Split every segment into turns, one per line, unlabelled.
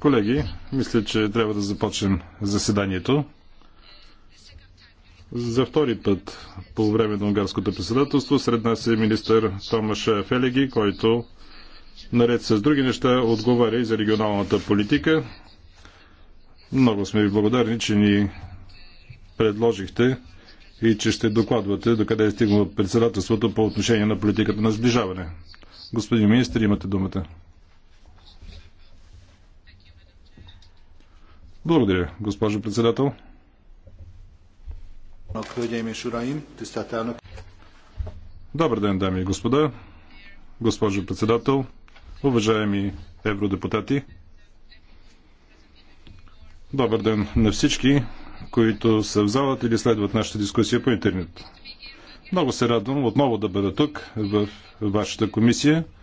Колеги, мисля, че трябва да започнем заседанието. За втори път по време на унгарското председателство сред нас е министър Томаш Фелеги, който наред с други неща отговаря и за регионалната политика. Много сме ви благодарни, че ни предложихте и че ще докладвате до къде е стигнало председателството по отношение на политиката на сближаване. Господин министр, имате думата. Благодаря, госпожо председател. Добър ден, дами и господа, госпожо председател, уважаеми евродепутати. Добър ден на всички, които са в залата или следват нашата дискусия по интернет. Много се радвам отново да бъда тук в вашата комисия –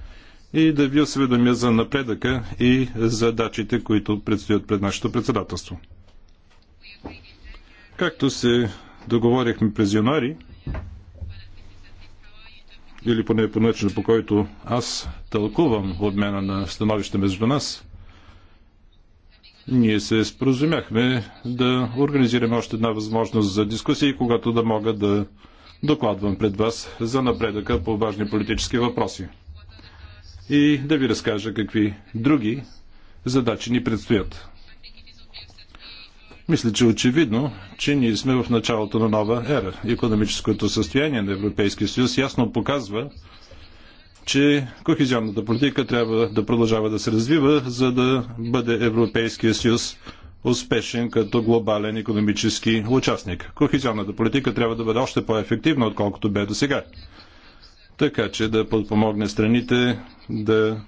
и да ви осведомя за напредъка и задачите, които предстоят пред нашето председателство. Както се договорихме през януари, или поне по начина по който аз тълкувам обмена на становище между нас, ние се споразумяхме да организираме още една възможност за дискусии, когато да мога да докладвам пред вас за напредъка по важни политически въпроси и да ви разкажа какви други задачи ни предстоят. Мисля, че е очевидно, че ние сме в началото на нова ера. Економическото състояние на Европейския съюз ясно показва, че кохезионната политика трябва да продължава да се развива, за да бъде Европейския съюз успешен като глобален економически участник. Кохезионната политика трябва да бъде още по-ефективна, отколкото бе до сега така че да подпомогне страните да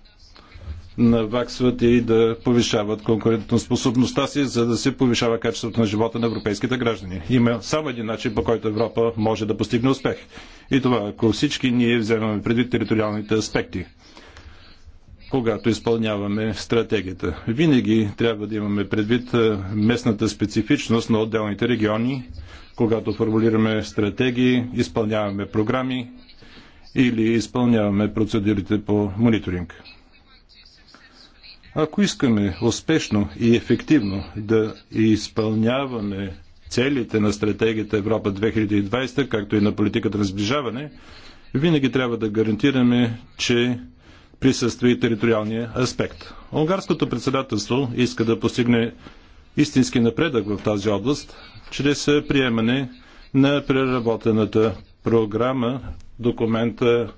наваксват и да повишават конкурентоспособността си, за да се повишава качеството на живота на европейските граждани. Има само един начин, по който Европа може да постигне успех. И това, ако всички ние вземаме предвид териториалните аспекти, когато изпълняваме стратегията. Винаги трябва да имаме предвид местната специфичност на отделните региони, когато формулираме стратегии, изпълняваме програми или изпълняваме процедурите по мониторинг. Ако искаме успешно и ефективно да изпълняваме целите на стратегията Европа 2020, както и на политиката на сближаване, винаги трябва да гарантираме, че присъства и териториалния аспект. Унгарското председателство иска да постигне истински напредък в тази област, чрез приемане на преработената програма, документа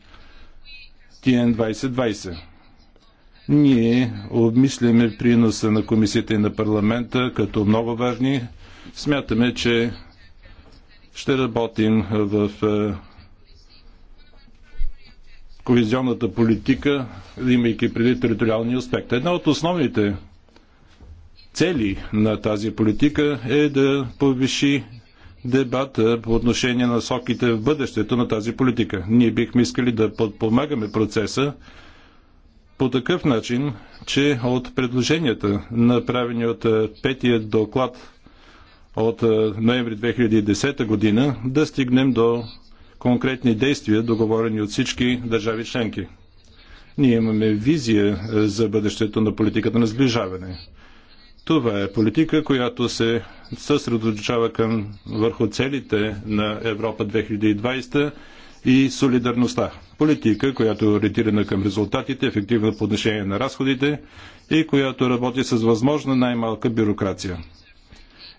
ТН 2020. Ние обмисляме приноса на комисията и на парламента като много важни. Смятаме, че ще работим в е, Ковизионната политика, имайки преди териториални аспект. Една от основните цели на тази политика е да повиши дебата по отношение на соките в бъдещето на тази политика. Ние бихме искали да подпомагаме процеса по такъв начин, че от предложенията, направени от петия доклад от ноември 2010 година, да стигнем до конкретни действия, договорени от всички държави членки. Ние имаме визия за бъдещето на политиката на сближаване. Това е политика, която се съсредоточава към върху целите на Европа 2020 и солидарността. Политика, която е ориентирана към резултатите, ефективно по отношение на разходите и която работи с възможно най-малка бюрокрация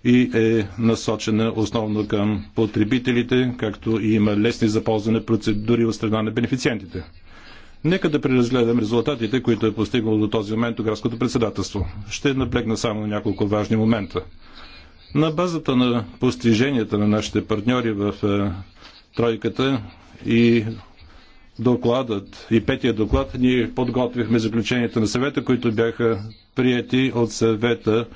и е насочена основно към потребителите, както и има лесни за ползване процедури от страна на бенефициентите. Нека да преразгледам резултатите, които е постигнало до този момент градското председателство. Ще наблегна само на няколко важни момента. На базата на постиженията на нашите партньори в е, тройката и докладът и петия доклад, ние подготвихме заключенията на съвета, които бяха прияти от съвета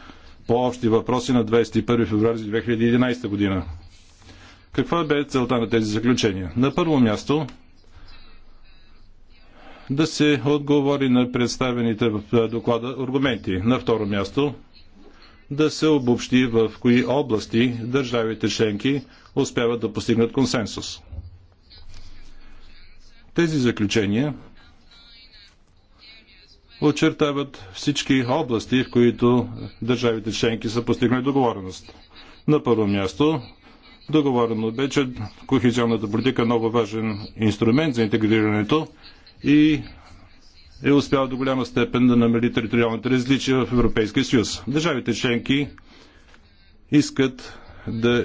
по общи въпроси на 21 февруари 2011 година. Каква бе целта на тези заключения? На първо място да се отговори на представените в доклада аргументи. На второ място да се обобщи в кои области държавите членки успяват да постигнат консенсус. Тези заключения очертават всички области, в които държавите членки са постигнали договореност. На първо място договорено бе, че кохезионната политика е много важен инструмент за интегрирането и е успял до голяма степен да намали териториалните различия в Европейския съюз. Държавите членки искат да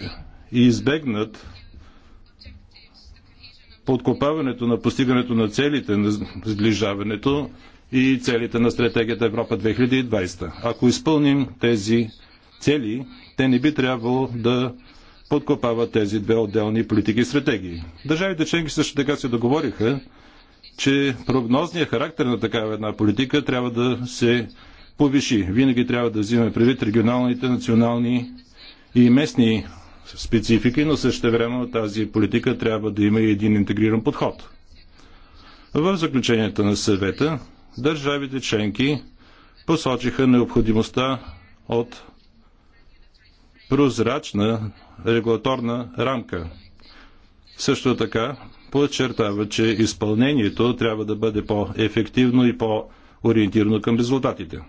избегнат подкопаването на постигането на целите на сближаването и целите на стратегията Европа 2020. Ако изпълним тези цели, те не би трябвало да подкопават тези две отделни политики и стратегии. Държавите членки също така се договориха че прогнозният характер на такава една политика трябва да се повиши. Винаги трябва да взимаме предвид регионалните, национални и местни специфики, но също време тази политика трябва да има и един интегриран подход. В заключенията на съвета държавите членки посочиха необходимостта от прозрачна регулаторна рамка. Също така подчертава, че изпълнението трябва да бъде по-ефективно и по-ориентирано към резултатите.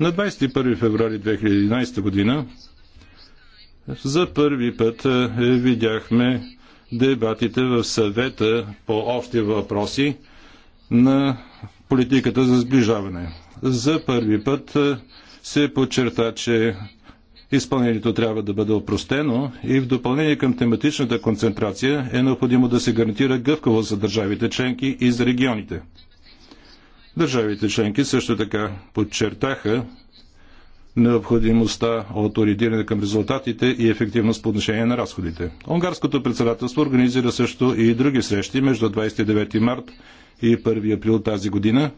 На 21 феврари 2011 година за първи път е, видяхме дебатите в съвета по общи въпроси на политиката за сближаване. За първи път е, се подчерта, че Изпълнението трябва да бъде опростено и в допълнение към тематичната концентрация е необходимо да се гарантира гъвкаво за държавите членки и за регионите. Държавите членки също така подчертаха необходимостта от ориентиране към резултатите и ефективност по отношение на разходите. Унгарското председателство организира също и други срещи между 29 март и 1 април тази година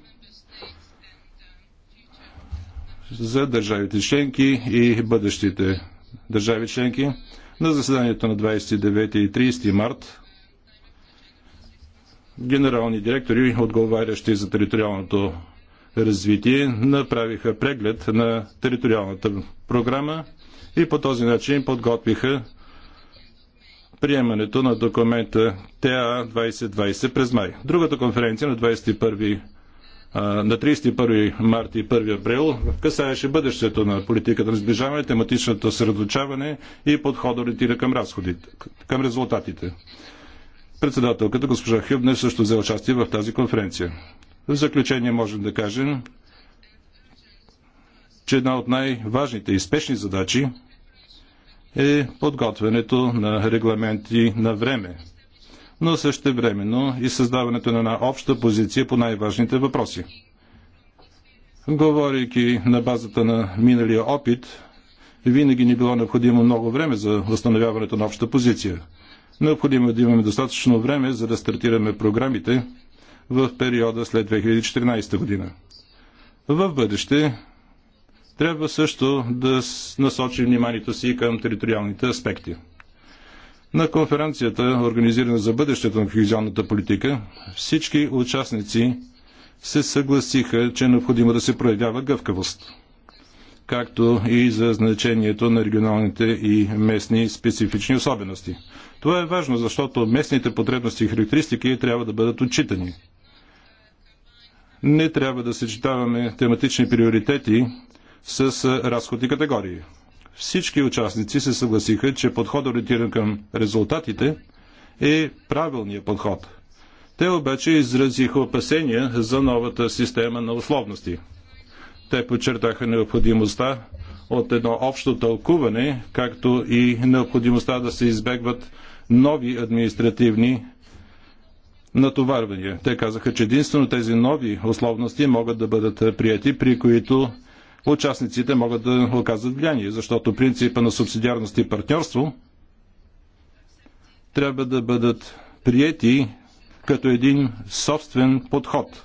за държавите членки и бъдещите държави членки. На заседанието на 29 и 30 март генерални директори, отговарящи за териториалното развитие, направиха преглед на териториалната програма и по този начин подготвиха приемането на документа ТА 2020 през май. Другата конференция на 21 на 31 март и 1 април касаеше бъдещето на политиката на сближаване, тематичното съсредоточаване и подхода ориентира към разходите, към резултатите. Председателката госпожа Хюбне също взе участие в тази конференция. В заключение можем да кажем, че една от най-важните и спешни задачи е подготвянето на регламенти на време но също времено и създаването на една обща позиция по най-важните въпроси. Говорейки на базата на миналия опит, винаги ни било необходимо много време за възстановяването на обща позиция. Необходимо е да имаме достатъчно време, за да стартираме програмите в периода след 2014 година. В бъдеще трябва също да насочим вниманието си към териториалните аспекти. На конференцията, организирана за бъдещето на кохезионната политика, всички участници се съгласиха, че е необходимо да се проявява гъвкавост, както и за значението на регионалните и местни специфични особености. Това е важно, защото местните потребности и характеристики трябва да бъдат отчитани. Не трябва да съчетаваме тематични приоритети с разходни категории. Всички участници се съгласиха, че подход ориентиран към резултатите е правилният подход. Те обаче изразиха опасения за новата система на условности. Те подчертаха необходимостта от едно общо тълкуване, както и необходимостта да се избегват нови административни натоварвания. Те казаха, че единствено тези нови условности могат да бъдат прияти, при които участниците могат да оказват влияние, защото принципа на субсидиарност и партньорство трябва да бъдат приети като един собствен подход.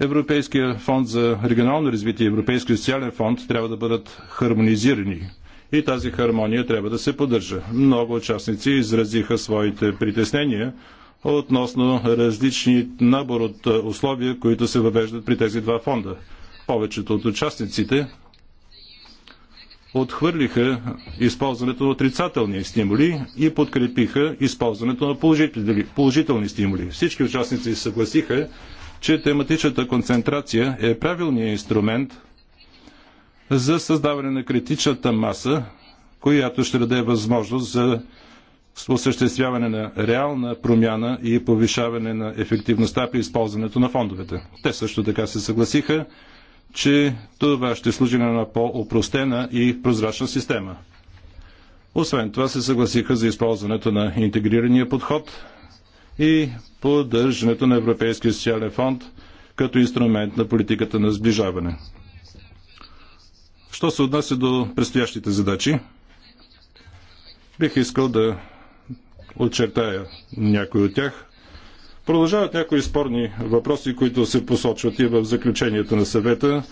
Европейския фонд за регионално развитие и Европейския социален фонд трябва да бъдат хармонизирани и тази хармония трябва да се поддържа. Много участници изразиха своите притеснения относно различни набор от условия, които се въвеждат при тези два фонда повечето от участниците отхвърлиха използването на отрицателни стимули и подкрепиха използването на положителни стимули. Всички участници съгласиха, че тематичната концентрация е правилният инструмент за създаване на критичната маса, която ще даде възможност за осъществяване на реална промяна и повишаване на ефективността при използването на фондовете. Те също така се съгласиха, че това ще служи на една по-опростена и прозрачна система. Освен това се съгласиха за използването на интегрирания подход и поддържането на Европейския социален фонд като инструмент на политиката на сближаване. Що се отнася до предстоящите задачи, бих искал да отчертая някои от тях, Продължават някои спорни въпроси, които се посочват и в заключението на съвета.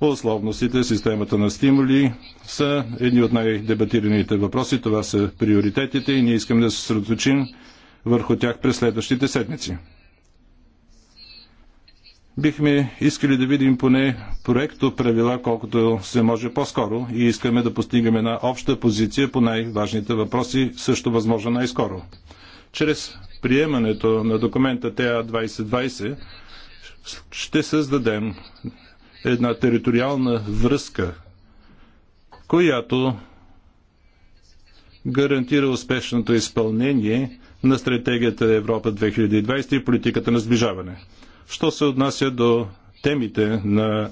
ословностите, системата на стимули са едни от най-дебатираните въпроси. Това са приоритетите и ние искаме да се съсредоточим върху тях през следващите седмици. Бихме искали да видим поне проекто правила колкото се може по-скоро и искаме да постигаме една обща позиция по най-важните въпроси, също възможно най-скоро. Чрез приемането на документа ТА 2020 ще създадем една териториална връзка, която гарантира успешното изпълнение на стратегията Европа 2020 и политиката на сближаване. Що се отнася до темите на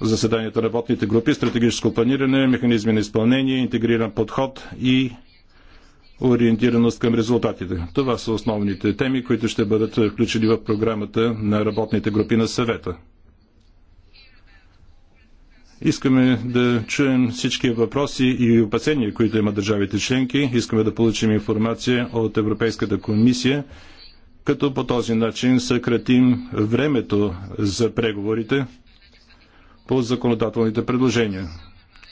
заседанията на работните групи, стратегическо планиране, механизми на изпълнение, интегриран подход и ориентираност към резултатите. Това са основните теми, които ще бъдат включени в програмата на работните групи на съвета. Искаме да чуем всички въпроси и опасения, които имат държавите членки. Искаме да получим информация от Европейската комисия, като по този начин съкратим времето за преговорите по законодателните предложения.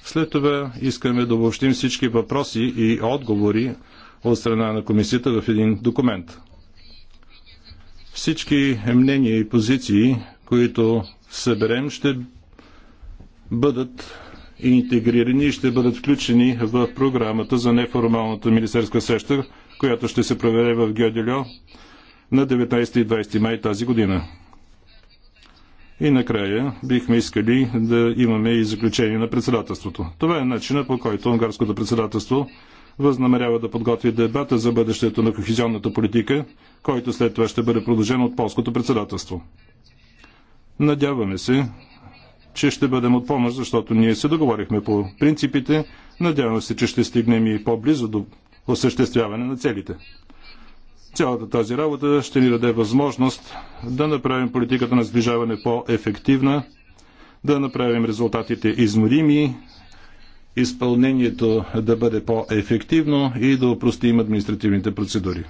След това искаме да обобщим всички въпроси и отговори от страна на комисията в един документ. Всички мнения и позиции, които съберем, ще бъдат интегрирани и ще бъдат включени в програмата за неформалната министерска среща, която ще се проведе в Геоделио на 19 и 20 май тази година. И накрая бихме искали да имаме и заключение на председателството. Това е начина по който унгарското председателство възнамерява да подготви дебата за бъдещето на кохезионната политика, който след това ще бъде продължен от полското председателство. Надяваме се, че ще бъдем от помощ, защото ние се договорихме по принципите. Надяваме се, че ще стигнем и по-близо до осъществяване на целите. Цялата тази работа ще ни даде възможност да направим политиката на сближаване по-ефективна, да направим резултатите измерими, изпълнението да бъде по-ефективно и да упростим административните процедури.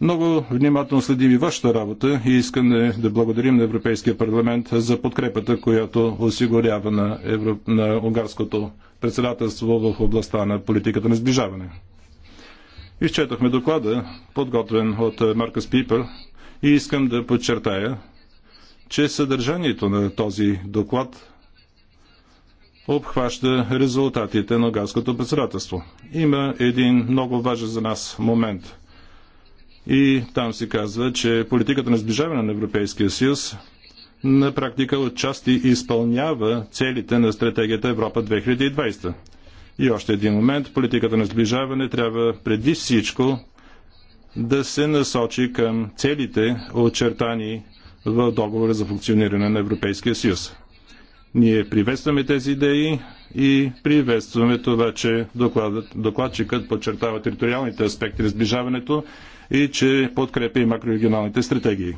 Много внимателно следим и вашата работа и искам да благодарим на Европейския парламент за подкрепата, която осигурява на, Евро... на унгарското председателство в областта на политиката на сближаване. Изчетахме доклада, подготвен от Маркъс Пипер и искам да подчертая, че съдържанието на този доклад обхваща резултатите на Галското председателство. Има един много важен за нас момент. И там се казва, че политиката на сближаване на Европейския съюз на практика отчасти изпълнява целите на стратегията Европа 2020. И още един момент, политиката на сближаване трябва преди всичко да се насочи към целите, очертани в договора за функциониране на Европейския съюз. Ние приветстваме тези идеи и приветстваме това, че докладът, докладчикът подчертава териториалните аспекти на сближаването и че подкрепя и макрорегионалните стратегии.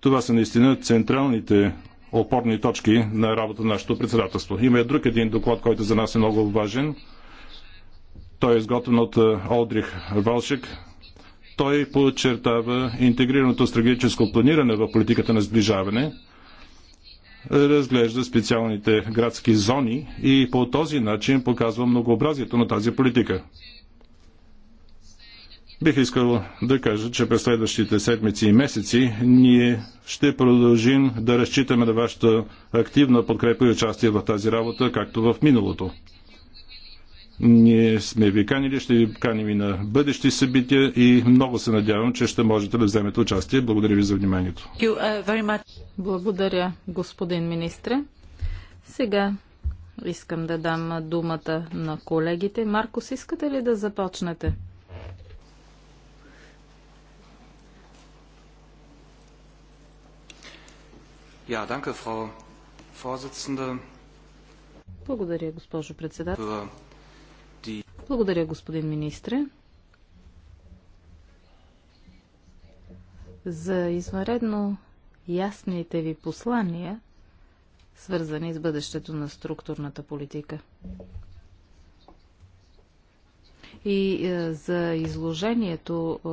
Това са наистина централните опорни точки на работа на нашето председателство. Има и друг един доклад, който за нас е много важен. Той е изготвен от е, Олдрих Валшек. Той подчертава интегрираното стратегическо планиране в политиката на сближаване – разглежда специалните градски зони и по този начин показва многообразието на тази политика. Бих искал да кажа, че през следващите седмици и месеци ние ще продължим да разчитаме на вашата активна подкрепа и участие в тази работа, както в миналото. Ние сме ви канили, ще ви каним и на бъдещи събития и много се надявам, че ще можете да вземете участие. Благодаря ви за вниманието.
Uh, Благодаря, господин министре. Сега искам да дам думата на колегите. Маркос, искате ли да започнете?
Ja, danke, Frau Vorsitzende.
Благодаря, госпожо председател. Благодаря, господин министре. За извънредно ясните ви послания, свързани с бъдещето на структурната политика. И е, за изложението е,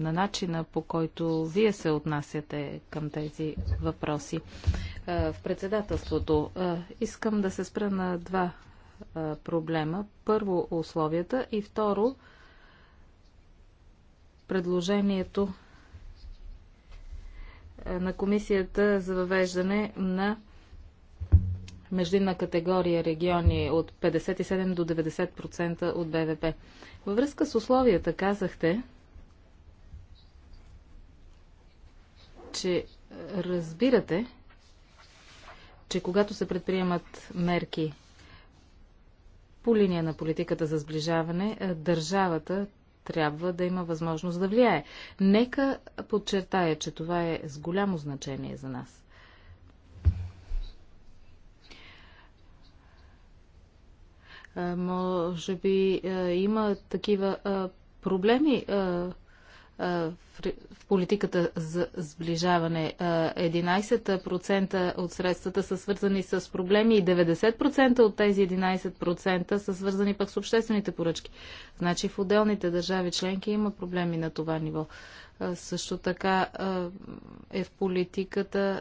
на начина по който вие се отнасяте към тези въпроси е, в председателството. Е, искам да се спра на два проблема. Първо условията и второ предложението на комисията за въвеждане на междинна категория региони от 57 до 90% от БВП. Във връзка с условията казахте, че разбирате, че когато се предприемат мерки по линия на политиката за сближаване е, държавата трябва да има възможност да влияе. Нека подчертая, че това е с голямо значение за нас. Е, може би е, има такива проблеми в политиката за сближаване. 11% от средствата са свързани с проблеми и 90% от тези 11% са свързани пък с обществените поръчки. Значи в отделните държави членки има проблеми на това ниво. Също така е в политиката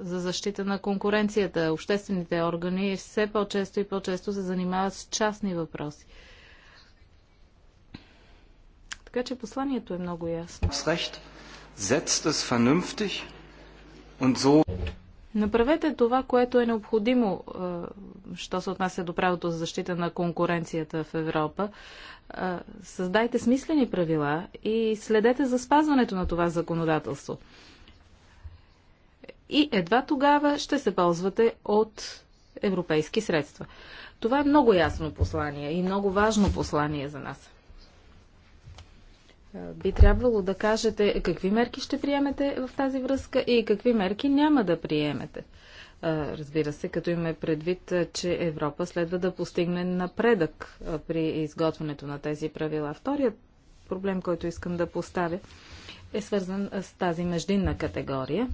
за защита на конкуренцията. Обществените органи все по-често и по-често се занимават с частни въпроси. Така че посланието е много ясно. Направете това, което е необходимо, е, що се отнася до правото за защита на конкуренцията в Европа. Е, създайте смислени правила и следете за спазването на това законодателство. И едва тогава ще се ползвате от европейски средства. Това е много ясно послание и много важно послание за нас. Е, би трябвало да кажете какви мерки ще приемете в тази връзка и какви мерки няма да приемете. Е, разбира се, като има предвид, е, че Европа следва да постигне напредък при изготвянето на тези правила. Вторият проблем, който искам да поставя, е свързан с тази междинна категория.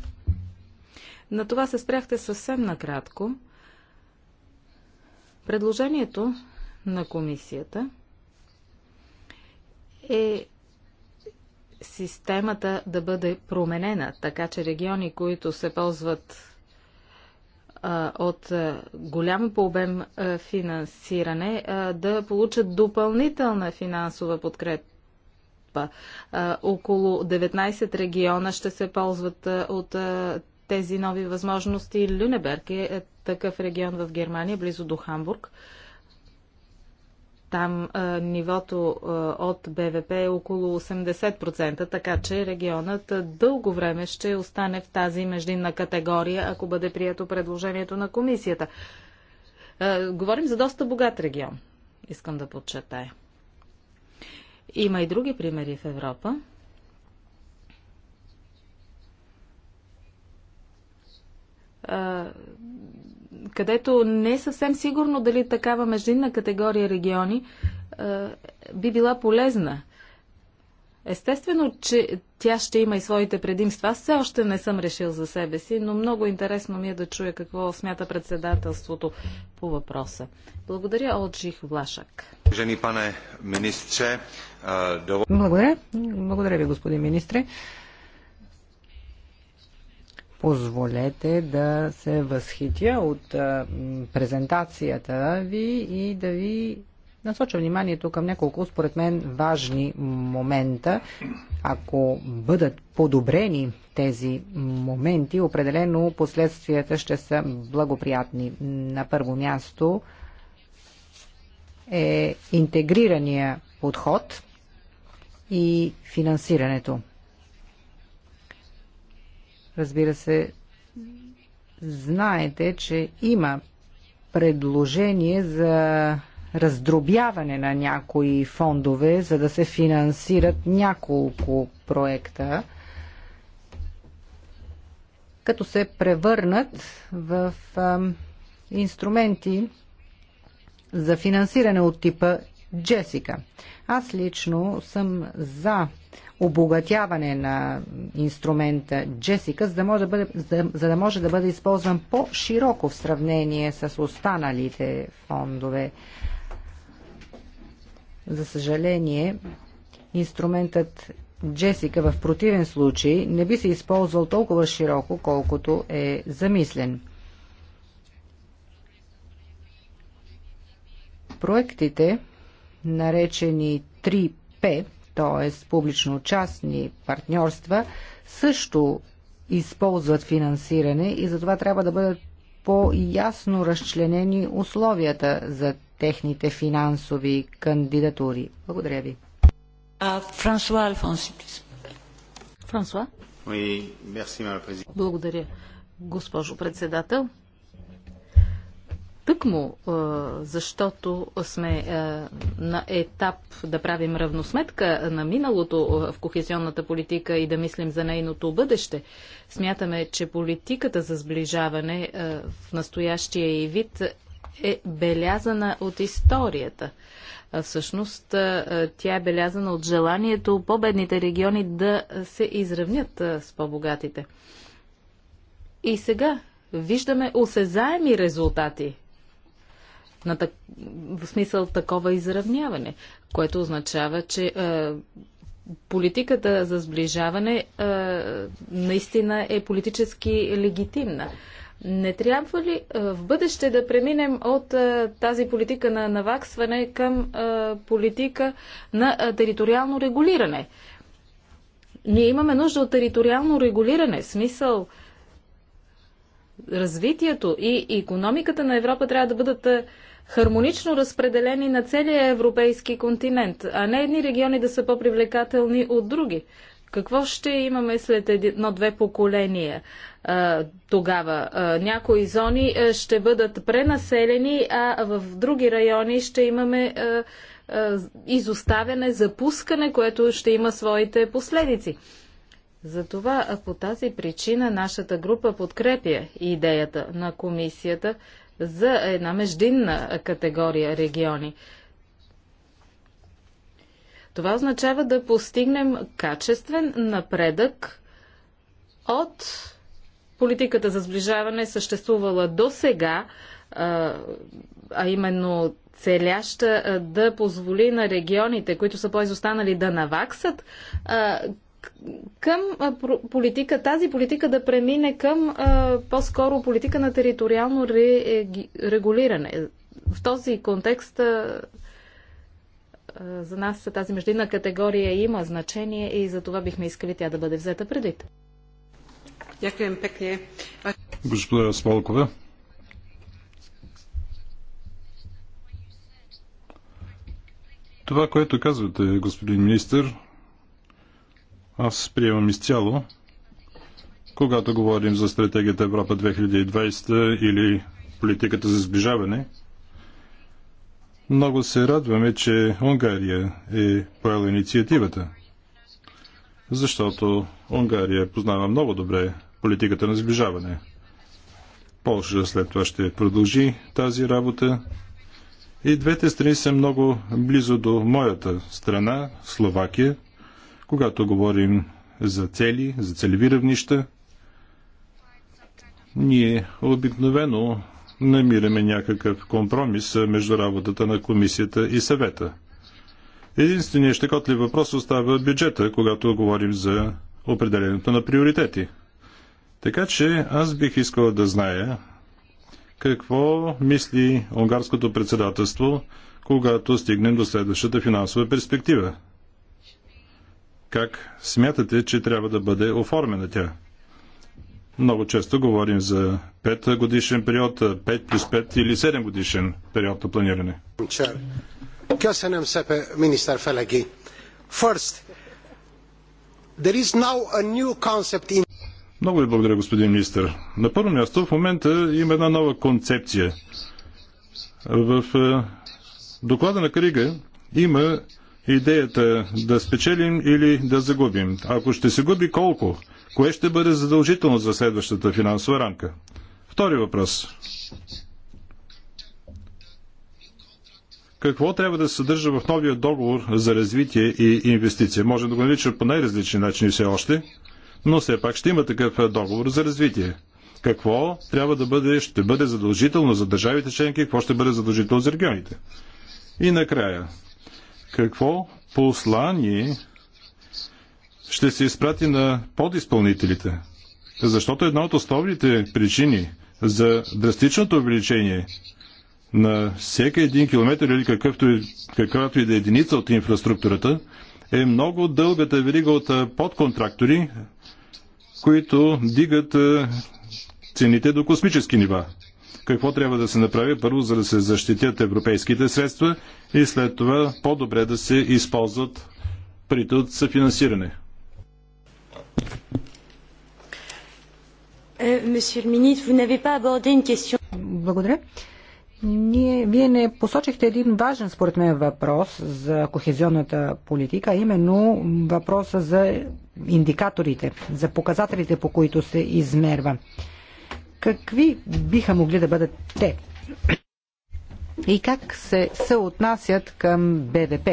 На това се спряхте съвсем накратко. Предложението на комисията е системата да бъде променена, така че региони, които се ползват от голям голямо по обем финансиране, да получат допълнителна финансова подкрепа. Около 19 региона ще се ползват от тези нови възможности. Люнеберг е, е такъв регион в Германия, близо до Хамбург. Там а, нивото а, от БВП е около 80%, така че регионът дълго време ще остане в тази междинна категория, ако бъде прието предложението на комисията. А, говорим за доста богат регион, искам да подчертая. Има и други примери в Европа където не е съвсем сигурно дали такава междинна категория региони би била полезна. Естествено, че тя ще има и своите предимства. Аз все още не съм решил за себе си, но много интересно ми е да чуя какво смята председателството по въпроса. Благодаря, Олджих Влашак.
Жени пане министре,
Благодаря. Благодаря ви, господин министре
позволете да се възхитя от презентацията ви и да ви насоча вниманието към няколко, според мен, важни момента. Ако бъдат подобрени тези моменти, определено последствията ще са благоприятни. На първо място е интегрирания подход и финансирането. Разбира се, знаете, че има предложение за раздробяване на някои фондове, за да се финансират няколко проекта, като се превърнат в а, инструменти за финансиране от типа Джесика. Аз лично съм за обогатяване на инструмента Джесика, за да може да бъде, за, за да, може да бъде използван по-широко в сравнение с останалите фондове. За съжаление, инструментът Джесика в противен случай не би се използвал толкова широко, колкото е замислен. Проектите, наречени 3P, т.е. публично-частни партньорства, също използват финансиране и затова трябва да бъдат по-ясно разчленени условията за техните финансови кандидатури. Благодаря
ви. Франсуа Алфонси, Франсуа? Благодаря, госпожо председател. Тъкмо, защото сме на етап да правим равносметка на миналото в кохезионната политика и да мислим за нейното бъдеще, смятаме, че политиката за сближаване в настоящия и вид е белязана от историята. Всъщност тя е белязана от желанието по-бедните региони да се изравнят с по-богатите. И сега виждаме осезаеми резултати на так... в смисъл такова изравняване, което означава, че е, политиката за сближаване е, наистина е политически легитимна. Не трябва ли е, в бъдеще да преминем от е, тази политика на наваксване към е, политика на териториално регулиране? Ние имаме нужда от териториално регулиране. Смисъл, развитието и економиката на Европа трябва да бъдат хармонично разпределени на целия европейски континент, а не едни региони да са по-привлекателни от други. Какво ще имаме след едно-две поколения а, тогава? А, някои зони ще бъдат пренаселени, а в други райони ще имаме а, а, изоставяне, запускане, което ще има своите последици. Затова по тази причина нашата група подкрепя идеята на комисията за една междинна категория региони. Това означава да постигнем качествен напредък от политиката за сближаване, съществувала до сега, а именно целяща да позволи на регионите, които са по-изостанали, да наваксат към политика, тази политика да премине към по-скоро политика на териториално регулиране. В този контекст за нас тази междинна категория има значение и за това бихме искали тя да бъде взета предвид.
Господа Смолкова. Това, което казвате, господин министр, аз приемам изцяло, когато говорим за стратегията Европа 2020 или политиката за сближаване, много се радваме, че Унгария е поела инициативата, защото Унгария познава много добре политиката на сближаване. Полша след това ще продължи тази работа. И двете страни са много близо до моята страна, Словакия. Когато говорим за цели, за целеви равнища, ние обикновено намираме някакъв компромис между работата на комисията и съвета. Единственият щекотлив въпрос остава бюджета, когато говорим за определенето на приоритети. Така че аз бих искал да зная какво мисли унгарското председателство, когато стигнем до следващата финансова перспектива как смятате, че трябва да бъде оформена тя? Много често говорим за 5 годишен период, 5 плюс 5 или 7 годишен период на планиране.
Köszönöm szépen, miniszter Felegi.
First, there is now a new concept in... Много ви благодаря, господин министр. На първо място, в момента има една нова концепция. В е, доклада на Крига има идеята е да спечелим или да загубим. Ако ще се губи, колко? Кое ще бъде задължително за следващата финансова рамка? Втори въпрос. Какво трябва да се съдържа в новия договор за развитие и инвестиция? Може да го нарича по най-различни начини все още, но все пак ще има такъв договор за развитие. Какво трябва да бъде, ще бъде задължително за държавите членки, какво ще бъде задължително за регионите? И накрая, какво послание ще се изпрати на подизпълнителите? Защото една от основните причини за драстичното увеличение на всеки един километр или какъвто, каквато и да е единица от инфраструктурата е много дългата верига от подконтрактори, които дигат цените до космически нива какво трябва да се направи първо, за да се защитят европейските средства и след това по-добре да се използват парите от съфинансиране.
Е, Благодаря.
Ние, вие не посочихте един важен според мен въпрос за кохезионната политика, а именно въпроса за индикаторите, за показателите, по които се измерва. Какви биха могли да бъдат те? И как се съотнасят към БВП?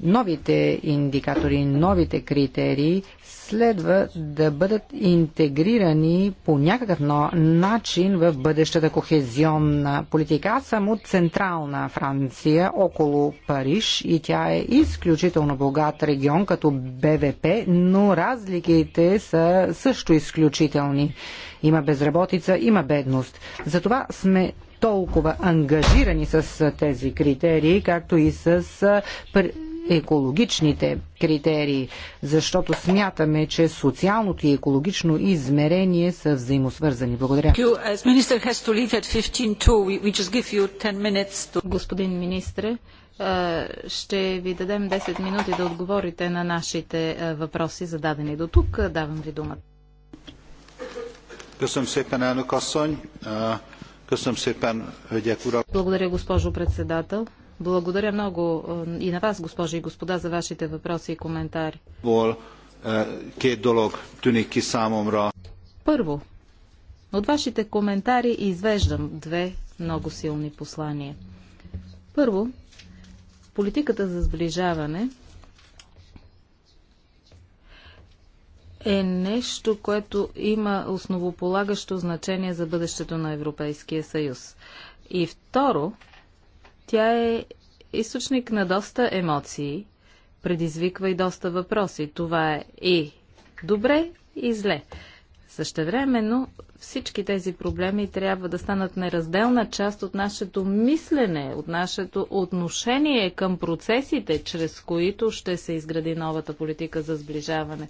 Новите индикатори, новите критерии следва да бъдат интегрирани по някакъв начин в бъдещата кохезионна политика. Аз съм от централна Франция, около Париж и тя е изключително богат регион като БВП, но разликите са също изключителни има безработица, има бедност. Затова сме толкова ангажирани с тези критерии, както и с екологичните критерии, защото смятаме, че социалното и екологично измерение са взаимосвързани. Благодаря.
Господин министр, ще ви дадем 10 минути да отговорите на нашите въпроси, зададени до тук. Давам ви думата. Благодаря, госпожо председател. Благодаря много е, и на вас, госпожи и господа, за вашите въпроси и коментари. Е, Първо, от вашите коментари извеждам две много силни послания. Първо, политиката за сближаване – е нещо, което има основополагащо значение за бъдещето на Европейския съюз. И второ, тя е източник на доста емоции, предизвиква и доста въпроси. Това е и добре, и зле. Същевременно всички тези проблеми трябва да станат неразделна част от нашето мислене, от нашето отношение към процесите, чрез които ще се изгради новата политика за сближаване.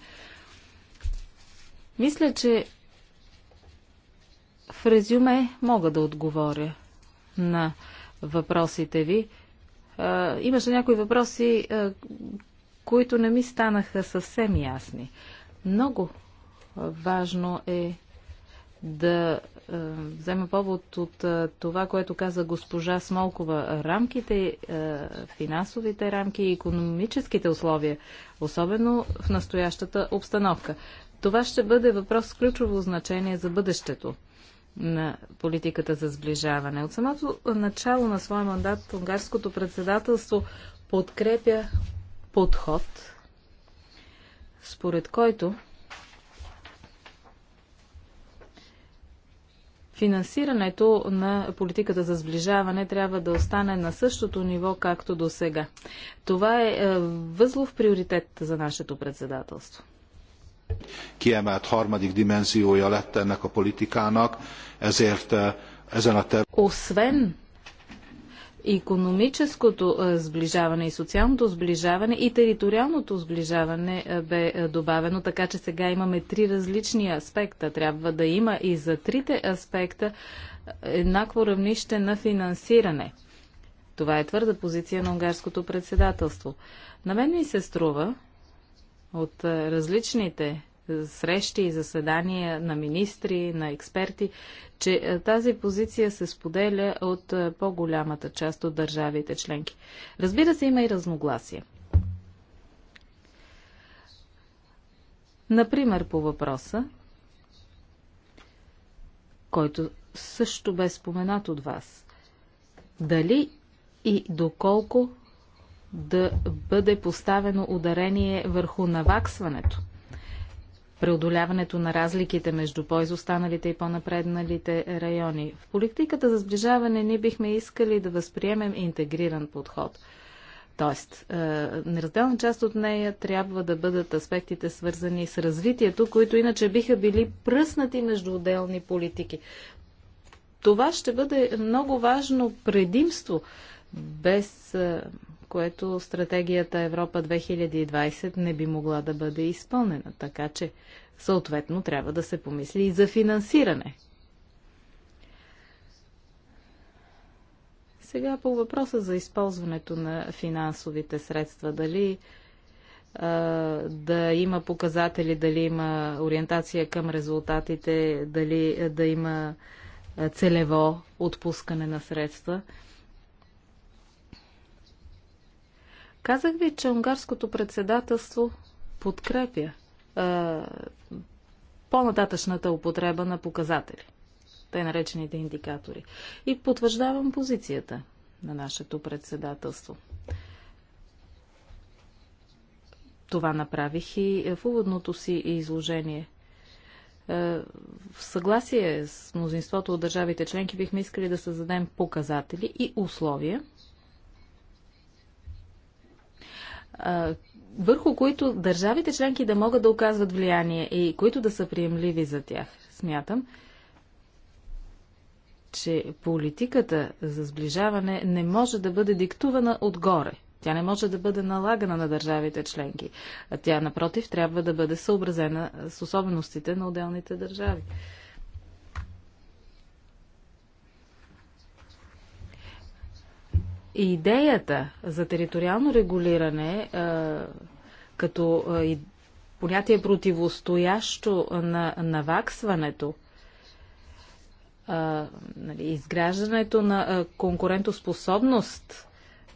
Мисля, че в резюме мога да отговоря на въпросите ви. А, имаше някои въпроси, а, които не ми станаха съвсем ясни. Много важно е да взема повод от това, което каза госпожа Смолкова. Рамките, е, финансовите рамки и економическите условия, особено в настоящата обстановка. Това ще бъде въпрос с ключово значение за бъдещето на политиката за сближаване. От самото начало на своя мандат унгарското председателство подкрепя подход, според който финансирането на политиката за сближаване трябва да остане на същото ниво, както до сега. Това е, е възлов приоритет за нашето председателство.
Kiemelt harmadik dimenziója lett ennek a politikának, ezért eh, ezen a területen. Освен
економическото е, сближаване и социалното сближаване и териториалното сближаване е, бе е, добавено, така че сега имаме три различни аспекта. Трябва да има и за трите аспекта еднакво равнище на финансиране. Това е твърда позиция на унгарското председателство. На мен ми се струва, от различните срещи и заседания на министри, на експерти, че тази позиция се споделя от по-голямата част от държавите членки. Разбира се, има и разногласия. Например, по въпроса, който също бе споменат от вас. Дали и доколко да бъде поставено ударение върху наваксването, преодоляването на разликите между по-изостаналите и по-напредналите райони. В политиката за сближаване ние бихме искали да възприемем интегриран подход. Тоест, е, неразделна част от нея трябва да бъдат аспектите свързани с развитието, които иначе биха били пръснати между отделни политики. Това ще бъде много важно предимство без е, което стратегията Европа 2020 не би могла да бъде изпълнена. Така че, съответно, трябва да се помисли и за финансиране. Сега по въпроса за използването на финансовите средства. Дали да има показатели, дали има ориентация към резултатите, дали да има целево отпускане на средства. Казах ви, че унгарското председателство подкрепя е, по-нататъчната употреба на показатели, тъй наречените индикатори. И потвърждавам позицията на нашето председателство. Това направих и в уводното си изложение. Е, в съгласие с мнозинството от държавите членки бихме искали да създадем показатели и условия, върху които държавите членки да могат да оказват влияние и които да са приемливи за тях. Смятам, че политиката за сближаване не може да бъде диктувана отгоре. Тя не може да бъде налагана на държавите членки. А тя, напротив, трябва да бъде съобразена с особеностите на отделните държави. Идеята за териториално регулиране като понятие противостоящо на наваксването, нали, изграждането на конкурентоспособност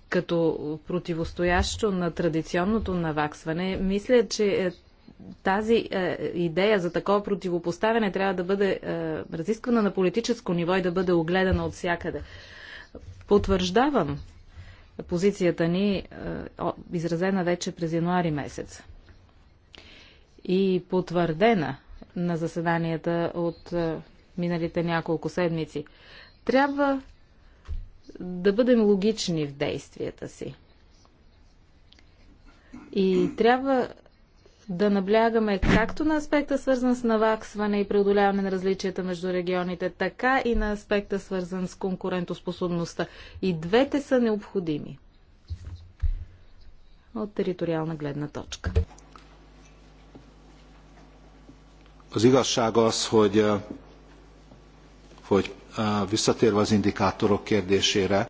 като противостоящо на традиционното наваксване, мисля, че е, тази е, идея за такова противопоставяне трябва да бъде е, разисквана на политическо ниво и да бъде огледана от всякъде. Потвърждавам позицията ни, е, изразена вече през януари месец и потвърдена на заседанията от е, миналите няколко седмици. Трябва да бъдем логични в действията си. И трябва да наблягаме както на аспекта свързан с наваксване и преодоляване на различията между регионите, така и на аспекта свързан с конкурентоспособността. И двете са необходими от териториална гледна точка.
Az igazság az, hogy, е, hogy е, visszatérve az indikátorok kérdésére.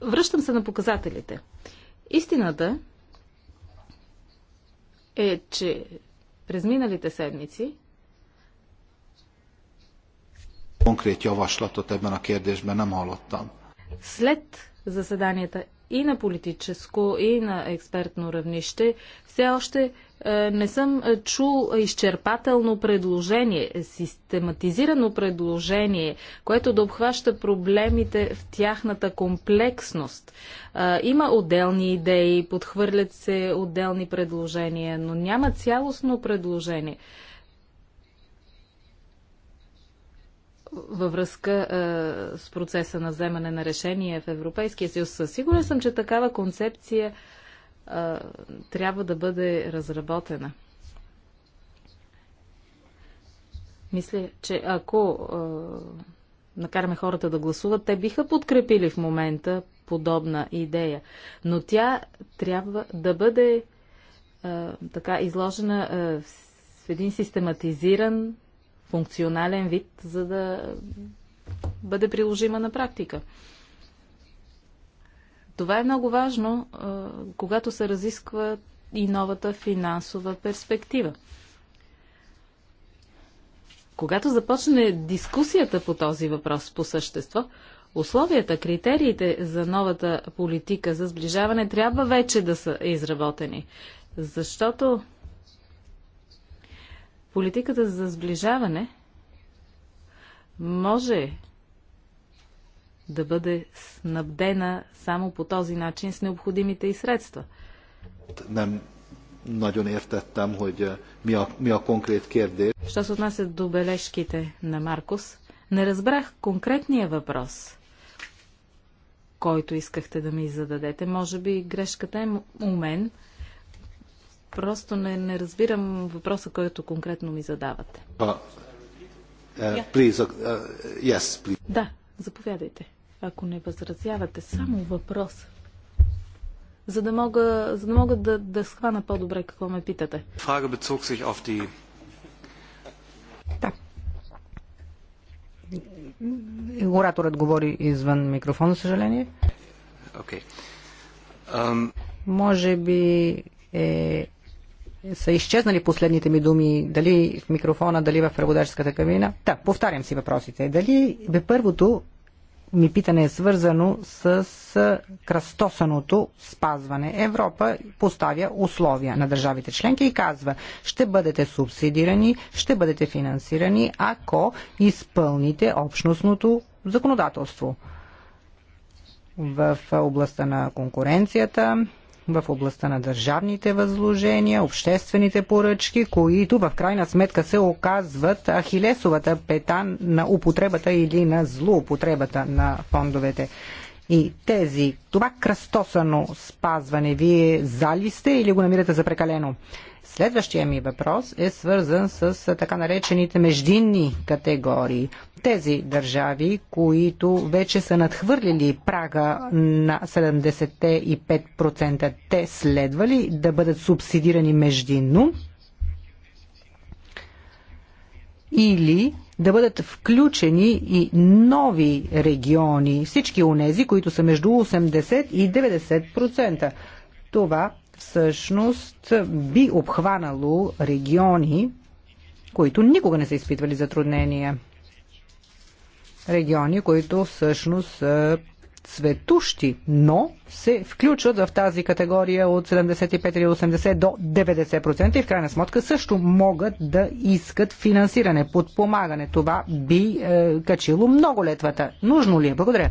Връщам се на показателите. Истината е, че през миналите седмици
конкретно javaslatot ebben a kérdésben nem hallottam.
След заседанията и на политическо, и на експертно равнище, все още е, не съм е, чул изчерпателно предложение, систематизирано предложение, което да обхваща проблемите в тяхната комплексност. Е, има отделни идеи, подхвърлят се отделни предложения, но няма цялостно предложение. във връзка а, с процеса на вземане на решение в Европейския съюз. Сигурен съм, че такава концепция а, трябва да бъде разработена. Мисля, че ако а, накараме хората да гласуват, те биха подкрепили в момента подобна идея. Но тя трябва да бъде а, така изложена а, в един систематизиран функционален вид, за да бъде приложима на практика. Това е много важно, когато се разисква и новата финансова перспектива. Когато започне дискусията по този въпрос по същество, условията, критериите за новата политика за сближаване трябва вече да са изработени. Защото Политиката за сближаване може да бъде снабдена само по този начин с необходимите и средства.
nagyon értettem, hogy е, mi a, mi a konkrét kérdés. Що
се отнася до бележките на Маркус, не разбрах конкретния въпрос, който искахте да ми зададете. Може би грешката е у мен. Просто не, не разбирам въпроса, който конкретно ми задавате. Uh, uh,
please, uh, yes, please.
Да, заповядайте. Ако не възразявате, само въпрос. За да мога, за да, мога да, да схвана по-добре какво ме питате.
Фрага bezog sich auf die... Да.
Ораторът говори
извън микрофона, съжаление.
Okay. Um...
Може би е са изчезнали последните ми думи, дали в микрофона, дали в преводаческата кабина. Та, повтарям си въпросите. Дали бе първото ми питане е свързано с кръстосаното спазване. Европа поставя условия на държавите членки и казва, ще бъдете субсидирани, ще бъдете финансирани, ако изпълните общностното законодателство в областта на конкуренцията, в областта на държавните възложения, обществените поръчки, които в крайна сметка се оказват ахилесовата пета на употребата или на злоупотребата на фондовете. И тези, това кръстосано спазване, вие зали сте или го намирате за прекалено? Следващия ми въпрос е свързан с така наречените междинни категории тези държави, които вече са надхвърлили прага на 75%. Те следвали да бъдат субсидирани междинно или да бъдат включени и нови региони, всички онези, които са между 80 и 90%. Това всъщност би обхванало региони, които никога не са изпитвали затруднения региони, които всъщност са цветущи, но се включват в тази категория от 75 или 80 до 90% и в крайна сметка също могат да искат финансиране, подпомагане. Това би е, качило много летвата. Нужно ли е? Благодаря.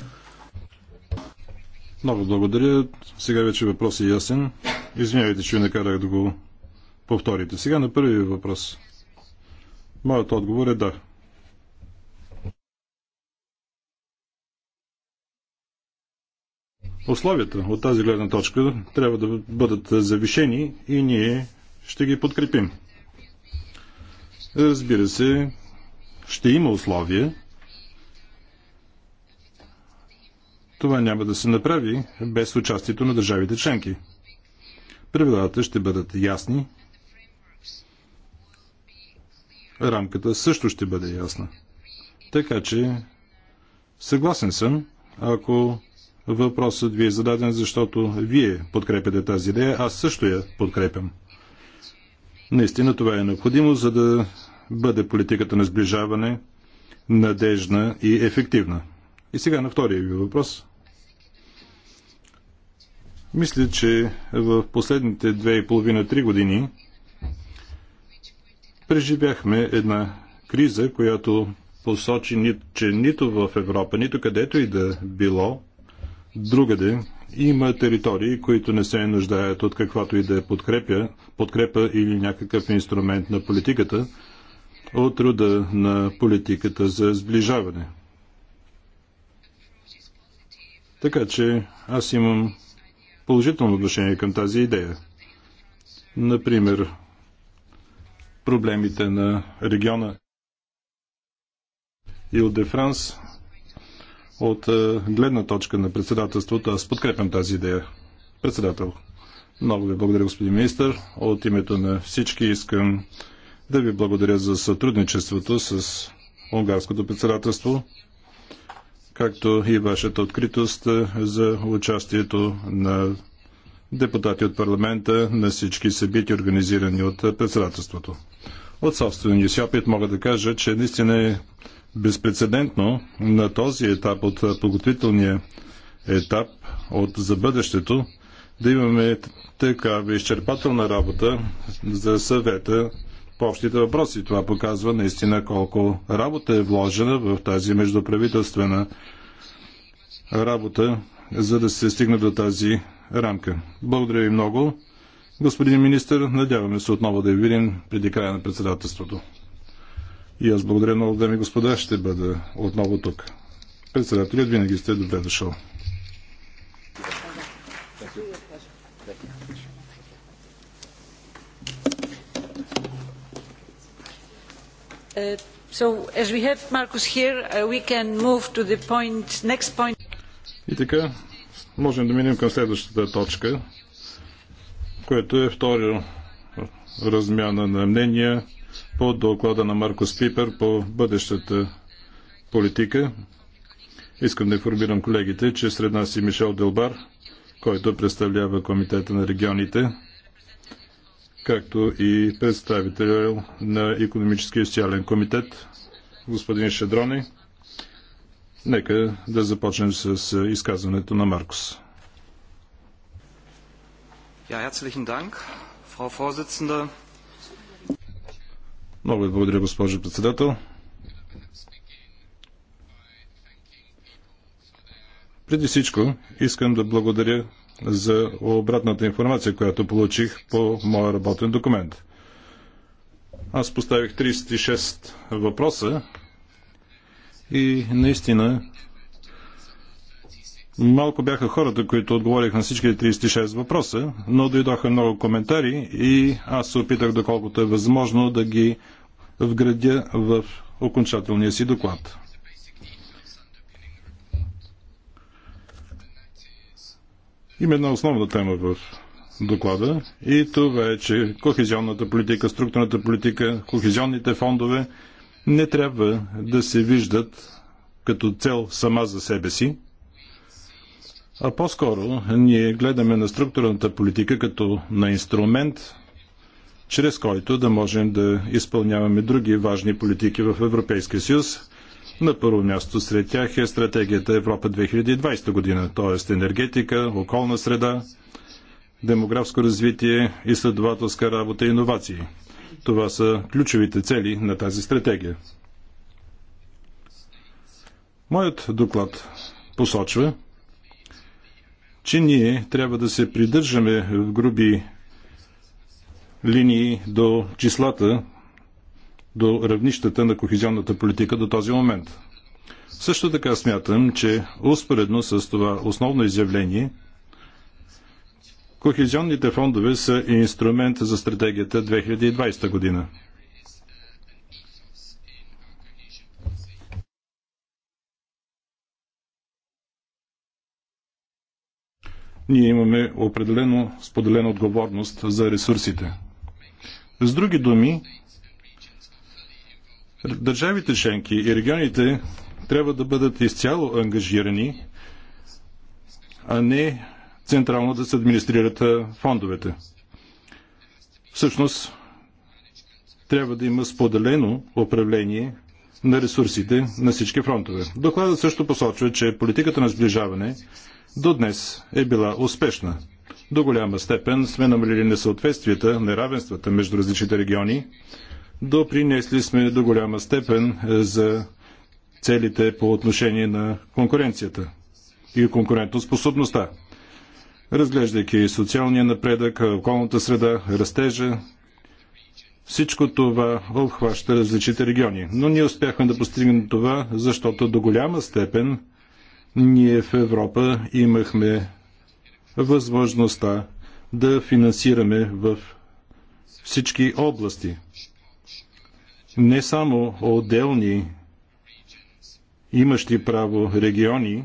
Много благодаря. Сега вече въпрос е ясен. Извинявайте, че не карах да го повторите. Сега на първи въпрос. Моят отговор е да. условията от тази гледна точка трябва да бъдат завишени и ние ще ги подкрепим. Разбира се, ще има условия. Това няма да се направи без участието на държавите членки. Правилата ще бъдат ясни. Рамката също ще бъде ясна. Така че, съгласен съм, ако Въпросът ви е зададен, защото вие подкрепяте тази идея, аз също я подкрепям. Наистина това е необходимо, за да бъде политиката на сближаване надежна и ефективна. И сега на втория ви въпрос. Мисля, че в последните две и половина-три години преживяхме една криза, която посочи, че нито в Европа, нито където и да било – другаде има територии, които не се нуждаят от каквато и да е подкрепя, подкрепа или някакъв инструмент на политиката, от рода на политиката за сближаване. Така че аз имам положително отношение към тази идея. Например, проблемите на региона Ил де Франс от е, гледна точка на председателството аз подкрепям тази идея. Председател, много ви благодаря, господин министр. От името на всички искам да ви благодаря за сътрудничеството с унгарското председателство, както и вашата откритост е, за участието на депутати от парламента на всички събития, организирани от е, председателството. От собствения си опит мога да кажа, че наистина е безпредседентно на този етап от подготвителния етап от за бъдещето да имаме такава изчерпателна работа за съвета по общите въпроси. Това показва наистина колко работа е вложена в тази междуправителствена работа, за да се стигне до тази рамка. Благодаря ви много. Господин министр, надяваме се отново да я видим преди края на председателството. И аз благодаря много, дами и господа, ще бъда отново тук. Председателят винаги сте добре дошъл.
Uh, uh,
и така, можем да минем към следващата точка, което е втора размяна на мнения по доклада на Маркос Пипер по бъдещата политика. Искам да информирам колегите, че сред нас е Мишел Делбар, който представлява Комитета на регионите, както и представител на Економическия и социален комитет, господин Шедрони. Нека да започнем с изказването на Маркос. Ja, herzlichen Dank, Frau Vorsitzende. Много ви благодаря, госпожо председател. Преди всичко искам да благодаря за обратната информация, която получих по моя работен документ. Аз поставих 36 въпроса и наистина Малко бяха хората, които отговорих на всички 36 въпроса, но дойдоха много коментари и аз се опитах доколкото е възможно да ги вградя в окончателния си доклад. Има една основна тема в доклада и това е, че кохезионната политика, структурната политика, кохезионните фондове не трябва да се виждат като цел сама за себе си, а по-скоро ние гледаме на структурната политика като на инструмент, чрез който да можем да изпълняваме други важни политики в Европейския съюз. На първо място сред тях е стратегията Европа 2020 година, т.е. енергетика, околна среда, демографско развитие, изследователска работа и иновации. Това са ключовите цели на тази стратегия. Моят доклад посочва, че ние трябва да се придържаме в груби линии до числата, до равнищата на кохезионната политика до този момент. Също така смятам, че успоредно с това основно изявление, кохезионните фондове са инструмент за стратегията 2020 година. ние имаме определено споделена отговорност за ресурсите. С други думи, държавите членки и регионите трябва да бъдат изцяло ангажирани, а не централно да се администрират фондовете. Всъщност, трябва да има споделено управление на ресурсите на всички фронтове. Докладът също посочва, че политиката на сближаване до днес е била успешна. До голяма степен сме намалили несъответствията, неравенствата между различните региони, допринесли сме до голяма степен е, за целите по отношение на конкуренцията и конкурентоспособността. Разглеждайки социалния напредък, околната среда, растежа, всичко това обхваща различните региони. Но ние успяхме да постигнем това, защото до голяма степен ние в Европа имахме възможността да финансираме в всички области. Не само отделни имащи право региони,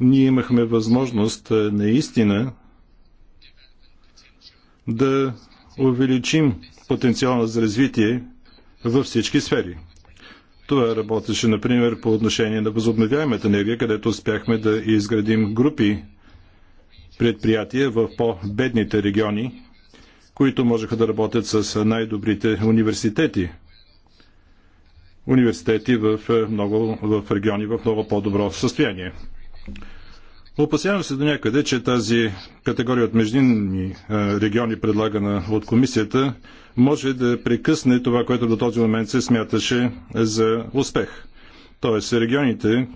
ние имахме възможност е, наистина да увеличим потенциала за развитие във всички сфери. Това работеше, например, по отношение на възобновяемата енергия, където успяхме да изградим групи предприятия в по-бедните региони, които можеха да работят с най-добрите университети. Университети в, е, много, в региони в много по-добро състояние. Опасявам се до някъде, че тази категория от междинни региони, предлагана от комисията, може да прекъсне това, което до този момент се смяташе за успех. Тоест, регионите,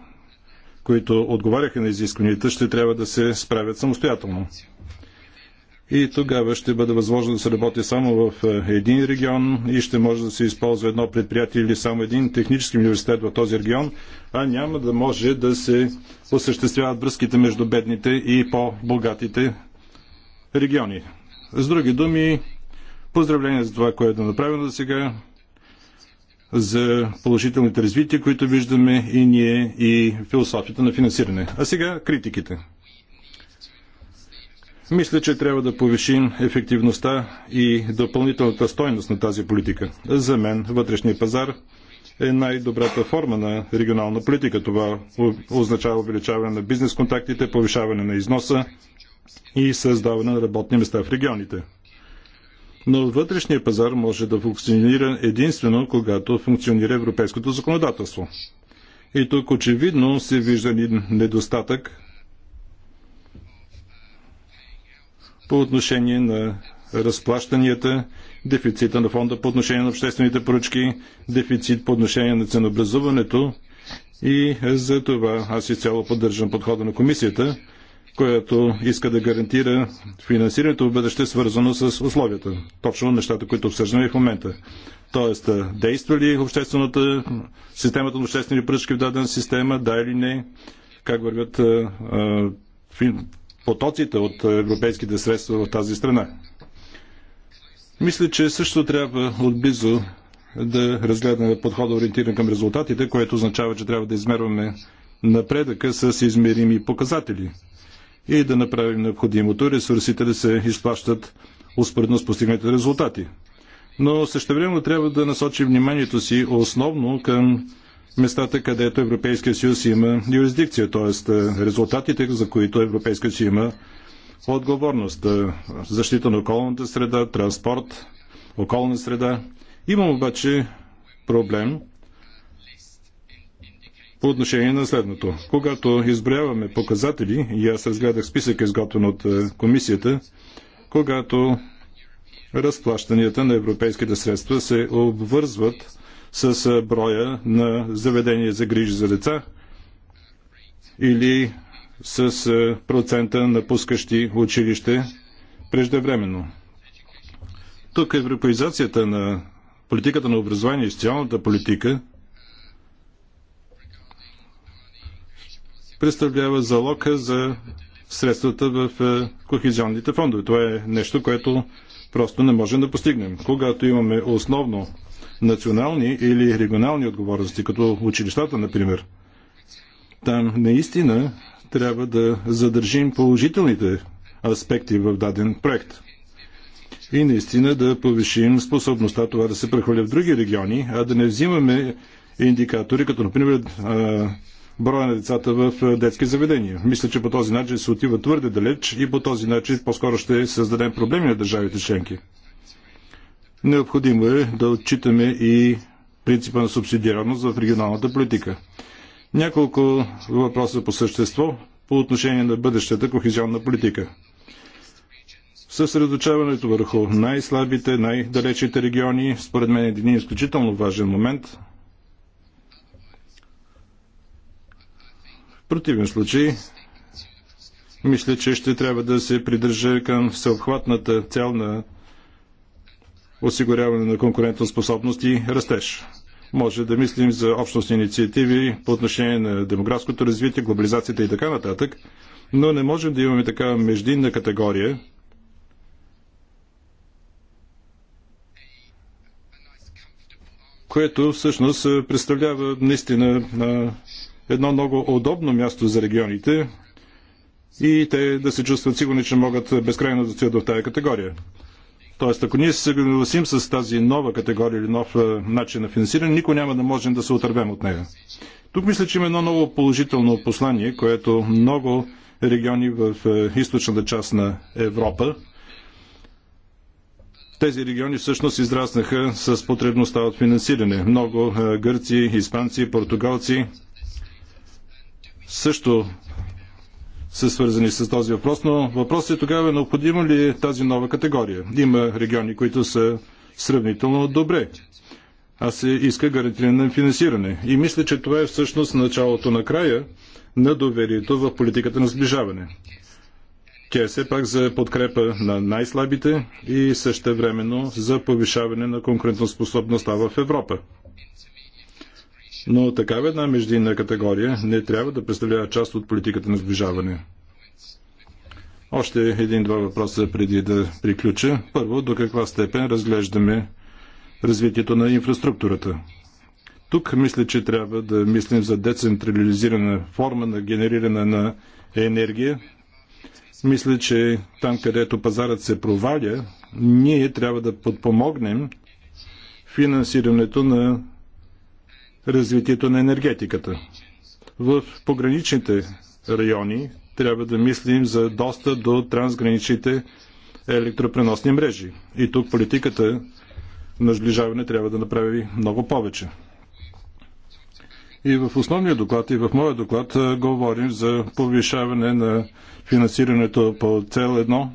които отговаряха на изискванията, ще трябва да се справят самостоятелно и тогава ще бъде възможно да се работи само в е, един регион и ще може да се използва едно предприятие или само един технически университет в този регион, а няма да може да се осъществяват връзките между бедните и по-богатите региони. С други думи, поздравления за това, което е направено до сега, за положителните развития, които виждаме и ние, и философията на финансиране. А сега критиките. Мисля, че трябва да повишим ефективността и допълнителната стойност на тази политика. За мен вътрешния пазар е най-добрата форма на регионална политика. Това означава увеличаване на бизнес контактите, повишаване на износа и създаване на работни места в регионите. Но вътрешния пазар може да функционира единствено, когато функционира европейското законодателство. И тук очевидно се вижда един недостатък по отношение на разплащанията, дефицита на фонда по отношение на обществените поръчки, дефицит по отношение на ценообразуването и за това аз изцяло поддържам подхода на комисията, която иска да гарантира финансирането в бъдеще свързано с условията. Точно нещата, които обсъждаме и в момента. Тоест, действа ли обществената, системата на обществени поръчки в дадена система, да или не, как вървят а, потоците от европейските средства в тази страна. Мисля, че също трябва отблизо да разгледаме подхода ориентиран към резултатите, което означава, че трябва да измерваме напредъка с измерими показатели и да направим необходимото ресурсите да се изплащат успоредно с постигнатите резултати. Но време трябва да насочим вниманието си основно към местата, където Европейския съюз има юрисдикция, т.е. резултатите, за които Европейския съюз има отговорност. Защита на околната среда, транспорт, околна среда. Имам обаче проблем по отношение на следното. Когато изброяваме показатели, и аз разгледах списък изготвен от комисията, когато разплащанията на европейските средства се обвързват с броя на заведения за грижи за деца или с процента на пускащи училище преждевременно. Тук европеизацията на политиката на образование и социалната политика представлява залог за средствата в кохезионните фондове. Това е нещо, което просто не можем да постигнем. Когато имаме основно национални или регионални отговорности, като училищата, например. Там наистина трябва да задържим положителните аспекти в даден проект и наистина да повишим способността това да се прехвърля в други региони, а да не взимаме индикатори, като например броя на децата в детски заведения. Мисля, че по този начин се отива твърде далеч и по този начин по-скоро ще създадем проблеми на държавите членки. Необходимо е да отчитаме и принципа на субсидиарност в регионалната политика. Няколко въпроса по същество по отношение на бъдещата кохезионна политика. Съсредоточаването върху най-слабите, най-далечите региони, според мен е един изключително важен момент. В противен случай, мисля, че ще трябва да се придържа към всеобхватната цел на осигуряване на конкурентоспособност и растеж. Може да мислим за общностни инициативи по отношение на демографското развитие, глобализацията и така нататък, но не можем да имаме така междинна категория, което всъщност представлява наистина едно много удобно място за регионите и те да се чувстват сигурни, че могат безкрайно да стоят в тази категория. Тоест, ако ние се съгласим с тази нова категория или нов е, начин на финансиране, никой няма да можем да се отървем от нея. Тук мисля, че има едно ново положително послание, което много региони в е, източната част на Европа, тези региони всъщност израснаха с потребността от финансиране. Много е, гърци, испанци, португалци също са свързани с този въпрос, но въпросът е тогава е необходима ли е тази нова категория. Има региони, които са сравнително добре, а се иска гарантиране финансиране. И мисля, че това е всъщност началото на края на доверието в политиката на сближаване. Тя е все пак за подкрепа на най-слабите и същевременно за повишаване на конкурентоспособността в Европа. Но такава една междинна категория не трябва да представлява част от политиката на сближаване. Още един-два въпроса преди да приключа. Първо, до каква степен разглеждаме развитието на инфраструктурата? Тук мисля, че трябва да мислим за децентрализирана форма на генериране на енергия. Мисля, че там, където пазарът се проваля, ние трябва да подпомогнем финансирането на развитието на енергетиката. В пограничните райони трябва да мислим за доста до трансграничните електропреносни мрежи. И тук политиката на сближаване трябва да направи много повече. И в основния доклад, и в моя доклад говорим за повишаване на финансирането по цел едно,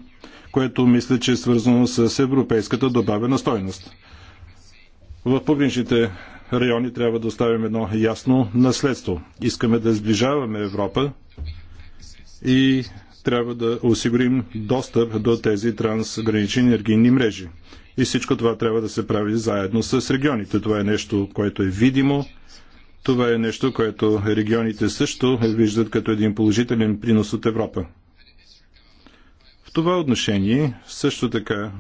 което мисля, че е свързано с европейската добавена стойност. В публичните райони трябва да оставим едно ясно наследство. Искаме да сближаваме Европа и трябва да осигурим достъп до тези трансгранични енергийни мрежи. И всичко това трябва да се прави заедно с регионите. Това е нещо, което е видимо. Това е нещо, което регионите също виждат като един положителен принос от Европа. В това отношение също така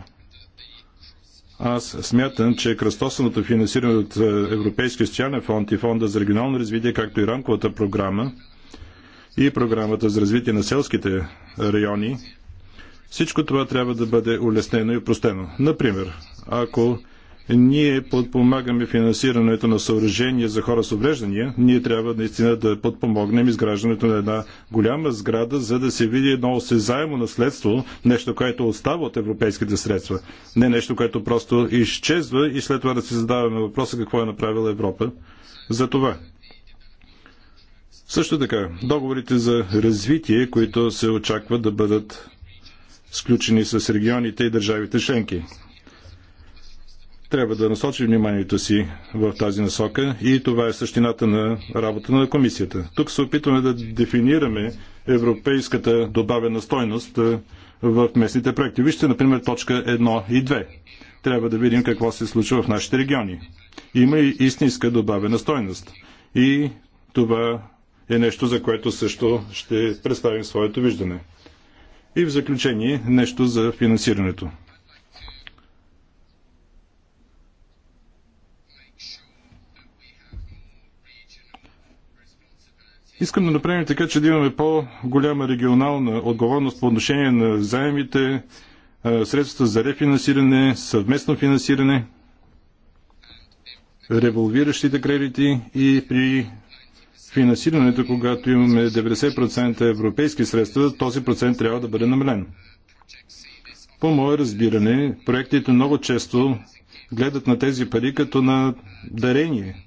аз смятам, че кръстосаното финансиране от е, Европейския социален фонд и Фонда за регионално развитие, както и рамковата програма и програмата за развитие на селските райони, всичко това трябва да бъде улеснено и простено. Например, ако ние подпомагаме финансирането на съоръжения за хора с увреждания. Ние трябва наистина да подпомогнем изграждането на една голяма сграда, за да се види едно осезаемо наследство, нещо, което остава от европейските средства. Не нещо, което просто изчезва и след това да си задаваме въпроса какво е направила Европа за това. Също така, договорите за развитие, които се очаква да бъдат сключени с регионите и държавите членки трябва да насочи вниманието си в тази насока и това е същината на работа на комисията. Тук се опитваме да дефинираме европейската добавена стойност в местните проекти. Вижте, например, точка 1 и 2. Трябва да видим какво се случва в нашите региони. Има и истинска добавена стойност. И това е нещо, за което също ще представим своето виждане. И в заключение нещо за финансирането. Искам да направим така, че да имаме по-голяма регионална отговорност по отношение на заемите, средствата за рефинансиране, съвместно финансиране, револвиращите кредити и при финансирането, когато имаме 90% европейски средства, този процент трябва да бъде намален. По мое разбиране, проектите много често гледат на тези пари като на дарение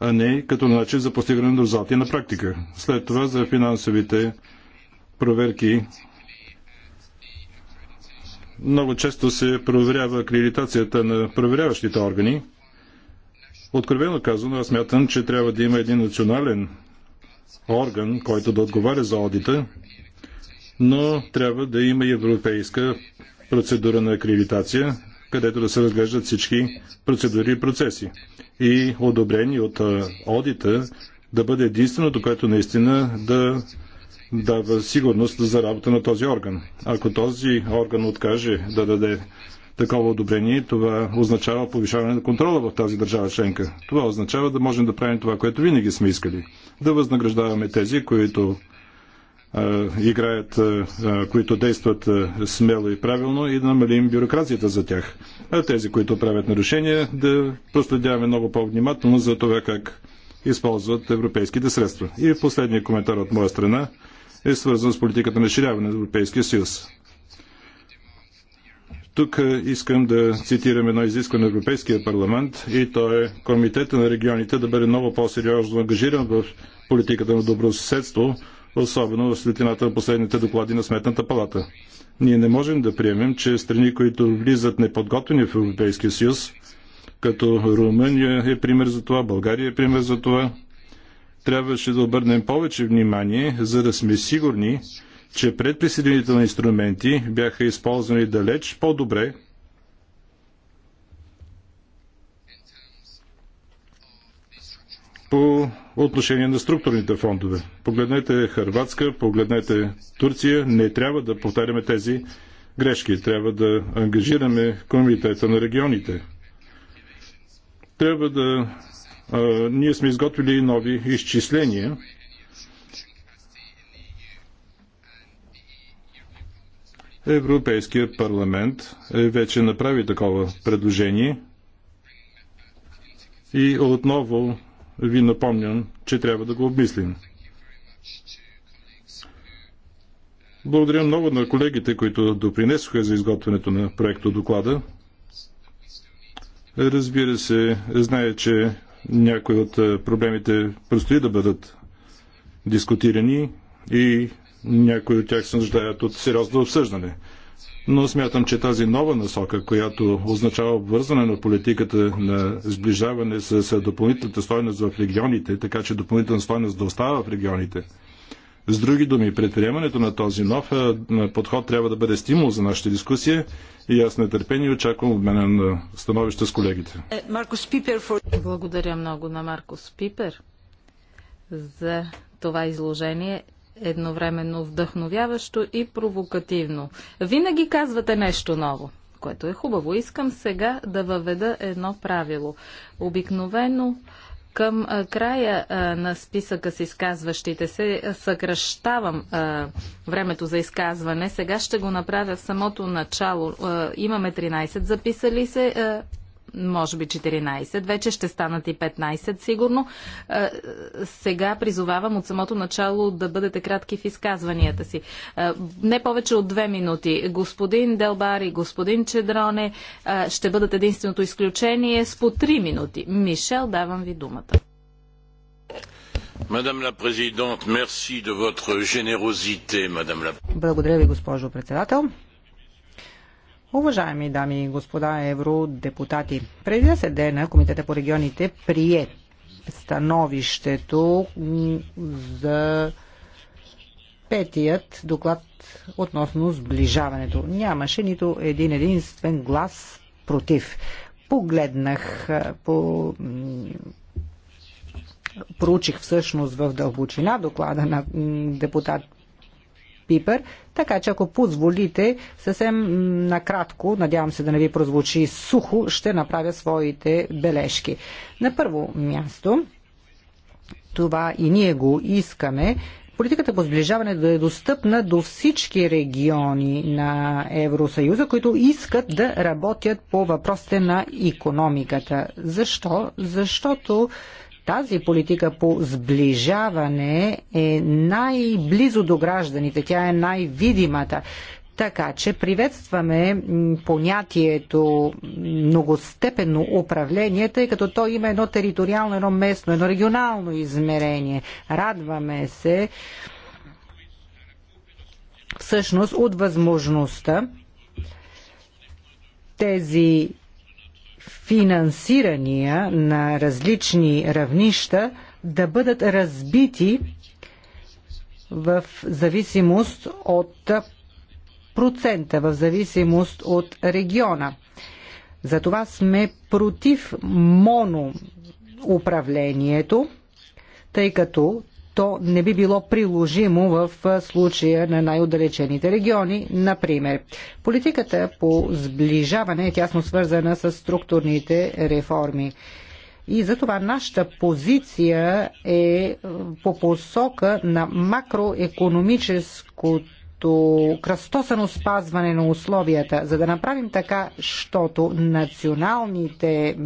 а не като начин за постигане на резултати на практика. След това за финансовите проверки много често се проверява акредитацията на проверяващите органи. Откровено казано, аз мятам, че трябва да има един национален орган, който да отговаря за одита, но трябва да има европейска процедура на акредитация, където да се разглеждат всички процедури и процеси. И одобрени от одита да бъде единственото, което наистина да дава сигурност за работа на този орган. Ако този орган откаже да даде такова одобрение, това означава повишаване на контрола в тази държава членка. Това означава да можем да правим това, което винаги сме искали. Да възнаграждаваме тези, които играят, които действат смело и правилно и да намалим бюрокрацията за тях. А тези, които правят нарушения, да проследяваме много по-внимателно за това как използват европейските средства. И последният коментар от моя страна е свързан с политиката на ширяване на Европейския съюз. Тук искам да цитирам едно изискване на Европейския парламент и то е Комитета на регионите да бъде много по-сериозно ангажиран в политиката на добросъседство, особено в светлината на последните доклади на Сметната палата. Ние не можем да приемем, че страни, които влизат неподготвени в Европейския съюз, като Румъния е пример за това, България е пример за това, трябваше да обърнем повече внимание, за да сме сигурни, че предприсъединителни инструменти бяха използвани далеч по-добре по отношение на структурните фондове. Погледнете Харватска, погледнете Турция. Не трябва да повтаряме тези грешки. Трябва да ангажираме комитета на регионите. Трябва да... А, ние сме изготвили нови изчисления. Европейския парламент е вече направи такова предложение и отново ви напомням, че трябва да го обмислим. Благодаря много на колегите, които допринесоха за изготвянето на проекта доклада. Разбира се, знае, че някои от проблемите предстои да бъдат дискутирани и някои от тях се нуждаят от сериозно обсъждане но смятам, че тази нова насока, която означава обвързване на политиката на сближаване с допълнителната стойност в регионите, така че допълнителна стойност да остава в регионите. С други думи, предприемането на този нов подход трябва да бъде стимул за нашата дискусия и аз нетърпение очаквам обмена на становища с колегите.
Е, Благодаря много на Маркос Пипер за това изложение едновременно вдъхновяващо и провокативно. Винаги казвате нещо ново, което е хубаво. Искам сега да въведа едно правило. Обикновено към края на списъка с изказващите се съкръщавам времето за изказване. Сега ще го направя в самото начало. Имаме 13 записали се може би 14, вече ще станат и 15 сигурно. Е, сега призовавам от самото начало да бъдете кратки в изказванията си. Е, не повече от две минути. Господин Делбар и господин Чедроне е, ще бъдат единственото изключение с по три минути. Мишел, давам ви думата. Благодаря ви, госпожо председател.
Уважаеми дами и господа евродепутати, преди 10 дена Комитета по регионите прие становището за петият доклад относно сближаването. Нямаше нито един единствен глас против. Погледнах по проучих всъщност в дълбочина доклада на депутат Пипер. Така че ако позволите, съвсем накратко, надявам се да не ви прозвучи сухо, ще направя своите бележки. На първо място, това и ние го искаме, политиката по сближаване да е достъпна до всички региони на Евросъюза, които искат да работят по въпросите на економиката. Защо? Защото тази политика по сближаване е най-близо до гражданите, тя е най-видимата. Така че приветстваме понятието многостепенно управление, тъй като то има едно териториално, едно местно, едно регионално измерение. Радваме се всъщност от възможността тези финансирания на различни равнища да бъдат разбити в зависимост от процента, в зависимост от региона. Затова сме против моноуправлението, тъй като то не би било приложимо в случая на най-отдалечените региони, например. Политиката по сближаване е тясно свързана с структурните реформи. И затова нашата позиция е по посока на макроекономическото като кръстосано спазване на условията, за да направим така, щото националните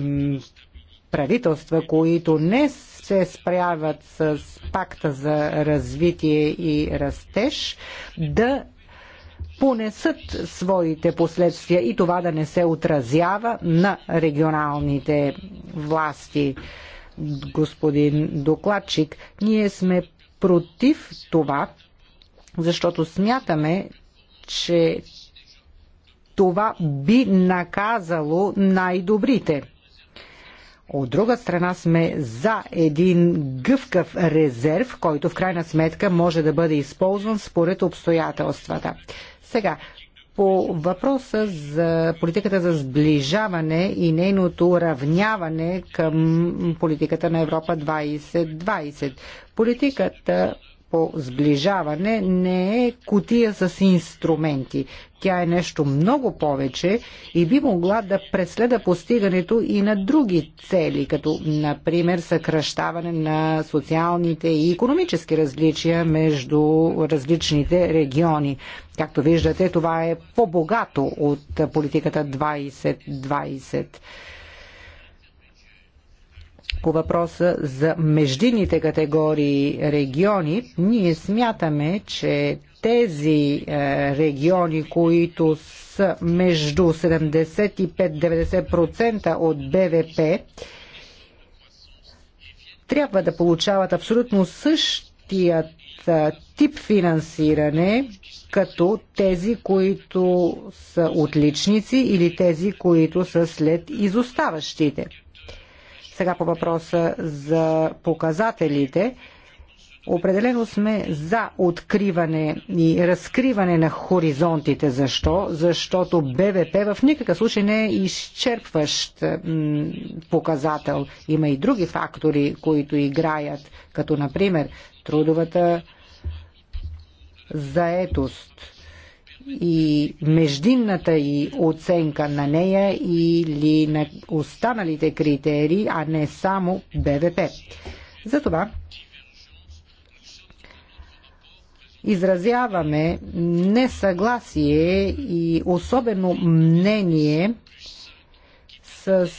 правителства, които не се справят с пакта за развитие и растеж, да понесат своите последствия и това да не се отразява на регионалните власти. Господин докладчик, ние сме против това, защото смятаме, че това би наказало най-добрите. От друга страна сме за един гъвкав резерв, който в крайна сметка може да бъде използван според обстоятелствата. Сега, по въпроса за политиката за сближаване и нейното равняване към политиката на Европа 2020. Политиката по сближаване не е кутия с инструменти. Тя е нещо много повече и би могла да преследа постигането и на други цели, като например съкръщаване на социалните и економически различия между различните региони. Както виждате, това е по-богато от политиката 2020. -20 по въпроса за междинните категории региони, ние смятаме, че тези е, региони, които са между 75-90% от БВП, трябва да получават абсолютно същият е, тип финансиране, като тези, които са отличници или тези, които са след изоставащите. Сега по въпроса за показателите. Определено сме за откриване и разкриване на хоризонтите. Защо? Защото БВП в никакъв случай не е изчерпващ показател. Има и други фактори, които играят, като например трудовата заетост и междинната и оценка на нея или на останалите критерии, а не само БВП. Затова изразяваме несъгласие и особено мнение с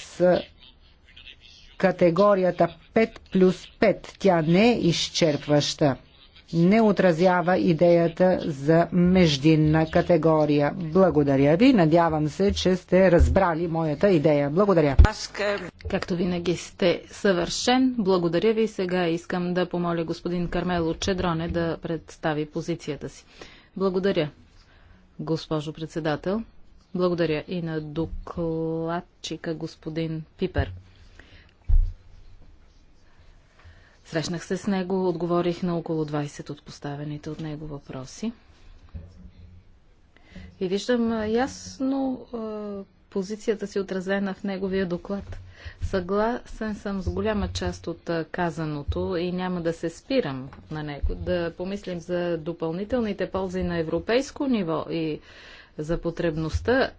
категорията 5 плюс 5. Тя не е изчерпваща не отразява идеята за междинна категория. Благодаря ви. Надявам се, че сте разбрали моята идея. Благодаря.
Както винаги сте съвършен, благодаря ви. Сега искам да помоля господин Кармело Чедроне да представи позицията си. Благодаря, госпожо председател. Благодаря и на докладчика господин Пипер. Срещнах се с него, отговорих на около 20 от поставените от него въпроси. И виждам ясно позицията си отразена в неговия доклад. Съгласен съм с голяма част от казаното и няма да се спирам на него. Да помислим за допълнителните ползи на европейско ниво и за потребността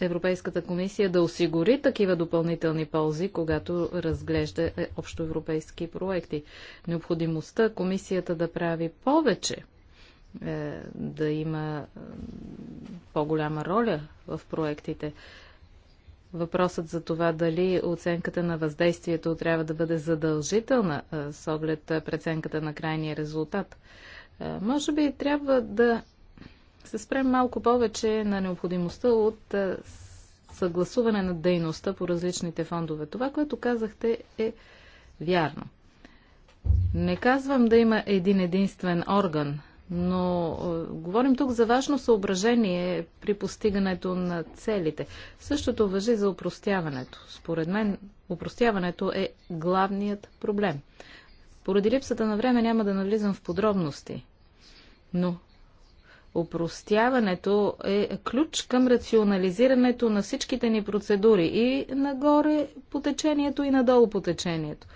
Европейската комисия да осигури такива допълнителни ползи, когато разглежда е, общоевропейски проекти. Необходимостта комисията да прави повече, е, да има е, по-голяма роля в проектите. Въпросът за това дали оценката на въздействието трябва да бъде задължителна с оглед преценката на крайния резултат. Може би трябва да се спрем малко повече на необходимостта от съгласуване на дейността по различните фондове. Това, което казахте, е вярно. Не казвам да има един единствен орган, но е, говорим тук за важно съображение при постигането на целите. Същото въжи за упростяването. Според мен, упростяването е главният проблем. Поради липсата на време няма да навлизам в подробности, но Опростяването е ключ към рационализирането на всичките ни процедури и нагоре по течението и надолу по течението.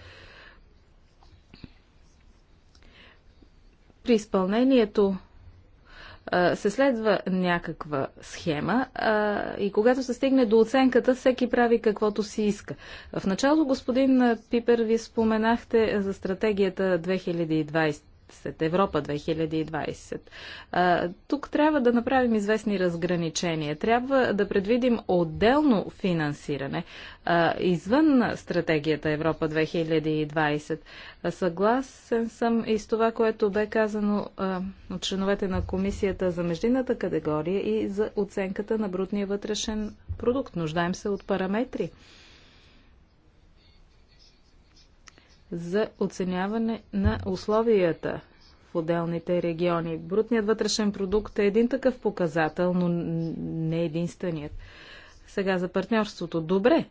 При изпълнението се следва някаква схема а, и когато се стигне до оценката, всеки прави каквото си иска. В началото, господин Пипер, ви споменахте за стратегията след Европа 2020. тук трябва да направим известни разграничения. Трябва да предвидим отделно финансиране извън стратегията Европа 2020. съгласен съм и с това, което бе казано от членовете на Комисията за междинната категория и за оценката на брутния вътрешен продукт. Нуждаем се от параметри за оценяване на условията в отделните региони. Брутният вътрешен продукт е един такъв показател, но не единственият. Сега за партньорството. Добре,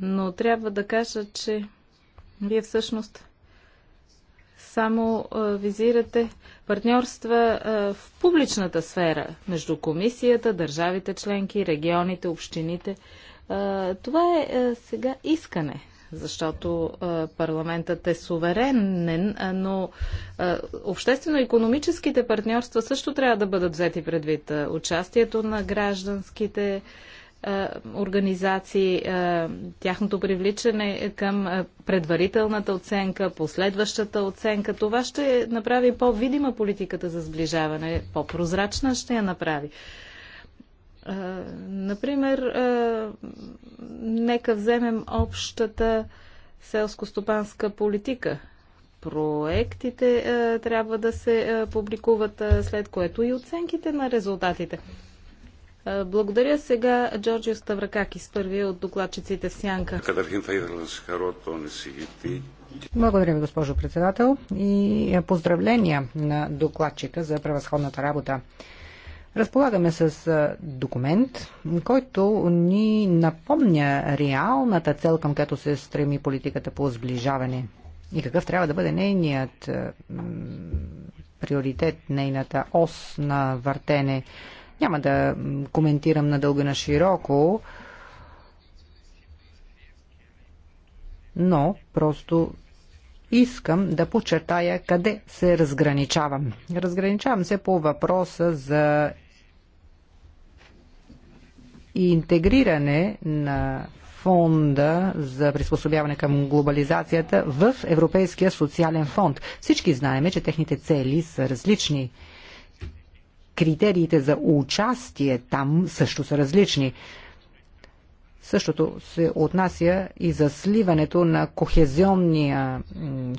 но трябва да кажа, че вие всъщност само визирате партньорства в публичната сфера между комисията, държавите членки, регионите, общините. Това е сега искане защото парламентът е суверенен, но обществено-економическите партньорства също трябва да бъдат взети предвид. Участието на гражданските организации, тяхното привличане към предварителната оценка, последващата оценка. Това ще направи по-видима политиката за сближаване, по-прозрачна ще я направи. Е, например, е, нека вземем общата селско-стопанска политика. Проектите е, трябва да се публикуват, след което и оценките на резултатите. Благодаря сега Джорджио Ставракакис, първи от докладчиците в Сянка.
Благодаря ви, госпожо председател, и поздравления на докладчика за превъзходната работа. Разполагаме с документ, който ни напомня реалната цел, към която се стреми политиката по сближаване и какъв трябва да бъде нейният приоритет, нейната ос на въртене. Няма да коментирам надълго на широко, но просто искам да подчертая къде се разграничавам. Разграничавам се по въпроса за и интегриране на фонда за приспособяване към глобализацията в Европейския социален фонд. Всички знаеме, че техните цели са различни. Критериите за участие там също са различни. Същото се отнася и за сливането на кохезионния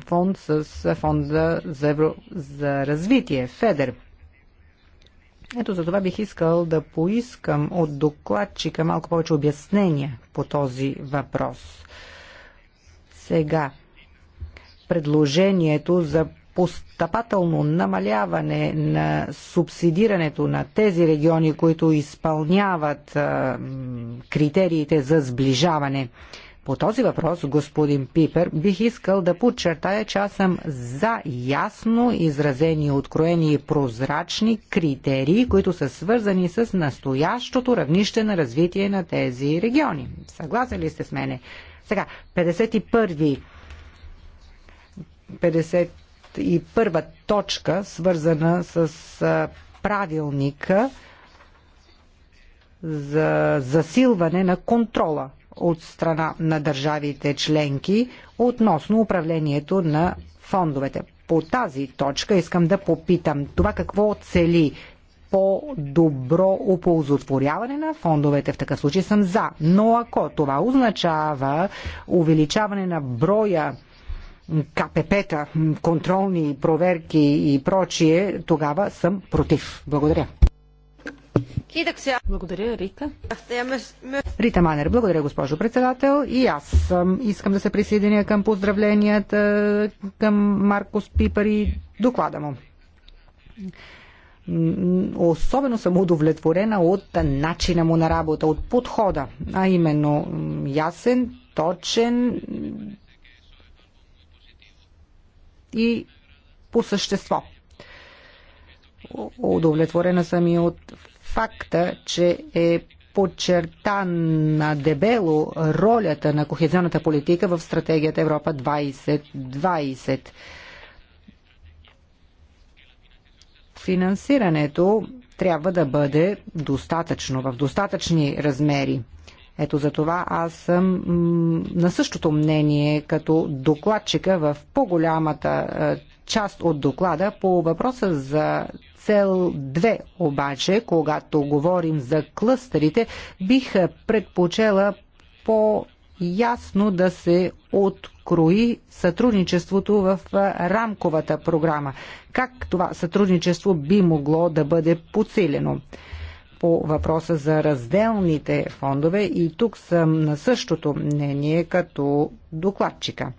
фонд с фонда за, евро... за развитие, ФЕДЕР. Ето за това бих искал да поискам от докладчика малко повече обяснения по този въпрос. Сега, предложението за постъпателно намаляване на субсидирането на тези региони, които изпълняват а, критериите за сближаване. По този въпрос, господин Пипер, бих искал да подчертая, че аз съм за ясно изразени, откроени и прозрачни критерии, които са свързани с настоящото равнище на развитие на тези региони. Съгласен ли сте с мене? Сега, 51 51 точка, свързана с правилника за засилване на контрола от страна на държавите членки относно управлението на фондовете. По тази точка искам да попитам това какво цели по-добро оползотворяване на фондовете. В такъв случай съм за. Но ако това означава увеличаване на броя КПП-та, контролни проверки и прочие, тогава съм против. Благодаря.
Благодаря, Рита.
Рита Манер, благодаря, госпожо председател. И аз искам да се присъединя към поздравленията към Маркос Пипър и доклада му. Особено съм удовлетворена от начина му на работа, от подхода, а именно ясен, точен и по същество. Удовлетворена съм и от факта, че е подчертана дебело ролята на кохезионната политика в стратегията Европа 2020. Финансирането трябва да бъде достатъчно, в достатъчни размери. Ето за това аз съм на същото мнение като докладчика в по-голямата част от доклада по въпроса за цел 2 обаче, когато говорим за клъстерите, бих предпочела по ясно да се открои сътрудничеството в рамковата програма. Как това сътрудничество би могло да бъде подсилено? По въпроса за разделните фондове и тук съм на същото мнение като докладчика.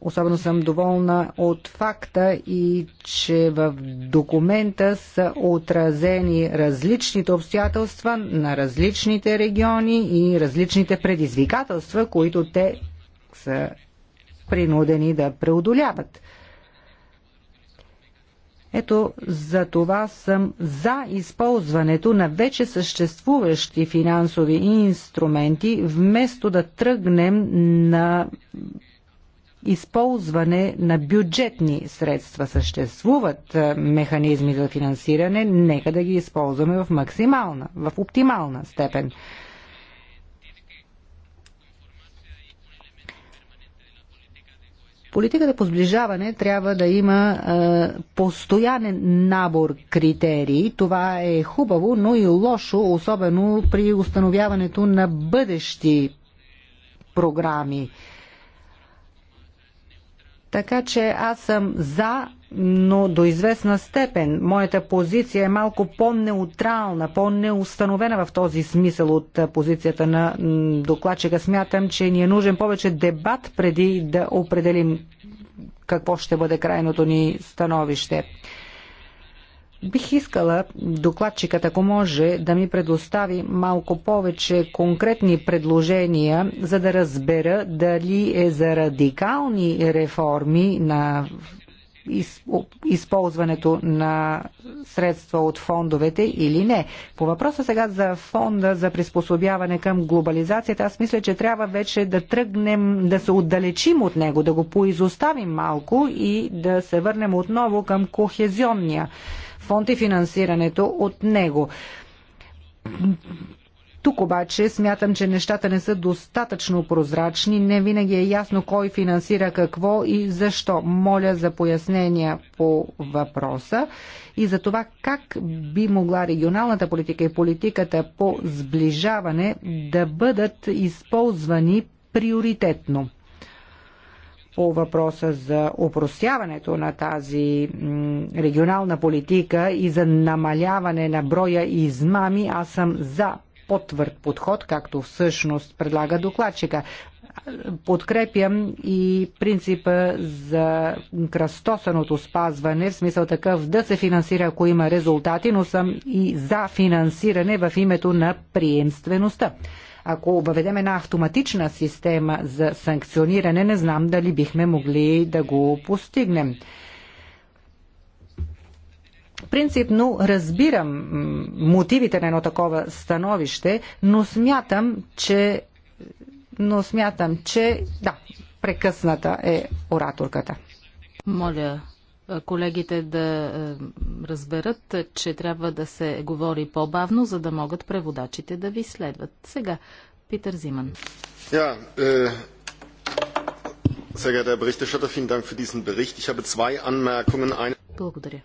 Особено съм доволна от факта и че в документа са отразени различните обстоятелства на различните региони и различните предизвикателства, които те са принудени да преодоляват. Ето за това съм за използването на вече съществуващи финансови инструменти, вместо да тръгнем на използване на бюджетни средства. Съществуват е, механизми за финансиране, нека да ги използваме в максимална, в оптимална степен. Политиката по сближаване трябва да има е, постоянен набор критерии. Това е хубаво, но и лошо, особено при установяването на бъдещи програми. Така че аз съм за, но до известна степен моята позиция е малко по-неутрална, по-неустановена в този смисъл от позицията на докладчика. Смятам, че ни е нужен повече дебат преди да определим какво ще бъде крайното ни становище. Бих искала докладчикът, ако може, да ми предостави малко повече конкретни предложения, за да разбера дали е за радикални реформи на използването на средства от фондовете или не. По въпроса сега за фонда за приспособяване към глобализацията, аз мисля, че трябва вече да тръгнем, да се отдалечим от него, да го поизоставим малко и да се върнем отново към кохезионния фонд и финансирането от него. Тук обаче смятам, че нещата не са достатъчно прозрачни, не винаги е ясно кой финансира какво и защо. Моля за пояснения по въпроса и за това как би могла регионалната политика и политиката по сближаване да бъдат използвани приоритетно по въпроса за упростяването на тази регионална политика и за намаляване на броя измами, аз съм за потвърд подход, както всъщност предлага докладчика. Подкрепям и принципа за кръстосаното спазване, в смисъл такъв да се финансира, ако има резултати, но съм и за финансиране в името на приемствеността. Ако въведем една автоматична система за санкциониране, не знам дали бихме могли да го постигнем. Принципно разбирам мотивите на едно такова становище, но смятам, че но смятам, че да, прекъсната е ораторката.
Моля колегите да е, разберат, че трябва да се говори по-бавно, за да могат преводачите да ви следват. Сега, Питър Зиман.
Ja, сега, да Berichterstatter, vielen Dank für diesen Bericht. Ich habe zwei Anmerkungen. Eine...
Благодаря.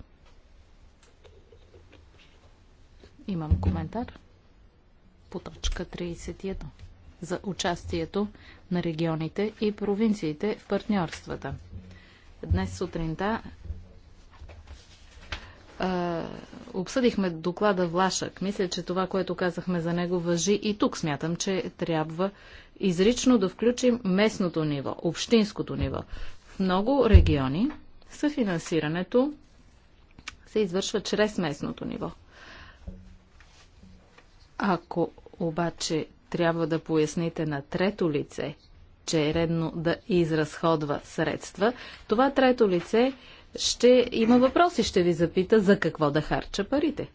Имам коментар по точка 31 за участието на регионите и провинциите в партньорствата. Днес сутринта а, обсъдихме доклада Влашък. Мисля, че това, което казахме за него, въжи и тук. Смятам, че трябва изрично да включим местното ниво, общинското ниво. В много региони съфинансирането се извършва чрез местното ниво. Ако обаче трябва да поясните на трето лице, че е редно да изразходва средства, това трето лице ще има въпроси, ще ви запита за какво да харча парите.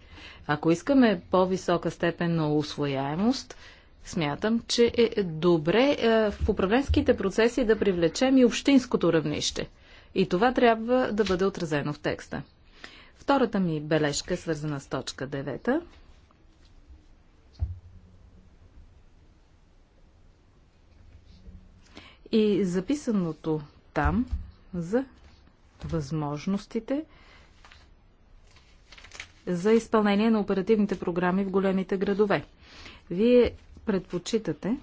Ако искаме по-висока степен на усвояемост, смятам, че е добре е, в управленските процеси да привлечем и общинското равнище. И това трябва да бъде отразено в текста. Втората ми бележка е свързана с точка 9. И записаното там за възможностите за изпълнение на оперативните програми в големите градове. Вие предпочитате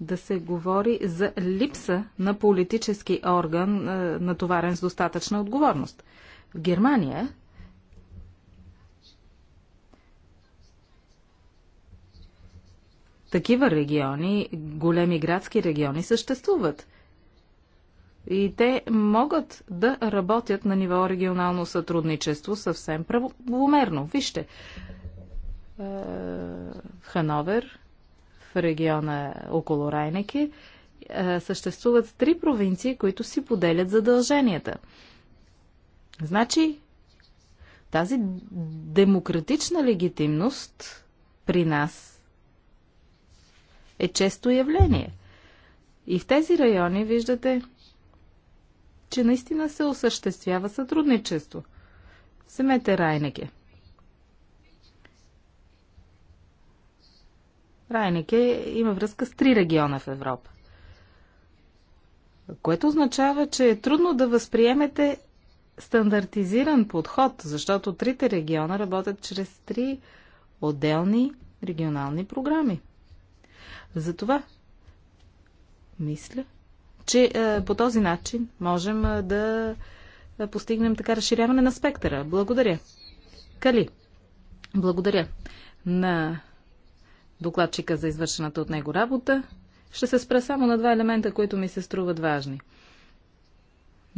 да се говори за липса на политически орган, е, натоварен с достатъчна отговорност. В Германия такива региони, големи градски региони съществуват – и те могат да работят на ниво регионално сътрудничество съвсем правомерно. Вижте, в е, Хановер, в региона около Райнеки, е, съществуват три провинции, които си поделят задълженията. Значи, тази демократична легитимност при нас е често явление. И в тези райони, виждате, че наистина се осъществява сътрудничество. Семете Райнеке. Райнеке има връзка с три региона в Европа. Което означава, че е трудно да възприемете стандартизиран подход, защото трите региона работят чрез три отделни регионални програми. Затова, мисля, че е, по този начин можем е, да е, постигнем така разширяване на спектъра. Благодаря. Кали. Благодаря на докладчика за извършената от него работа. Ще се спра само на два елемента, които ми се струват важни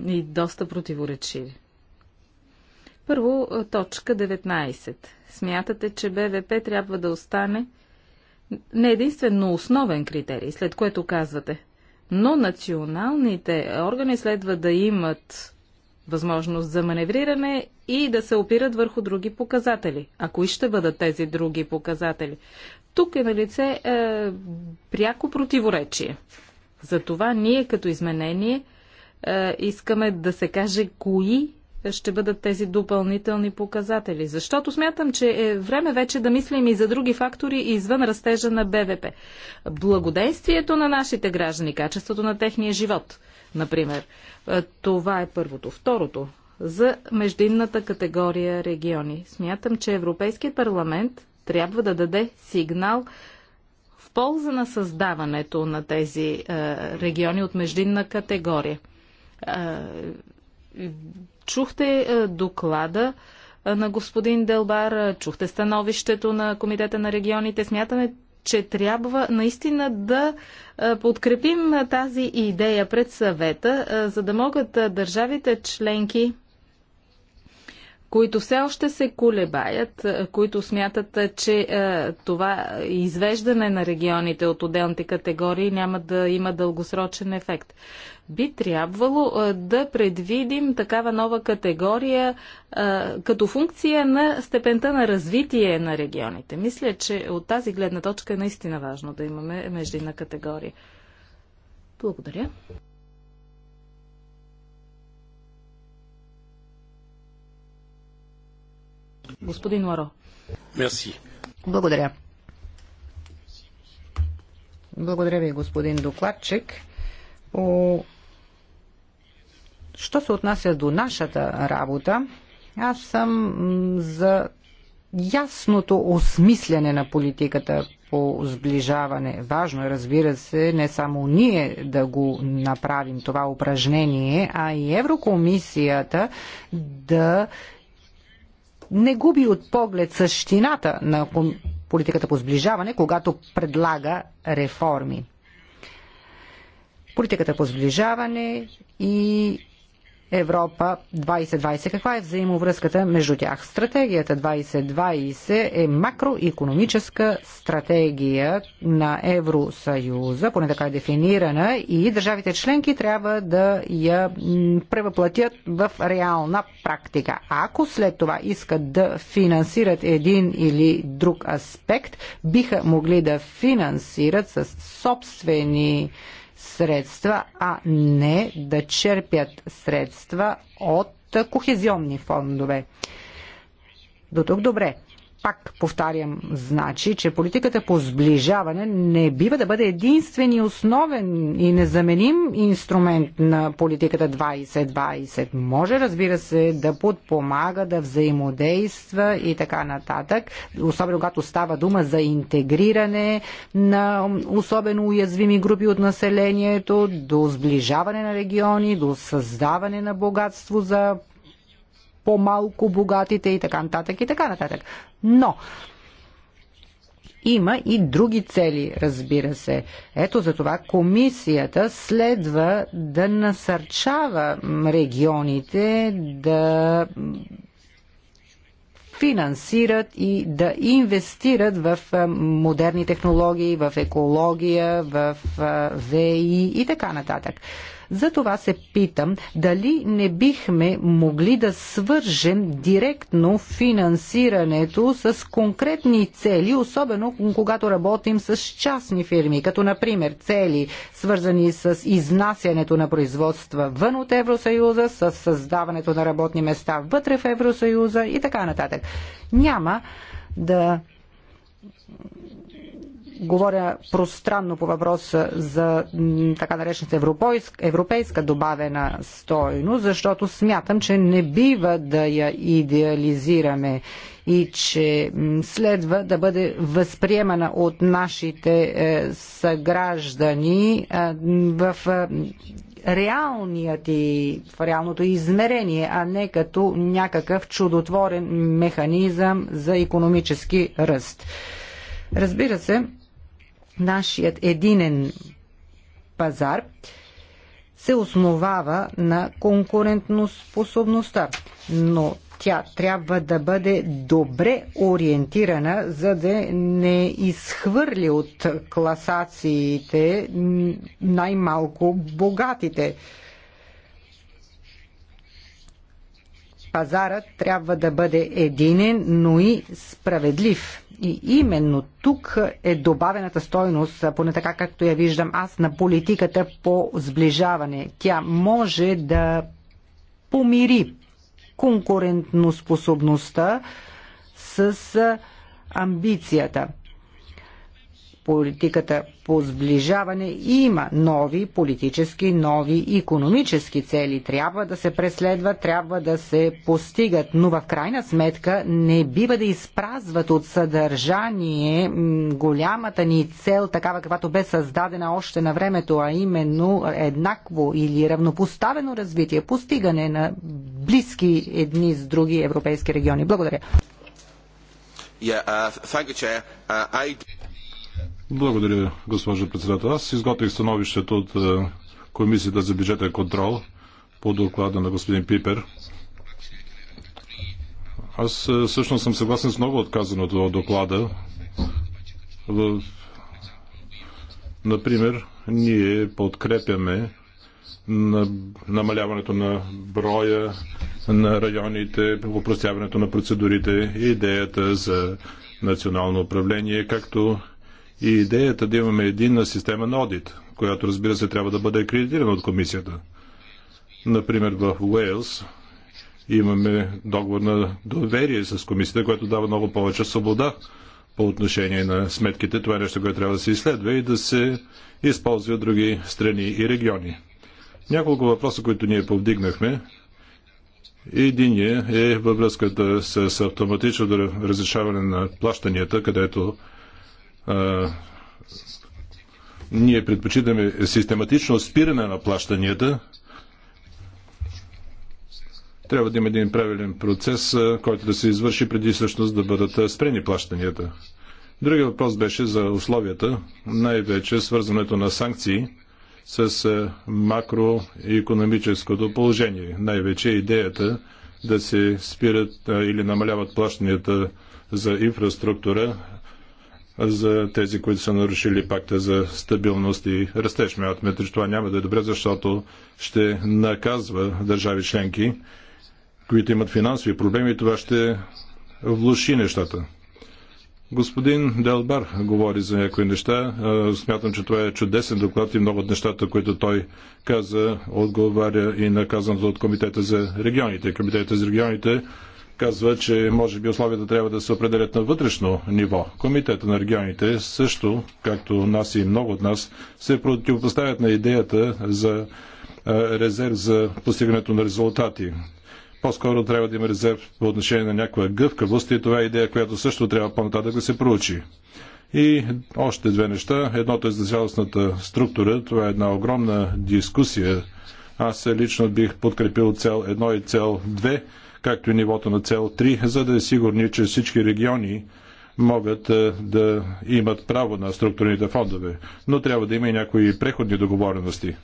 и доста противоречиви. Първо, точка 19. Смятате, че БВП трябва да остане не единствено основен критерий, след което казвате но националните органи следва да имат възможност за маневриране и да се опират върху други показатели. А кои ще бъдат тези други показатели? Тук е на лице е, пряко противоречие. Затова ние като изменение е, искаме да се каже кои ще бъдат тези допълнителни показатели. Защото смятам, че е време вече да мислим и за други фактори извън растежа на БВП. Благодействието на нашите граждани, качеството на техния живот, например. Е, това е първото. Второто, за междинната категория региони. Смятам, че Европейският парламент трябва да даде сигнал в полза на създаването на тези е, региони от междинна категория. Е, Чухте е, доклада е, на господин Делбар, е, чухте становището на Комитета на регионите. Смятаме, че трябва наистина да подкрепим тази идея пред съвета, за да могат държавите членки които все още се колебаят, които смятат, че е, това извеждане на регионите от отделните категории няма да има дългосрочен ефект. Би трябвало е, да предвидим такава нова категория е, като функция на степента на развитие на регионите. Мисля, че от тази гледна точка е наистина важно да имаме междинна категория. Благодаря. Господин Ларо. Мерси. Благодаря.
Благодаря ви, господин докладчик. О... Що се отнася до нашата работа, аз съм за ясното осмислене на политиката по сближаване. Важно е, разбира се, не само ние да го направим това упражнение, а и Еврокомисията да не губи от поглед същината на политиката по сближаване, когато предлага реформи. Политиката по сближаване и Европа 2020. Каква е взаимовръзката между тях? Стратегията 2020 е макроекономическа стратегия на Евросъюза, поне така е дефинирана, и държавите членки трябва да я превъплатят в реална практика. А ако след това искат да финансират един или друг аспект, биха могли да финансират с собствени средства, а не да черпят средства от кохезионни фондове. До тук добре пак повтарям, значи, че политиката по сближаване не бива да бъде единствен и основен и незаменим инструмент на политиката 2020. Може, разбира се, да подпомага, да взаимодейства и така нататък, особено когато става дума за интегриране на особено уязвими групи от населението, до сближаване на региони, до създаване на богатство за по-малко богатите и така нататък и така нататък. Но има и други цели, разбира се. Ето за това комисията следва да насърчава регионите да финансират и да инвестират в модерни технологии, в екология, в ВИ и така нататък. За това се питам дали не бихме могли да свържем директно финансирането с конкретни цели, особено когато работим с частни фирми, като например цели свързани с изнасянето на производства вън от Евросъюза, с създаването на работни места вътре в Евросъюза и така нататък. Няма да говоря пространно по въпроса за така наречената европейска, европейска добавена стойност, защото смятам, че не бива да я идеализираме и че следва да бъде възприемана от нашите е, съграждани е, в е, реалният и в реалното измерение, а не като някакъв чудотворен механизъм за економически ръст. Разбира се, нашият единен пазар се основава на конкурентноспособността, но тя трябва да бъде добре ориентирана, за да не изхвърли от класациите най-малко богатите. Пазарът трябва да бъде единен, но и справедлив. И именно тук е добавената стойност, поне така както я виждам аз, на политиката по сближаване. Тя може да помири конкурентоспособността с амбицията – политиката по сближаване има нови политически, нови економически цели. Трябва да се преследват, трябва да се постигат, но в крайна сметка не бива да изпразват от съдържание голямата ни цел, такава каквато бе създадена още на времето, а именно еднакво или равнопоставено развитие, постигане на близки едни с други европейски региони. Благодаря.
Yeah, uh, thank you, Chair. Uh, I... Благодаря, госпожо председател. Аз изготвих становището от е, Комисията за бюджетен контрол по доклада на господин Пипер. Аз е, всъщност съм съгласен с много отказаното от доклада. В... Например, ние подкрепяме на намаляването на броя на районите, упростяването на процедурите, идеята за национално управление, както и идеята да имаме единна система на одит, която разбира се трябва да бъде акредитирана от комисията. Например в Уейлс имаме договор на доверие с комисията, което дава много повече свобода по отношение на сметките. Това е нещо, което трябва да се изследва и да се използва от други страни и региони. Няколко въпроса, които ние повдигнахме. Единият е във връзката с автоматичното разрешаване на плащанията, където ние предпочитаме систематично спиране на плащанията. Трябва да има един правилен процес, който да се извърши преди всъщност да бъдат спрени плащанията. Другия въпрос беше за условията, най-вече свързването на санкции с макроекономическото положение. Най-вече идеята да се спират или намаляват плащанията за инфраструктура за тези, които са нарушили пакта за стабилност и растеж. Мятаме, че това няма да е добре, защото ще наказва държави членки, които имат финансови проблеми и това ще влуши нещата. Господин Делбар говори за някои неща. Смятам, че това е чудесен доклад и много от нещата, които той каза, отговаря и наказаното от Комитета за регионите. Комитета за регионите казва, че може би условията трябва да се определят на вътрешно ниво. Комитета на регионите също, както нас и много от нас, се противопоставят на идеята за резерв за постигането на резултати. По-скоро трябва да има резерв по отношение на някаква гъвкавост и това е идея, която също трябва по-нататък да се проучи. И още две неща. Едното е за цялостната структура. Това е една огромна дискусия. Аз лично бих подкрепил цел 1 и цел 2 както и нивото на цел 3, за да е сигурни, че всички региони могат е, да имат право на структурните фондове. Но трябва да има и някои преходни договорености.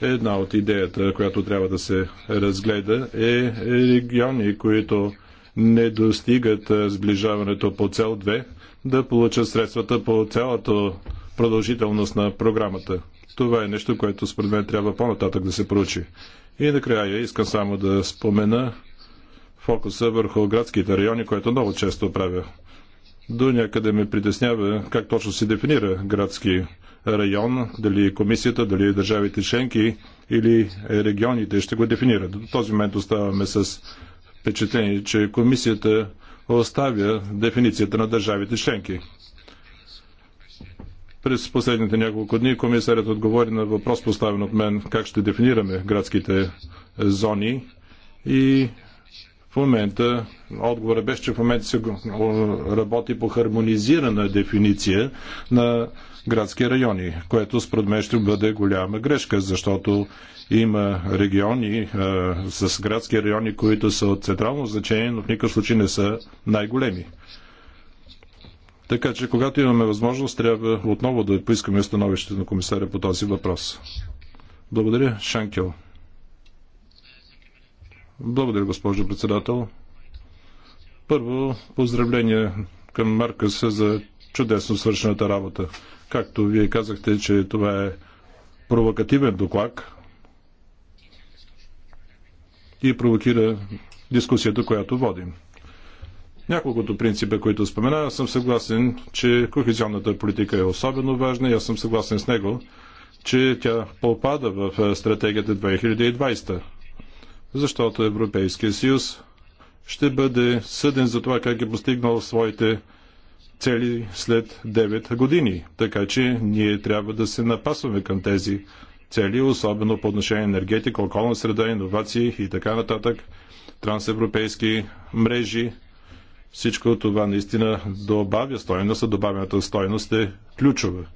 Една от идеята, която трябва да се разгледа е региони, които не достигат е, сближаването по цел 2, да получат средствата по цялата продължителност на програмата. Това е нещо, което според мен трябва по-нататък да се проучи. И накрая искам само да спомена фокуса е върху градските райони, което много често правя. До някъде ме притеснява как точно се дефинира градски район, дали комисията, дали държавите членки или регионите ще го дефинират. До този момент оставаме с впечатление, че комисията оставя дефиницията на държавите членки. През последните няколко дни комисарят отговори на въпрос поставен от мен как ще дефинираме градските зони и в момента, отговорът беше, че в момента се работи по хармонизирана дефиниция на градски райони, което според мен ще бъде голяма грешка, защото има региони а, с градски райони, които са от централно значение, но в никакъв случай не са най-големи. Така че, когато имаме възможност, трябва отново да поискаме становището на комисаря по този въпрос. Благодаря, Шанкел. Благодаря, госпожо председател. Първо, поздравления към Маркъса за чудесно свършената работа. Както вие казахте, че това е провокативен доклад и провокира дискусията, която водим. Няколкото принципа, които спомена, аз съм съгласен, че кохезионната политика е особено важна и аз съм съгласен с него, че тя попада в стратегията 2020 защото Европейския съюз ще бъде съден за това как е постигнал своите цели след 9 години. Така че ние трябва да се напасваме към тези цели, особено по отношение на енергетика, околна среда, иновации и така нататък, трансевропейски мрежи. Всичко това наистина добавя стоеността, а добавената стоеност е ключова.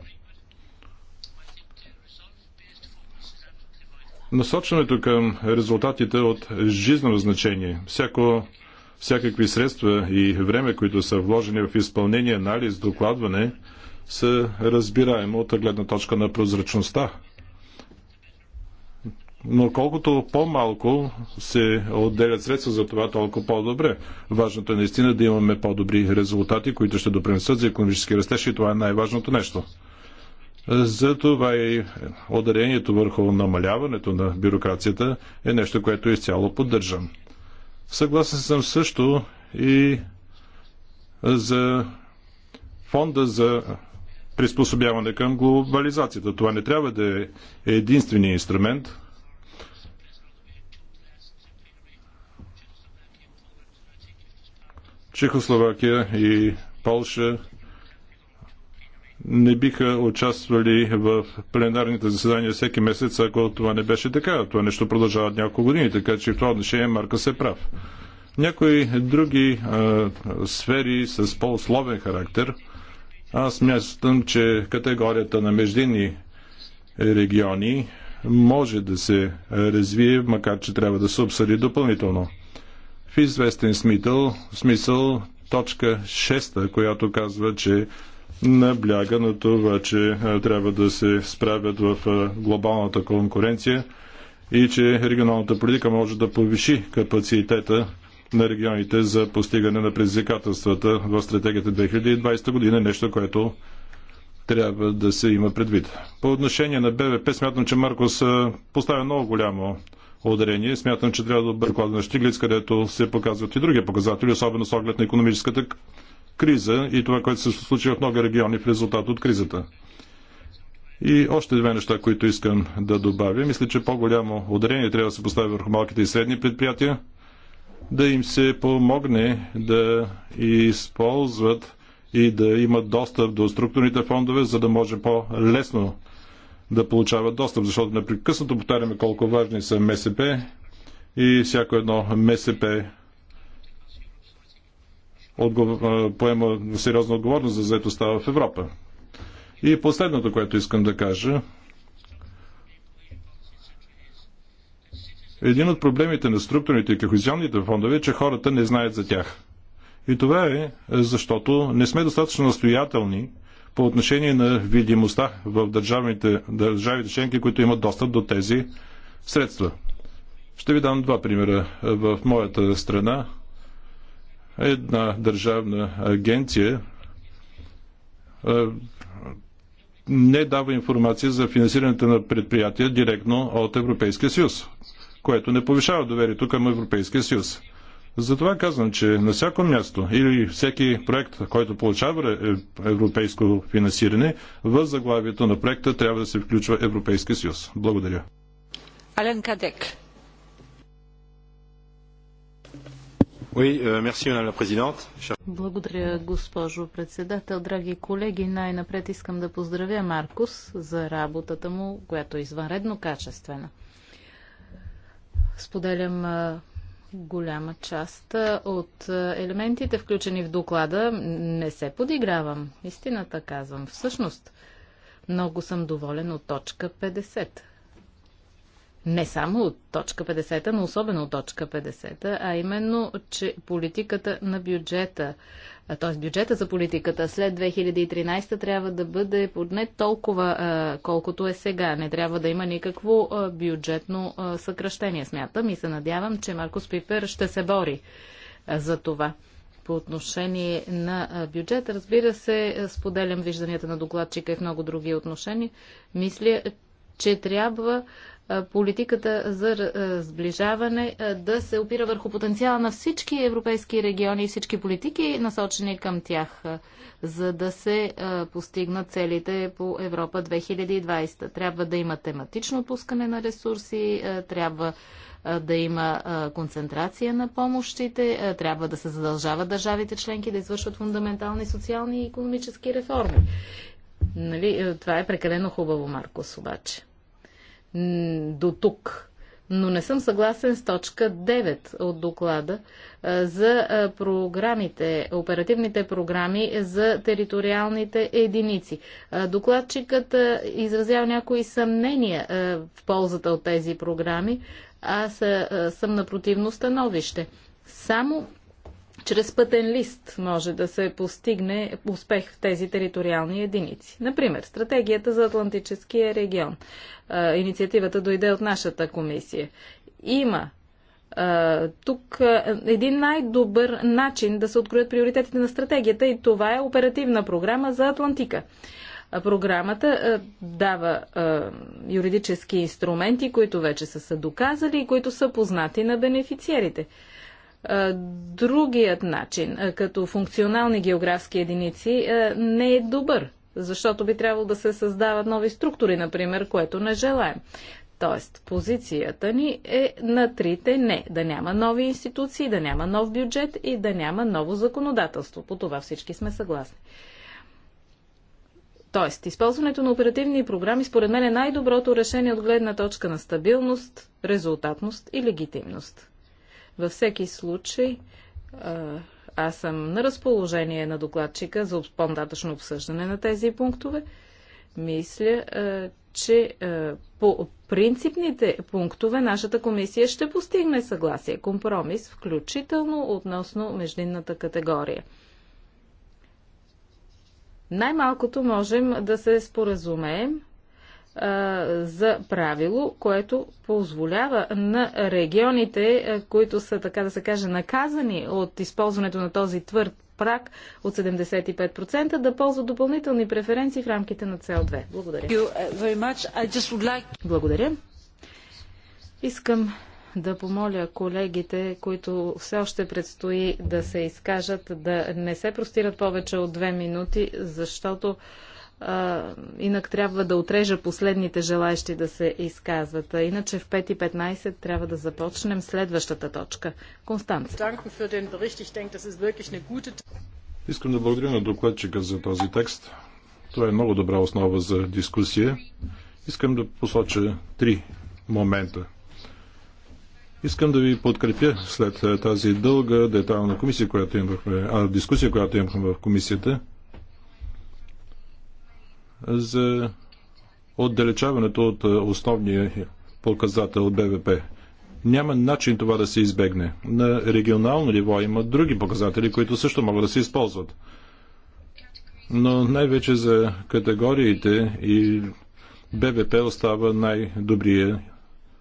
Насочването към резултатите е от жизнено значение. Всяко, всякакви средства и време, които са вложени в изпълнение, анализ, докладване, са разбираемо от гледна точка на прозрачността. Но колкото по-малко се отделят средства за това, толкова по-добре. Важното е наистина да имаме по-добри резултати, които ще допринесат за економически растеж и това е най-важното нещо. Затова и ударението върху намаляването на бюрокрацията е нещо, което изцяло поддържам. Съгласен съм също и за фонда за приспособяване към глобализацията. Това не трябва да е единствения инструмент. Чехословакия и Полша не биха участвали в пленарните заседания всеки месец, ако това не беше така. Това нещо продължава няколко години, така че в това отношение Марка се прав. Някои други а, сфери с по-условен характер, аз мятам, че категорията на междинни региони може да се развие, макар че трябва да се обсъди допълнително. В известен смисъл, смисъл точка 6, която казва, че набляга на това, че е, трябва да се справят в е, глобалната конкуренция и че регионалната политика може да повиши капацитета на регионите за постигане на предизвикателствата в стратегията 2020 година, нещо, което трябва да се има предвид. По отношение на БВП, смятам, че Маркос е, поставя много голямо ударение. Смятам, че трябва да бъде на Штиглиц, където се показват и други показатели, особено с оглед на економическата криза и това, което се случи в много региони в резултат от кризата. И още две неща, които искам да добавя. Мисля, че по-голямо ударение трябва да се постави върху малките и средни предприятия, да им се помогне да използват и да имат достъп до структурните фондове, за да може по-лесно да получават достъп, защото непрекъснато повтаряме колко важни са МСП и всяко едно МСП поема сериозна отговорност за заедостта в Европа. И последното, което искам да кажа, един от проблемите на структурните и кохезионните фондове е, че хората не знаят за тях. И това е защото не сме достатъчно настоятелни по отношение на видимостта в държавните, държавите членки, които имат достъп до тези средства. Ще ви дам два примера. В моята страна една държавна агенция не дава информация за финансирането на предприятия директно от Европейския съюз, което не повишава доверието към Европейския съюз. Затова казвам, че на всяко място или всеки проект, който получава е, европейско финансиране, в заглавието на проекта трябва да се включва Европейския съюз. Благодаря.
Ален Кадек.
Euh,
Благодаря, госпожо председател. Драги колеги, най-напред искам да поздравя Маркус за работата му, която е извънредно качествена. Споделям голяма част от елементите, включени в доклада. Не се подигравам, истината казвам. Всъщност, много съм доволен от точка 50 не само от точка 50, но особено от точка 50, а именно, че политиката на бюджета, т.е. бюджета за политиката след 2013 трябва да бъде подне толкова, колкото е сега. Не трябва да има никакво бюджетно съкръщение, смятам и се надявам, че Маркус Пипер ще се бори за това по отношение на бюджет. Разбира се, споделям вижданията на докладчика и в много други отношения. Мисля, че трябва политиката за сближаване да се опира върху потенциала на всички европейски региони и всички политики, насочени към тях, за да се постигнат целите по Европа 2020. Трябва да има тематично отпускане на ресурси, трябва да има концентрация на помощите, трябва да се задължават държавите членки да извършват фундаментални социални и економически реформи. Нали, това е прекалено хубаво, Маркос, обаче до тук. Но не съм съгласен с точка 9 от доклада за програмите, оперативните програми за териториалните единици. Докладчикът изразява някои съмнения в ползата от тези програми. Аз съм на противно становище. Само чрез пътен лист може да се постигне успех в тези териториални единици. Например, стратегията за Атлантическия регион. Инициативата дойде от нашата комисия. Има тук един най-добър начин да се откроят приоритетите на стратегията и това е оперативна програма за Атлантика. Програмата дава юридически инструменти, които вече са се доказали и които са познати на бенефициерите. Другият начин, като функционални географски единици, не е добър, защото би трябвало да се създават нови структури, например, което не желаем. Тоест, позицията ни е на трите не. Да няма нови институции, да няма нов бюджет и да няма ново законодателство. По това всички сме съгласни. Тоест, използването на оперативни програми според мен е най-доброто решение от гледна точка на стабилност, резултатност и легитимност. Във всеки случай, аз съм на разположение на докладчика за по-нататъчно обсъждане на тези пунктове. Мисля, че по принципните пунктове нашата комисия ще постигне съгласие, компромис, включително относно междинната категория. Най-малкото можем да се споразумеем за правило, което позволява на регионите, които са, така да се каже, наказани от използването на този твърд прак от 75%, да ползват допълнителни преференции в рамките на цел 2. Благодаря. Uh, Благодаря. Искам да помоля колегите, които все още предстои да се изкажат, да не се простират повече от две минути, защото а, инак трябва да отрежа последните желаящи да се изказват. А иначе в 5.15 трябва да започнем следващата точка. Констанция.
Искам да благодаря на докладчика за този текст. Това е много добра основа за дискусия. Искам да посоча три момента. Искам да ви подкрепя след тази дълга детална комисия, която имахме, а, дискусия, която имахме в комисията за отдалечаването от е, основния показател от БВП. Няма начин това да се избегне. На регионално ниво има други показатели, които също могат да се използват. Но най-вече за категориите и БВП остава най-добрия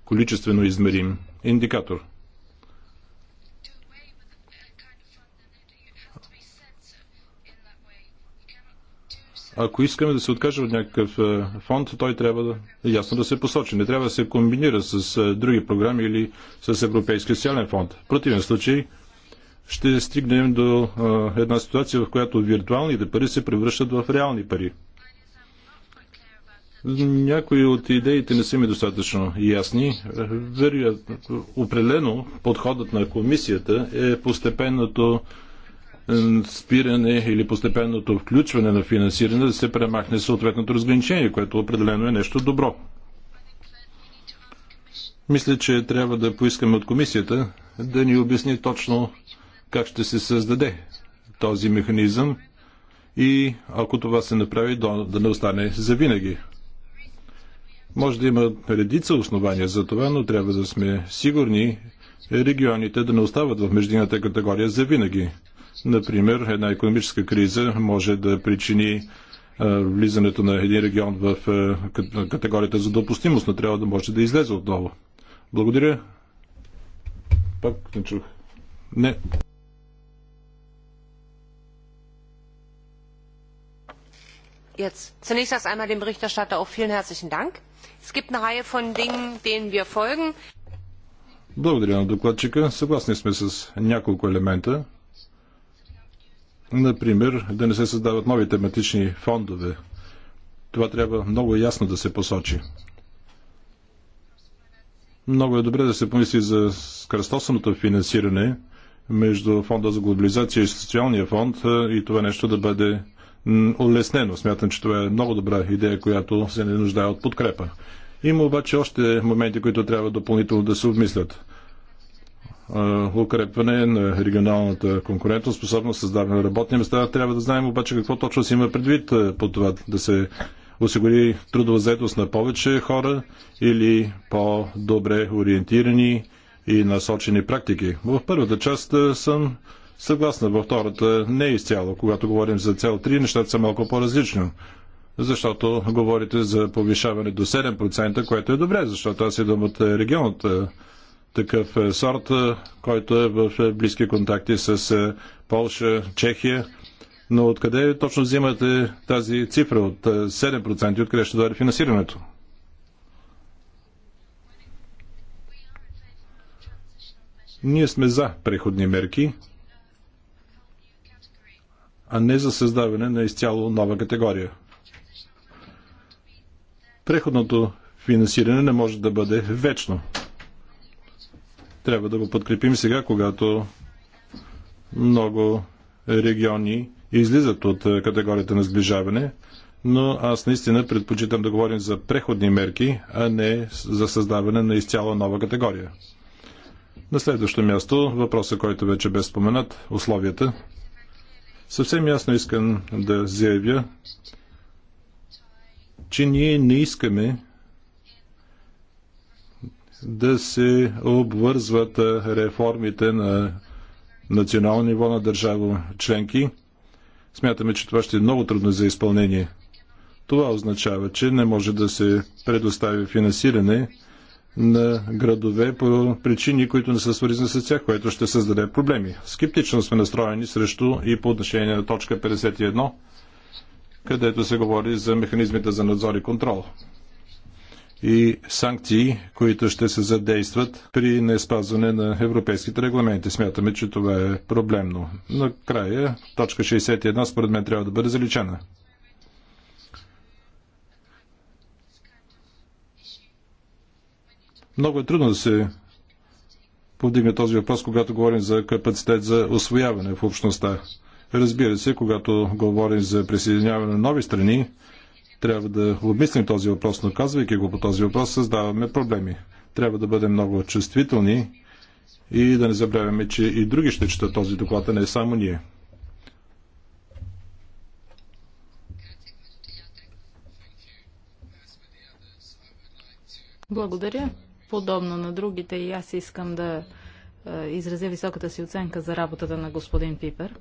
количествено измерим индикатор – Ако искаме да се откаже от някакъв е, фонд, той трябва да, ясно да се посочи. Не трябва да се комбинира с е, други програми или с Европейския социален фонд. В противен случай ще стигнем до е, една ситуация, в която виртуалните пари се превръщат в реални пари. Някои от идеите не са ми достатъчно ясни. Вероятно, определено подходът на комисията е постепенното спиране или постепенното включване на финансиране да се премахне съответното разграничение, което определено е нещо добро. Мисля, че трябва да поискаме от комисията да ни обясни точно как ще се създаде този механизъм и ако това се направи, да не остане завинаги. Може да има редица основания за това, но трябва да сме сигурни регионите да не остават в междинната категория завинаги. Например, една економическа криза може да причини влизането на един регион в категорията за допустимост, но трябва да може да излезе отново. Благодаря. Пак не чух. Не.
Jetzt. Zunächst erst einmal dem Berichterstatter auch vielen herzlichen Dank. Es gibt eine Reihe von Dingen, denen wir folgen.
Благодаря на докладчика. Съгласни сме с няколко елемента. Например, да не се създават нови тематични фондове. Това трябва много ясно да се посочи. Много е добре да се помисли за скръстосаното финансиране между фонда за глобализация и социалния фонд и това нещо да бъде улеснено. Смятам, че това е много добра идея, която се не нуждае от подкрепа. Има обаче още моменти, които трябва допълнително да се обмислят укрепване на регионалната конкурентоспособност, създаване на работни места. Трябва да знаем обаче какво точно си има предвид по това да се осигури трудова заедост на повече хора или по-добре ориентирани и насочени практики. В първата част съм съгласна, във втората не е изцяло. Когато говорим за цел 3, нещата са малко по-различни защото говорите за повишаване до 7%, което е добре, защото аз идвам от регионната такъв е, сорт, е, който е в е, близки контакти с Полша, Чехия. Но откъде точно взимате тази цифра от 7% откъде ще дойде финансирането? Ние сме за преходни мерки, а не за създаване на изцяло нова категория. Преходното финансиране не може да бъде вечно. Трябва да го подкрепим сега, когато много региони излизат от е, категорията на сближаване, но аз наистина предпочитам да говорим за преходни мерки, а не за създаване на изцяло нова категория. На следващо място, въпроса, който вече бе споменат, условията. Съвсем ясно искам да заявя, че ние не искаме да се обвързват реформите на национално ниво на държава членки. Смятаме, че това ще е много трудно за изпълнение. Това означава, че не може да се предостави финансиране на градове по причини, които не са свързани с тях, което ще създаде проблеми. Скептично сме настроени срещу и по отношение на точка 51, където се говори за механизмите за надзор и контрол и санкции, които ще се задействат при неспазване на европейските регламенти. Смятаме, че това е проблемно. Накрая, точка 61 според мен трябва да бъде заличена. Много е трудно да се повдигне този въпрос, когато говорим за капацитет за освояване в общността. Разбира се, когато говорим за присъединяване на нови страни, трябва да обмислим този въпрос, но казвайки го по този въпрос, създаваме проблеми. Трябва да бъдем много чувствителни и да не забравяме, че и други ще четат този доклад, а не само ние.
Благодаря. Подобно на другите и аз искам да е, изразя високата си оценка за работата на господин Пипер.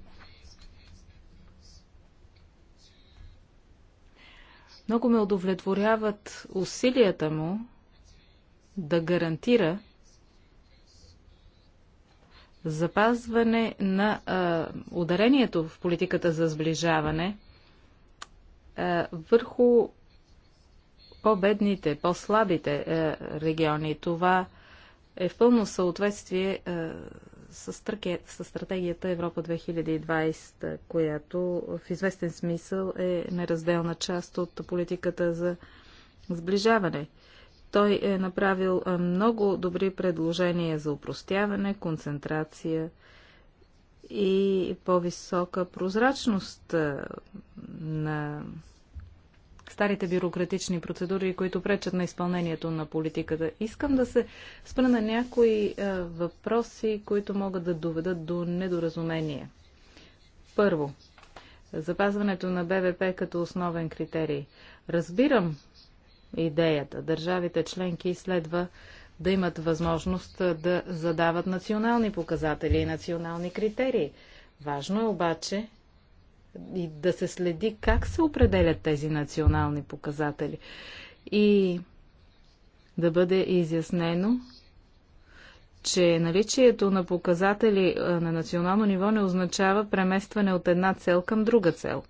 Много ме удовлетворяват усилията му да гарантира запазване на а, ударението в политиката за сближаване а, върху по-бедните, по-слабите региони. Това е в пълно съответствие а, с стратегията Европа 2020, която в известен смисъл е неразделна част от политиката за сближаване. Той е направил много добри предложения за упростяване, концентрация и по-висока прозрачност на старите бюрократични процедури, които пречат на изпълнението на политиката. Искам да се спра на някои е, въпроси, които могат да доведат до недоразумение. Първо, запазването на БВП като основен критерий. Разбирам идеята. Държавите членки следва да имат възможност да задават национални показатели и национални критерии. Важно е обаче и да се следи как се определят тези национални показатели и да бъде изяснено, че наличието на показатели на национално ниво не означава преместване от една цел към друга цел.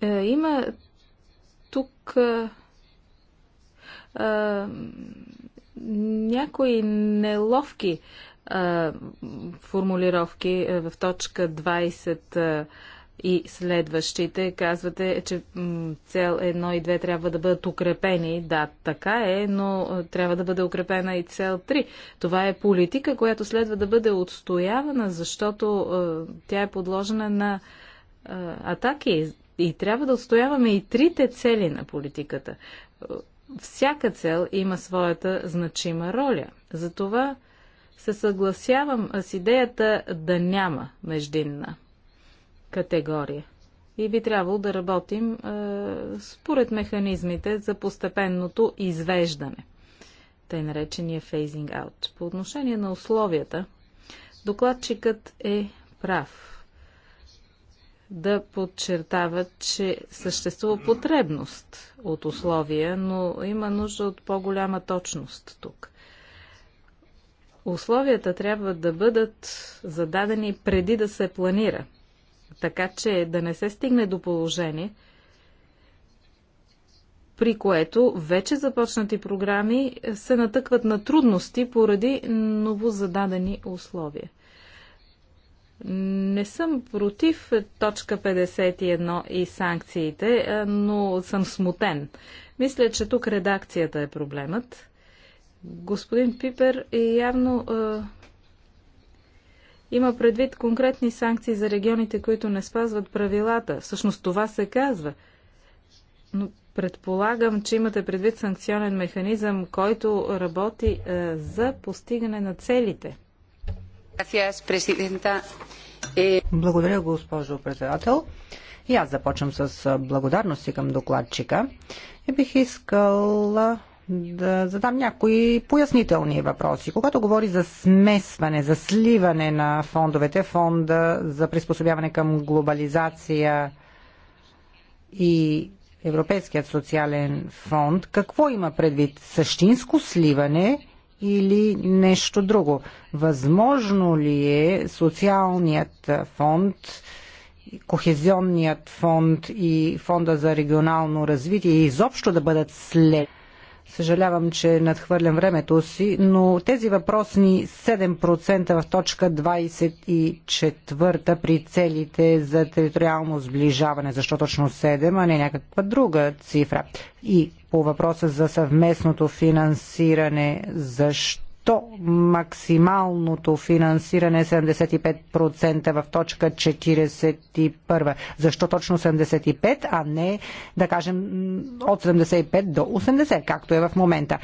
Е, има тук някои неловки формулировки в точка 20 и следващите. Казвате, че цел 1 и 2 трябва да бъдат укрепени. Да, така е, но трябва да бъде укрепена и цел 3. Това е политика, която следва да бъде отстоявана, защото тя е подложена на атаки. И трябва да отстояваме и трите цели на политиката. Всяка цел има своята значима роля. Затова се съгласявам с идеята да няма междинна категория. И би трябвало да работим е, според механизмите за постепенното извеждане, тъй наречения фейзинг аут. По отношение на условията, докладчикът е прав да подчертава, че съществува потребност от условия, но има нужда от по-голяма точност тук условията трябва да бъдат зададени преди да се планира, така че да не се стигне до положение, при което вече започнати програми се натъкват на трудности поради новозададени условия. Не съм против точка 51 и санкциите, но съм смутен. Мисля, че тук редакцията е проблемът. Господин Пипер е явно има предвид конкретни санкции за регионите, които не спазват правилата. Всъщност това се казва. Но предполагам, че имате предвид санкционен механизъм, който работи е, за постигане на целите.
Е, Благодаря, госпожо председател. И аз започвам с благодарности към докладчика. И бих искала да задам някои пояснителни въпроси. Когато говори за смесване, за сливане на фондовете, фонда за приспособяване към глобализация и Европейският социален фонд, какво има предвид? Същинско сливане или нещо друго? Възможно ли е социалният фонд, кохезионният фонд и фонда за регионално развитие изобщо да бъдат след? Съжалявам, че надхвърлям времето си, но тези въпросни 7% в точка 24 при целите за териториално сближаване, защо точно 7, а не някаква друга цифра. И по въпроса за съвместното финансиране, защо то максималното финансиране е 75% в точка 41. Защо точно 75, а не да кажем от 75 до 80, както е в момента?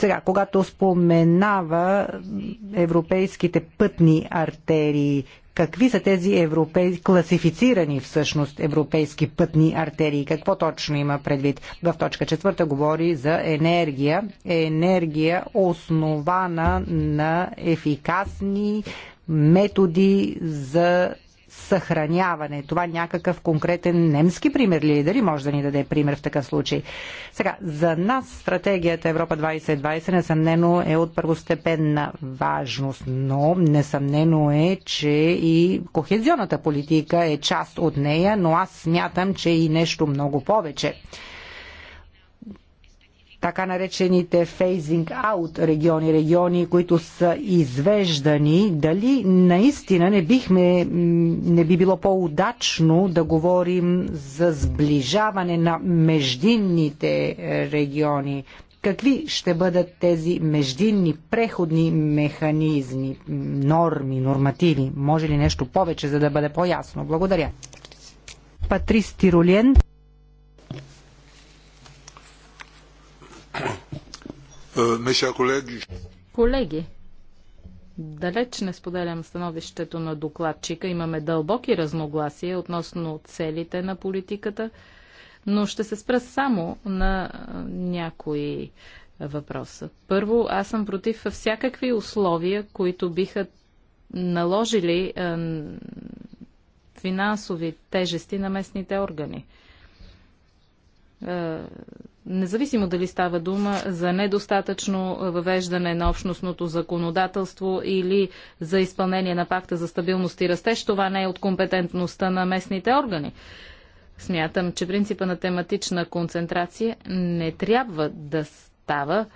Сега, когато споменава европейските пътни артерии, какви са тези европей... класифицирани всъщност европейски пътни артерии, какво точно има предвид. В точка четвърта говори за енергия, енергия основана на ефикасни методи за съхраняване. Това е някакъв конкретен немски пример ли е дали може да ни даде пример в такъв случай? Сега, за нас стратегията Европа 2020 несъмнено е от първостепенна важност, но несъмнено е, че и кохезионната политика е част от нея, но аз смятам, че и нещо много повече така наречените фейзинг аут региони, региони, които са извеждани, дали наистина не, бихме, не би било по-удачно да говорим за сближаване на междинните е, региони? Какви ще бъдат тези междинни преходни механизми, норми, нормативи? Може ли нещо повече, за да бъде по-ясно? Благодаря. Патрис Тиролен.
Е,
колеги, далеч не споделям становището на докладчика. Имаме дълбоки разногласия относно целите на политиката, но ще се спра само на някои въпроса. Първо, аз съм против всякакви условия, които биха наложили финансови тежести на местните органи Независимо дали става дума за недостатъчно въвеждане на общностното законодателство или за изпълнение на пакта за стабилност и растеж, това не е от компетентността на местните органи. Смятам, че принципа на тематична концентрация не трябва да става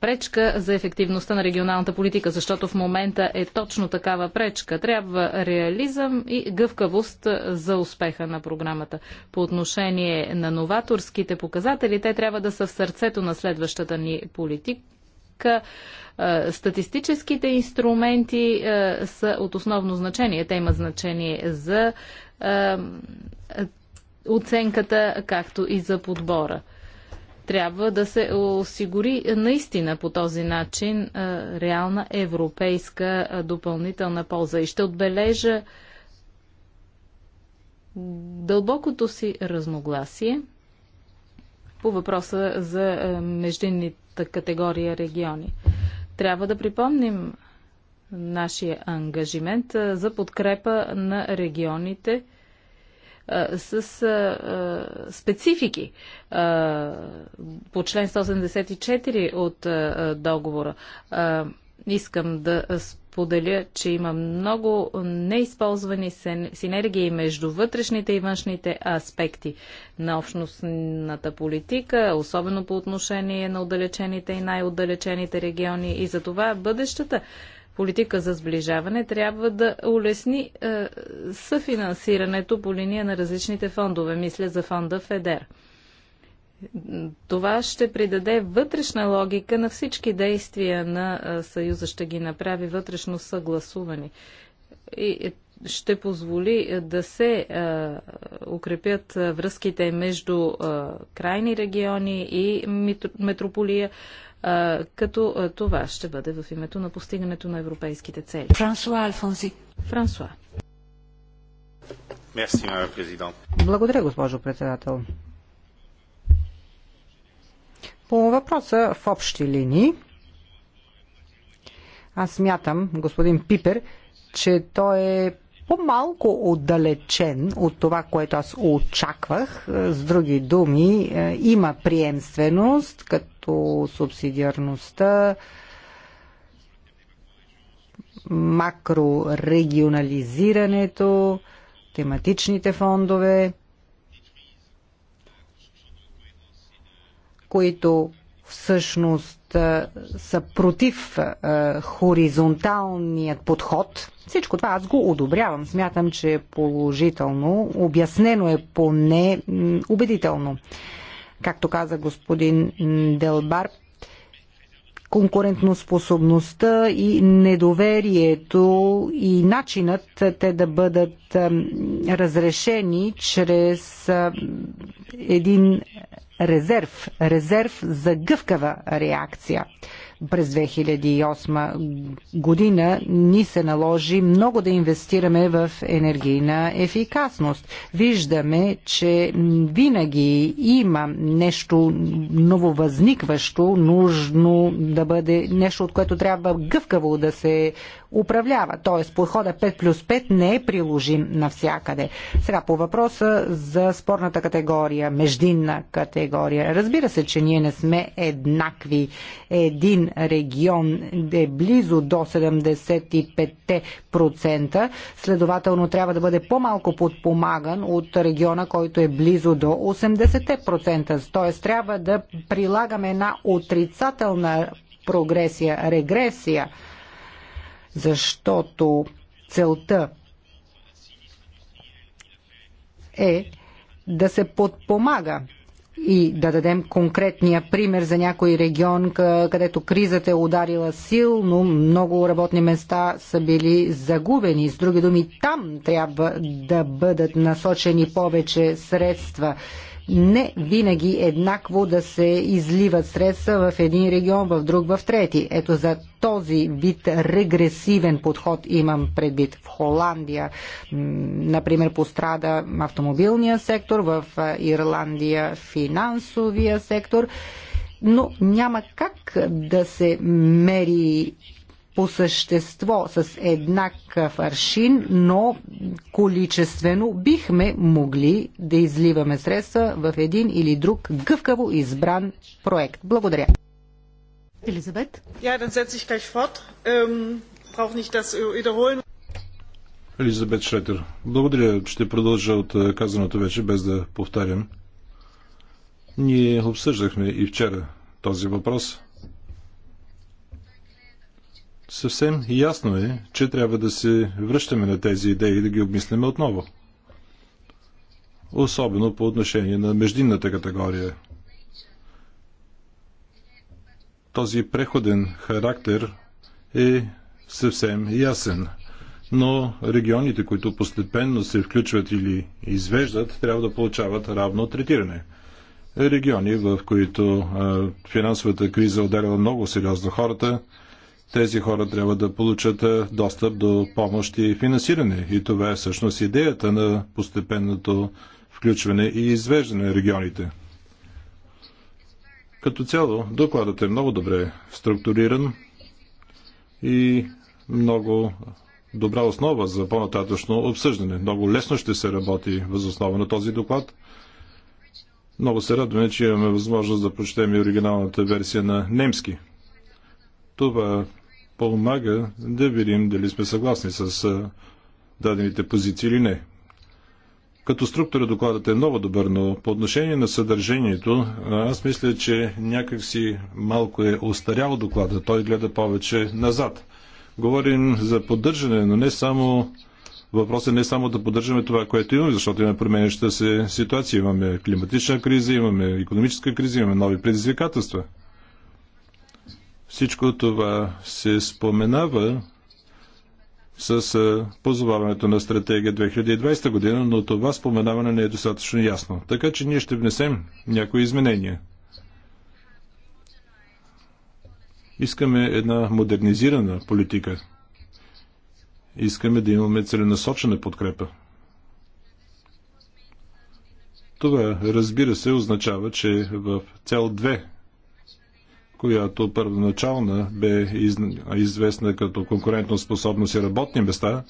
пречка за ефективността на регионалната политика, защото в момента е точно такава пречка. Трябва реализъм и гъвкавост за успеха на програмата. По отношение на новаторските показатели, те трябва да са в сърцето на следващата ни политика статистическите инструменти са от основно значение. Те имат значение за оценката, както и за подбора. Трябва да се осигури наистина по този начин реална европейска допълнителна полза. И ще отбележа дълбокото си разногласие по въпроса за междинната категория региони. Трябва да припомним нашия ангажимент за подкрепа на регионите – с а, специфики а, по член 174 от а, договора. А, искам да споделя, че има много неизползвани синергии между вътрешните и външните аспекти на общностната политика, особено по отношение на отдалечените и най-отдалечените региони и за това бъдещата политика за сближаване трябва да улесни е, съфинансирането по линия на различните фондове. Мисля за фонда ФЕДЕР. Това ще придаде вътрешна логика на всички действия на е, Съюза, ще ги направи вътрешно съгласувани. И е, ще позволи е, да се а, укрепят връзките между а, крайни региони и метрополия, като това ще бъде в името на постигането на европейските цели. Франсуа Алфонси. Франсуа.
Мерси, президент.
Благодаря, госпожо председател. По въпроса в общи линии, аз смятам, господин Пипер, че той е по-малко отдалечен от това, което аз очаквах. Е, с други думи, е, има приемственост, като субсидиарността, макрорегионализирането, тематичните фондове, които всъщност са против хоризонталният подход. Всичко това аз го одобрявам. Смятам, че е положително. Обяснено е поне убедително. Както каза господин Делбар, конкурентноспособността и недоверието и начинът те да бъдат разрешени чрез един резерв, резерв за гъвкава реакция. През 2008 година ни се наложи много да инвестираме в енергийна ефикасност. Виждаме, че винаги има нещо нововъзникващо, нужно да бъде нещо, от което трябва гъвкаво да се управлява. Т.е. подхода 5 плюс 5 не е приложим навсякъде. Сега по въпроса за спорната категория, междинна категория. Разбира се, че ние не сме еднакви. Един регион е близо до 75%, следователно трябва да бъде по-малко подпомаган от региона, който е близо до 80%. Т.е. трябва да прилагаме една отрицателна прогресия, регресия защото целта е да се подпомага и да дадем конкретния пример за някой регион, където кризата е ударила силно, много работни места са били загубени. С други думи, там трябва да бъдат насочени повече средства не винаги еднакво да се изливат средства в един регион, в друг, в трети. Ето за този вид регресивен подход имам предвид. В Холандия, например, пострада автомобилния сектор, в Ирландия финансовия сектор но няма как да се мери по същество с еднакъв аршин, но количествено бихме могли да изливаме средства в един или друг гъвкаво избран проект. Благодаря.
Елизабет? Я, да setze ich gleich fort. Ähm, brauche nicht
äh,
Елизабет Шретер. Благодаря. Ще продължа от е, казаното вече, без да повтарям. Ние обсъждахме и вчера този въпрос. Съвсем ясно е, че трябва да се връщаме на тези идеи и да ги обмисляме отново. Особено по отношение на междинната категория. Този преходен характер е съвсем ясен. Но регионите, които постепенно се включват или извеждат, трябва да получават равно третиране. Региони, в които финансовата криза ударила много сериозно хората, тези хора трябва да получат е, достъп до помощ и финансиране. И това е всъщност идеята на постепенното включване и извеждане на регионите. Като цяло, докладът е много добре структуриран и много добра основа за по-нататъчно обсъждане. Много лесно ще се работи въз основа на този доклад. Много се радваме, че имаме възможност да прочетем и оригиналната версия на немски. Това помага да видим дали сме съгласни с дадените позиции или не. Като структура докладът е много добър, но по отношение на съдържанието, аз мисля, че някакси малко е остарял доклада. Той гледа повече назад. Говорим за поддържане, но не само Въпросът е не само да поддържаме това, което имаме, защото имаме променяща се ситуация. Имаме климатична криза, имаме економическа криза, имаме нови предизвикателства. Всичко това се споменава с позоваването на стратегия 2020 година, но това споменаване не е достатъчно ясно. Така че ние ще внесем някои изменения. Искаме една модернизирана политика. Искаме да имаме целенасочена подкрепа. Това, разбира се, означава, че в цел две която първоначална бе известна като конкурентно способност и работни места,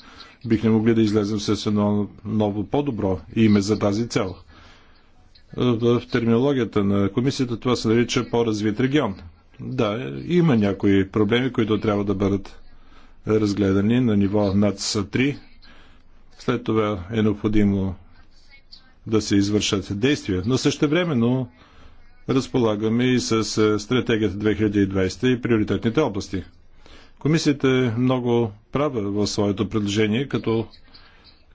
бихме могли да излезем с едно ново по-добро име за тази цел. В терминологията на комисията това се нарича по-развит регион. Да, има някои проблеми, които трябва да бъдат разгледани на ниво над 3. След това е необходимо да се извършат действия. Но същевременно времено разполагаме и с е, стратегията 2020 и приоритетните области. Комисията е много права в своето предложение, като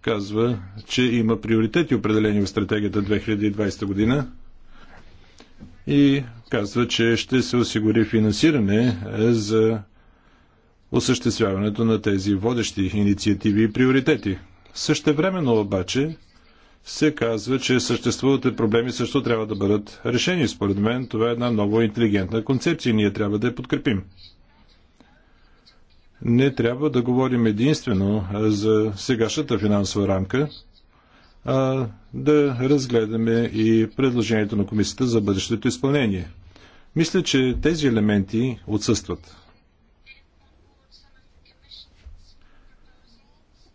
казва, че има приоритети определени в стратегията 2020 година и казва, че ще се осигури финансиране е, за осъществяването на тези водещи инициативи и приоритети. Същевременно обаче се казва, че съществуват проблеми също трябва да бъдат решени. Според мен това е една много интелигентна концепция и ние трябва да я подкрепим. Не трябва да говорим единствено за сегашната финансова рамка, а да разгледаме и предложението на комисията за бъдещето изпълнение. Мисля, че тези елементи отсъстват.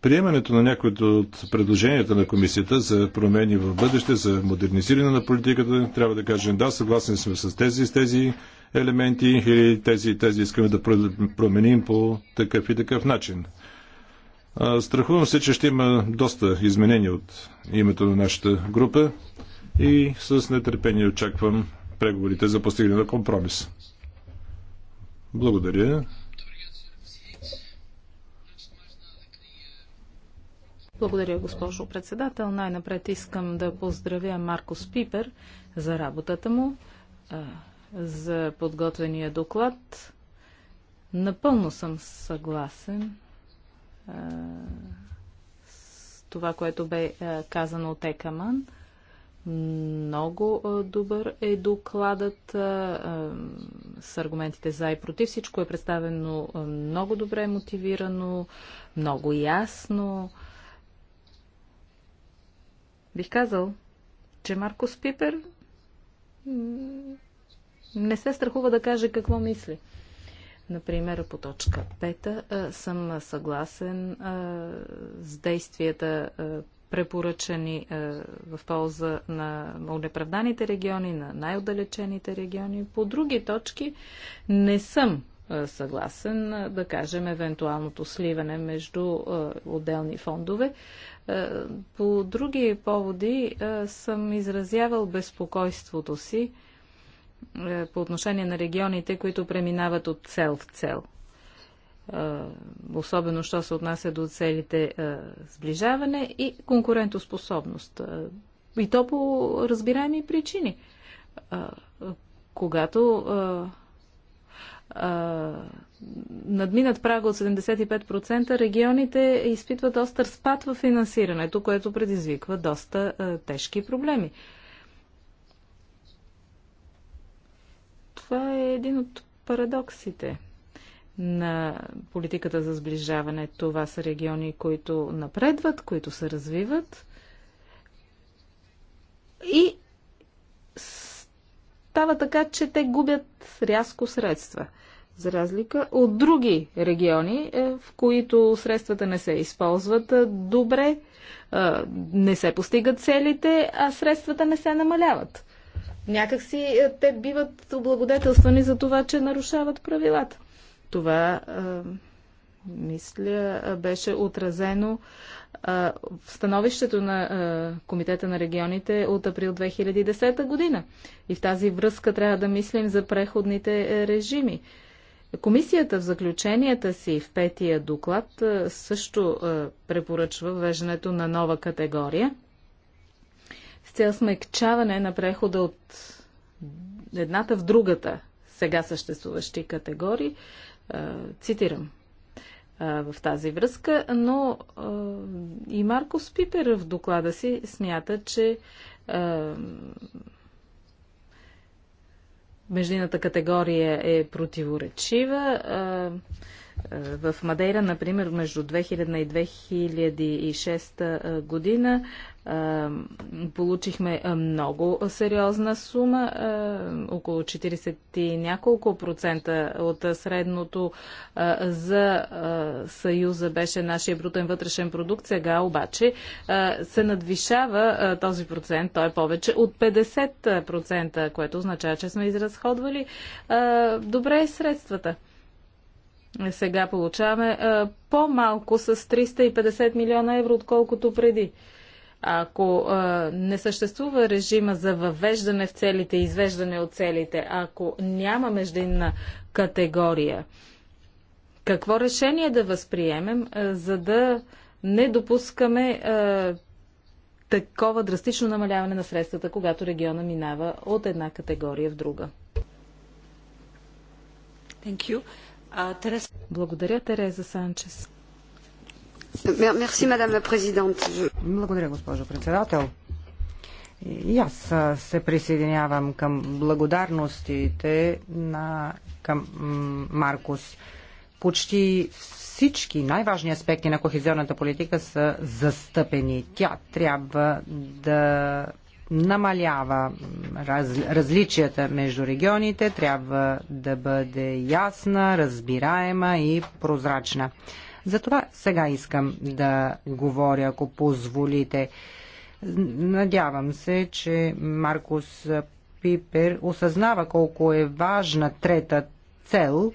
Приемането на някои от предложенията на комисията за промени в бъдеще, за модернизиране на политиката, трябва да кажем да, съгласни сме с тези и тези елементи или тези и тези искаме да променим по такъв и такъв начин. Страхувам се, че ще има доста изменения от името на нашата група и с нетърпение очаквам преговорите за постигане на компромис. Благодаря.
Благодаря, госпожо председател. Най-напред искам да поздравя Маркос Пипер за работата му, за подготвения доклад. Напълно съм съгласен с това, което бе казано от Екаман. Много добър е докладът с аргументите за и против. Всичко е представено много добре мотивирано, много ясно. Бих казал, че Маркус Пипер не се страхува да каже какво мисли. Например, по точка 5 съм съгласен а, с действията а, препоръчани а, в полза на неправданите региони, на най-отдалечените региони. По други точки не съм съгласен, да кажем, евентуалното сливане между отделни фондове. Е, по други поводи е, съм изразявал безпокойството си е, по отношение на регионите, които преминават от цел в цел. Особено, що се отнася до целите сближаване и конкурентоспособност. И то по разбираеми причини. Когато надминат прага от 75%, регионите изпитват остър спад в финансирането, което предизвиква доста а, тежки проблеми. Това е един от парадоксите на политиката за сближаване. Това са региони, които напредват, които се развиват и става така, че те губят рязко средства – за разлика от други региони, е, в които средствата не се използват е, добре, е, не се постигат целите, а средствата не се намаляват. Някакси те биват облагодетелствани за това, че нарушават правилата. Това, мисля, беше отразено в становището на Комитета на регионите от април 2010 година. И в тази връзка трябва да мислим за преходните режими. Комисията в заключенията си в петия доклад също препоръчва въвеждането на нова категория с цел смекчаване на прехода от едната в другата сега съществуващи категории. Цитирам в тази връзка, но и Марко Спипер в доклада си смята, че Междуната категория е противоречива. В Мадейра, например, между 2000 и 2006 година получихме много сериозна сума, около 40 и няколко процента от средното за Съюза беше нашия брутен вътрешен продукт. Сега обаче се надвишава този процент, той е повече от 50%, което означава, че сме изразходвали добре средствата. Сега получаваме по-малко с 350 милиона евро, отколкото преди. Ако а, не съществува режима за въвеждане в целите и извеждане от целите, ако няма междинна категория, какво решение да възприемем, а, за да не допускаме а, такова драстично намаляване на средствата, когато региона минава от една категория в друга? Благодаря, Тереза Санчес.
Благодаря, госпожо председател. И аз се присъединявам към благодарностите на, към Маркус. Почти всички най-важни аспекти на кохезионната политика са застъпени. Тя трябва да намалява раз, различията между регионите, трябва да бъде ясна, разбираема и прозрачна. Затова сега искам да говоря, ако позволите. Надявам се, че Маркус Пипер осъзнава колко е важна трета цел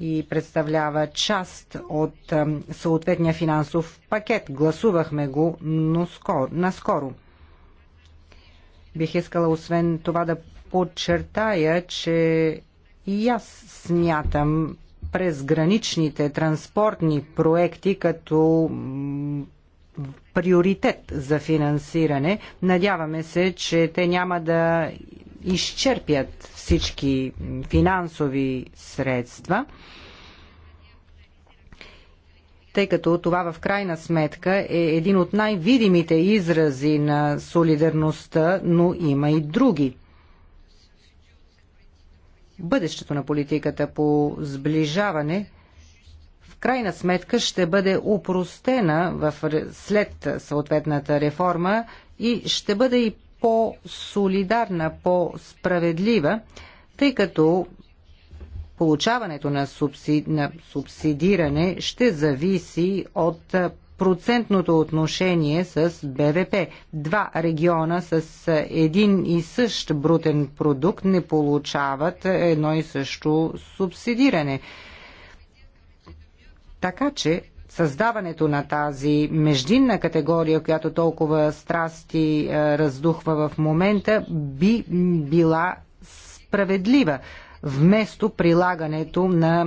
и представлява част от съответния финансов пакет. Гласувахме го но скоро, наскоро. Бих искала освен това да подчертая, че и аз смятам, през граничните транспортни проекти като приоритет за финансиране. Надяваме се, че те няма да изчерпят всички финансови средства, тъй като това в крайна сметка е един от най-видимите изрази на солидарността, но има и други бъдещето на политиката по сближаване в крайна сметка ще бъде упростена в, след съответната реформа и ще бъде и по-солидарна, по-справедлива, тъй като получаването на, субси... на субсидиране ще зависи от процентното отношение с БВП. Два региона с един и същ брутен продукт не получават едно и също субсидиране. Така че създаването на тази междинна категория, която толкова страсти е, раздухва в момента, би била справедлива вместо прилагането на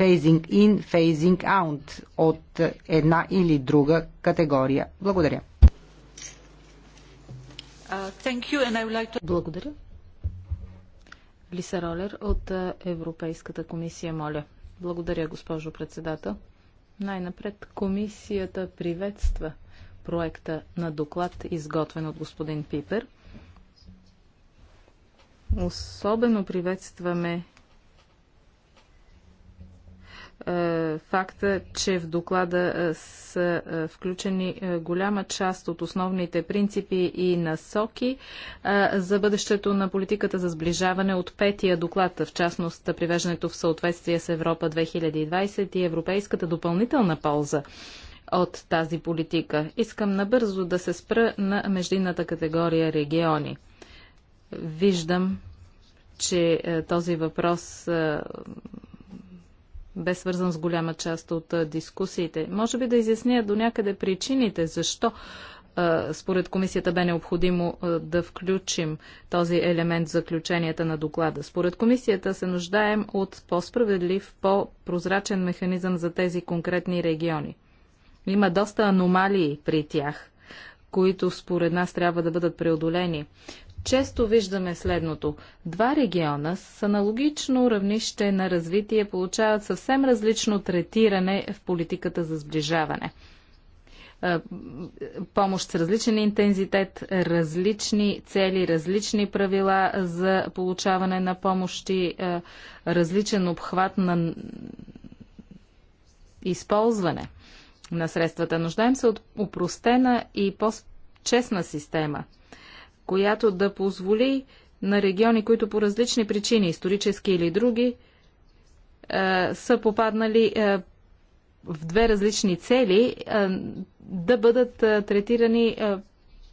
фейзинг ин, фейзинг out от една или друга категория. Благодаря.
Uh, Благодаря. Лиса Ролер от Европейската комисия, моля. Благодаря, госпожо председател. Най-напред комисията приветства проекта на доклад, изготвен от господин Пипер. Особено приветстваме е, факта, че в доклада е, са е, включени голяма част от основните принципи и насоки за бъдещето на политиката за сближаване от петия доклад, в частност привеждането в съответствие с Европа 2020 и европейската допълнителна полза от тази политика. Искам набързо да се спра на междинната категория региони. Виждам, че този въпрос бе свързан с голяма част от дискусиите. Може би да изясня до някъде причините, защо според комисията бе необходимо да включим този елемент в заключенията на доклада. Според комисията се нуждаем от по-справедлив, по-прозрачен механизъм за тези конкретни региони. Има доста аномалии при тях, които според нас трябва да бъдат преодолени често виждаме следното. Два региона с аналогично равнище на развитие получават съвсем различно третиране в политиката за сближаване. Помощ с различен интензитет, различни цели, различни правила за получаване на помощи, различен обхват на използване на средствата. Нуждаем се от упростена и по-честна система – която да позволи на региони, които по различни причини, исторически или други, е, са попаднали е, в две различни цели, е, да бъдат третирани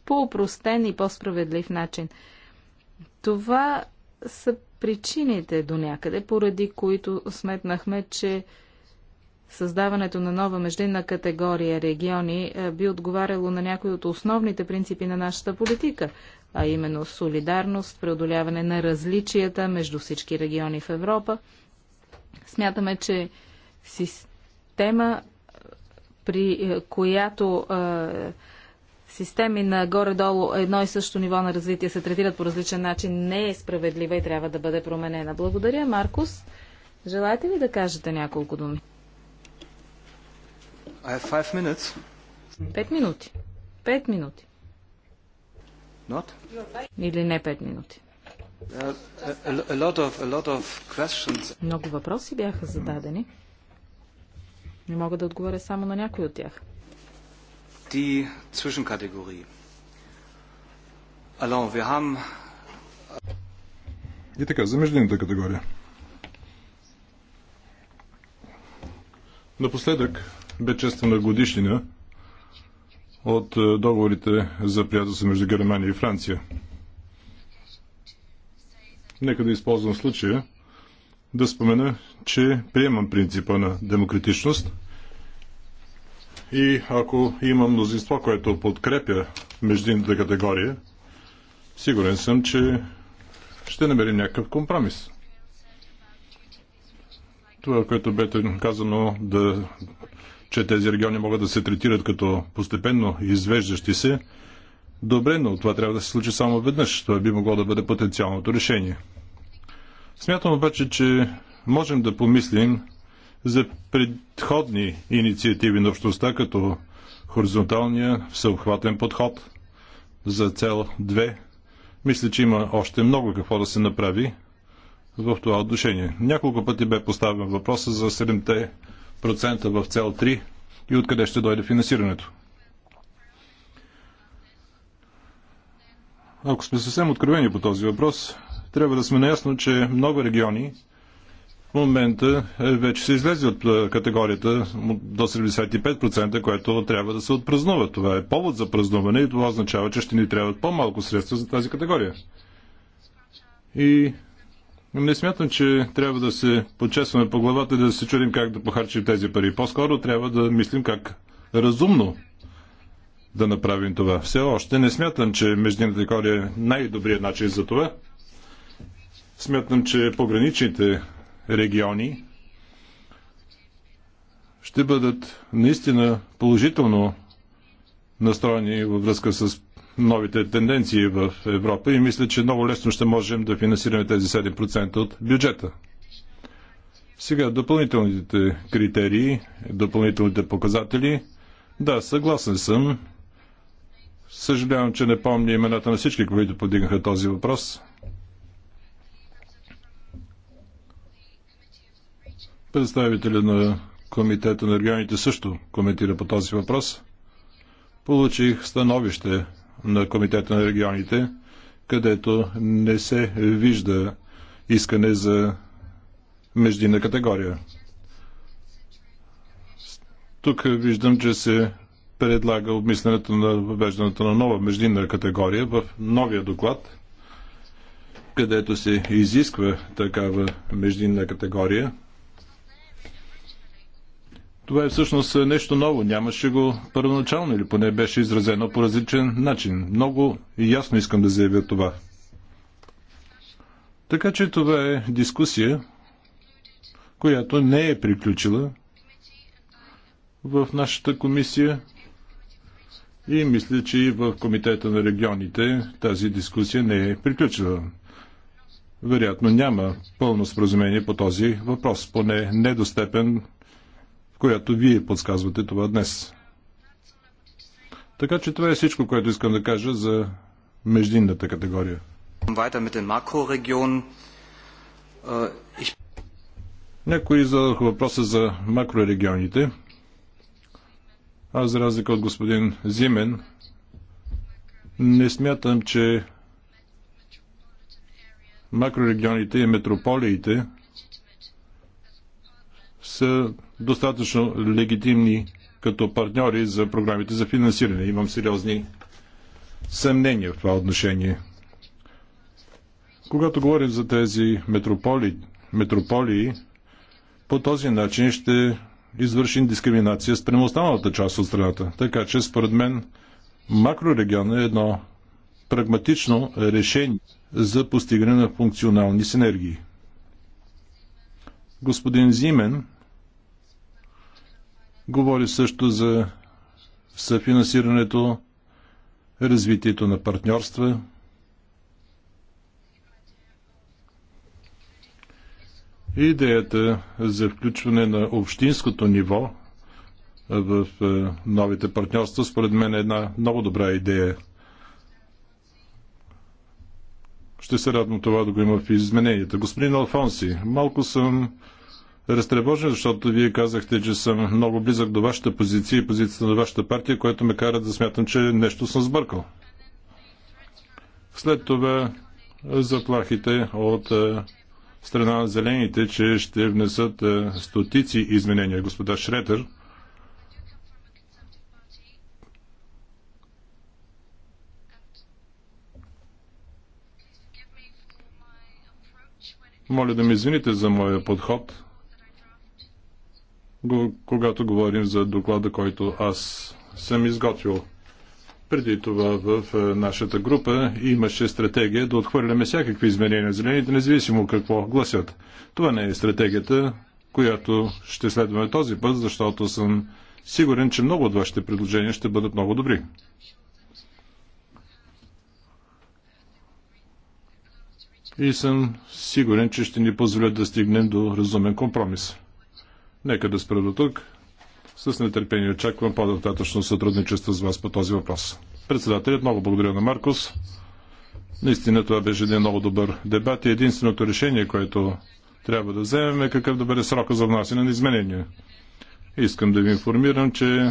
по упростен и по-справедлив начин. Това са причините до някъде, поради които сметнахме, че създаването на нова междинна категория региони би отговаряло на някои от основните принципи на нашата политика а именно солидарност, преодоляване на различията между всички региони в Европа. Смятаме, че система, при е, която е, системи на горе-долу едно и също ниво на развитие се третират по различен начин, не е справедлива и трябва да бъде променена. Благодаря, Маркус. Желаете ли да кажете няколко думи? Пет минути. Пет минути. Not? Или не 5 минути?
Uh, a, a lot of, a lot of
Много въпроси бяха зададени. Не мога да отговоря само на някой от тях.
Die Zwischenkategorie. Alors, wir haben...
И така, за междинната категория. Напоследък бе честена годишнина от е, договорите за приятелство между Германия и Франция. Нека да използвам случая да спомена, че приемам принципа на демократичност и ако има мнозинство, което подкрепя междинната категория, сигурен съм, че ще намерим някакъв компромис. Това, което бе казано да че тези региони могат да се третират като постепенно извеждащи се, добре, но това трябва да се случи само веднъж. Това би могло да бъде потенциалното решение. Смятам обаче, че можем да помислим за предходни инициативи на общността, като хоризонталния всеобхватен подход за цел 2. Мисля, че има още много какво да се направи в това отношение. Няколко пъти бе поставен въпроса за 7 процента в цел 3 и откъде ще дойде финансирането? Ако сме съвсем откровени по този въпрос, трябва да сме наясно, че много региони в момента е, вече са излезли от е, категорията до 75%, което трябва да се отпразнува. Това е повод за празнуване и това означава, че ще ни трябват по-малко средства за тази категория. И не смятам, че трябва да се почесваме по главата и да се чудим как да похарчим тези пари. По-скоро трябва да мислим как разумно да направим това. Все още не смятам, че междинната декория е най-добрият начин за това. Смятам, че пограничните региони ще бъдат наистина положително настроени във връзка с новите тенденции в Европа и мисля, че много лесно ще можем да финансираме тези 7% от бюджета. Сега допълнителните критерии, допълнителните показатели. Да, съгласен съм. Съжалявам, че не помня имената на всички, които подигнаха този въпрос. Представителя на Комитета на регионите също коментира по този въпрос. Получих становище на Комитета на регионите, където не се вижда искане за междинна категория. Тук виждам, че се предлага обмисленето на въвеждането на нова междинна категория в новия доклад, където се изисква такава междинна категория – това е всъщност нещо ново. Нямаше го първоначално или поне беше изразено по различен начин. Много и ясно искам да заявя това. Така че това е дискусия, която не е приключила в нашата комисия и мисля, че и в Комитета на регионите тази дискусия не е приключила. Вероятно няма пълно споразумение по този въпрос, поне недостепен която вие подсказвате това днес. Така че това е всичко, което искам да кажа за междинната категория. Äh, Някои зададоха въпроса за макрорегионите. Аз, за разлика от господин Зимен, не смятам, че макрорегионите и метрополиите са достатъчно легитимни като партньори за програмите за финансиране. Имам сериозни съмнения в това отношение. Когато говорим за тези метрополи, метрополии, по този начин ще извършим дискриминация спрямо останалата част от страната. Така че, според мен, макрорегион е едно прагматично решение за постигане на функционални синергии. Господин Зимен Говори също за съфинансирането, развитието на партньорства. Идеята за включване на общинското ниво в е, новите партньорства, според мен е една много добра идея. Ще се радвам това да го има в измененията. Господин Алфонси, малко съм разтревожен, защото вие казахте, че съм много близък до вашата позиция и позицията на вашата партия, което ме кара да смятам, че нещо съм сбъркал. След това е, заплахите от е, страна на зелените, че ще внесат е, стотици изменения. Господа Шретер, Моля да ме извините за моя подход когато говорим за доклада, който аз съм изготвил. Преди това в е, нашата група имаше стратегия да отхвърляме всякакви изменения на зелените, независимо какво гласят. Това не е стратегията, която ще следваме този път, защото съм сигурен, че много от вашите предложения ще бъдат много добри. И съм сигурен, че ще ни позволят да стигнем до разумен компромис. Нека да спра до тук. С нетърпение очаквам по-нататъчно сътрудничество с вас по този въпрос. Председателят, много благодаря на Маркус. Наистина това беше един много добър дебат и единственото решение, което трябва да вземем е какъв да бъде срока за внасяне на изменения. Искам да ви информирам, че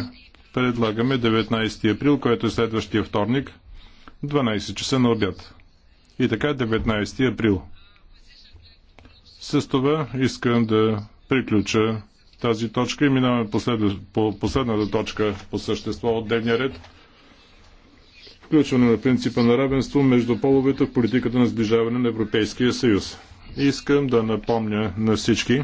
предлагаме 19 април, което е следващия вторник, 12 часа на обяд. И така 19 април. С това искам да приключа тази точка и минаваме послед... по последната точка по същество от дневния ред. Включване на принципа на равенство между половете в политиката на сближаване на Европейския съюз. Искам да напомня на всички.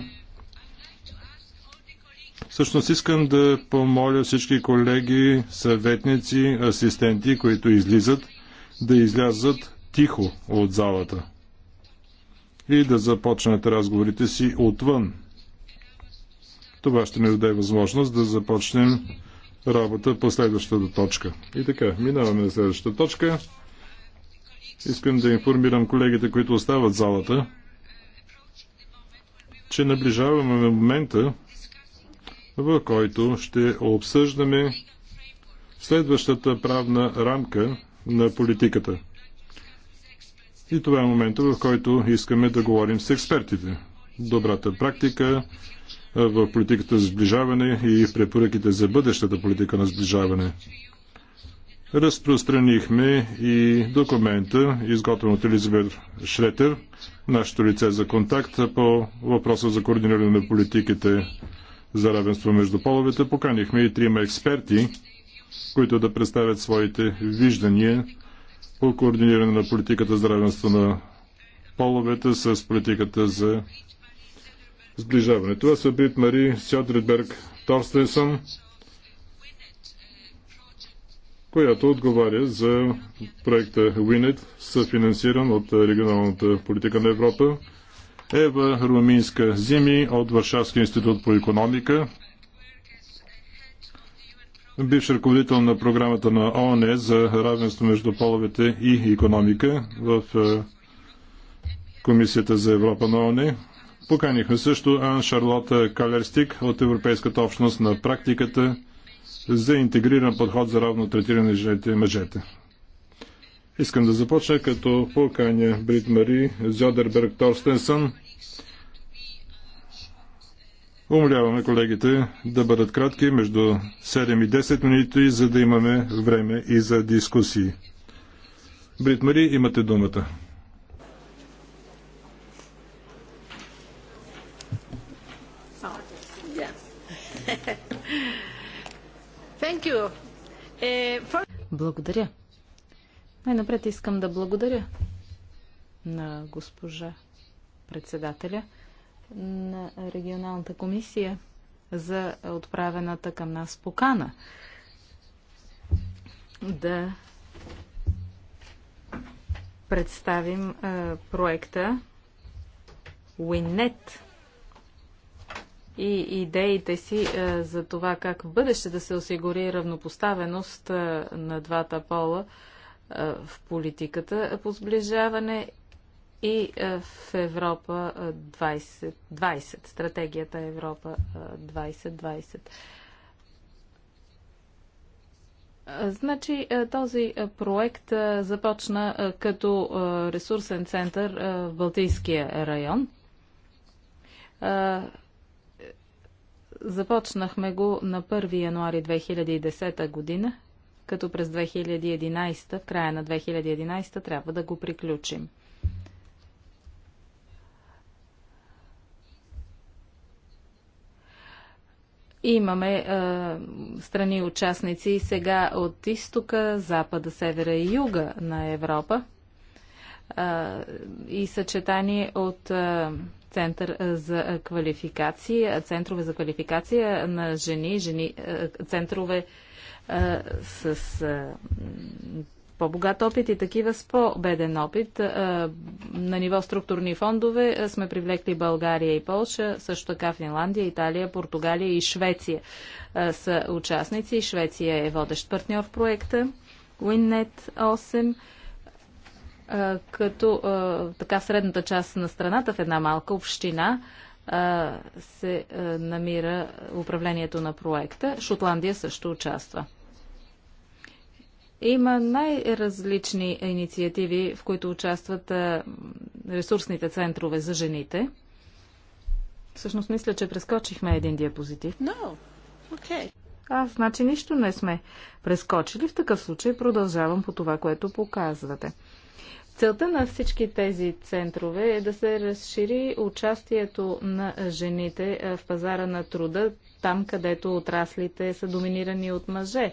Всъщност искам да помоля всички колеги, съветници, асистенти, които излизат, да излязат тихо от залата и да започнат разговорите си отвън. Това ще ни даде възможност да започнем работа по следващата точка. И така, минаваме на следващата точка. Искам да информирам колегите, които остават залата, че наближаваме на момента, в който ще обсъждаме следващата правна рамка на политиката. И това е момента, в който искаме да говорим с експертите. Добрата практика, в политиката за сближаване и препоръките за бъдещата политика на сближаване. Разпространихме и документа, изготвен от Елизабет Шретер, нашето лице за контакт по въпроса за координиране на политиките за равенство между половете. Поканихме и трима експерти, които да представят своите виждания по координиране на политиката за равенство на половете с политиката за сближаване. Това са Брит Мари Сьодридберг Торстенсън, която отговаря за проекта WINET, съфинансиран от регионалната политика на Европа. Ева Руминска Зими от Варшавския институт по економика, бивш ръководител на програмата на ООН за равенство между половете и економика в е, Комисията за Европа на ООН, Поканихме също Ан Шарлота Калерстик от Европейската общност на практиката за интегриран подход за равно третиране на жените и мъжете. Искам да започна като поканя Брит Мари Зодерберг Торстенсън. Умоляваме колегите да бъдат кратки между 7 и 10 минути, за да имаме време и за дискусии. Брит Мари, имате думата.
Eh, благодаря. Най-напред искам да благодаря на госпожа председателя на регионалната комисия за отправената към нас покана да представим а, е, проекта WinNet и идеите си е, за това как в бъдеще да се осигури равнопоставеност е, на двата пола е, в политиката по сближаване и в Европа 2020, 20, стратегията Европа 2020. Значи този проект започна като ресурсен център в Балтийския район Започнахме го на 1 януари 2010 година, като през 2011, в края на 2011, трябва да го приключим. Имаме е, страни участници сега от изтока, запада, севера и юга на Европа е, и съчетание от е, център за квалификация, центрове за квалификация на жени, жени центрове с по-богат опит и такива с по-беден опит. На ниво структурни фондове сме привлекли България и Полша, също така Финландия, Италия, Португалия и Швеция са участници. Швеция е водещ партньор в проекта. WinNet 8 като така средната част на страната в една малка община се намира управлението на проекта. Шотландия също участва. Има най-различни инициативи, в които участват ресурсните центрове за жените. Всъщност мисля, че прескочихме един диапозитив. No. Okay. А, значи нищо не сме прескочили. В такъв случай продължавам по това, което показвате. Целта на всички тези центрове е да се разшири участието на жените е, в пазара на труда, там където отраслите са доминирани от мъже,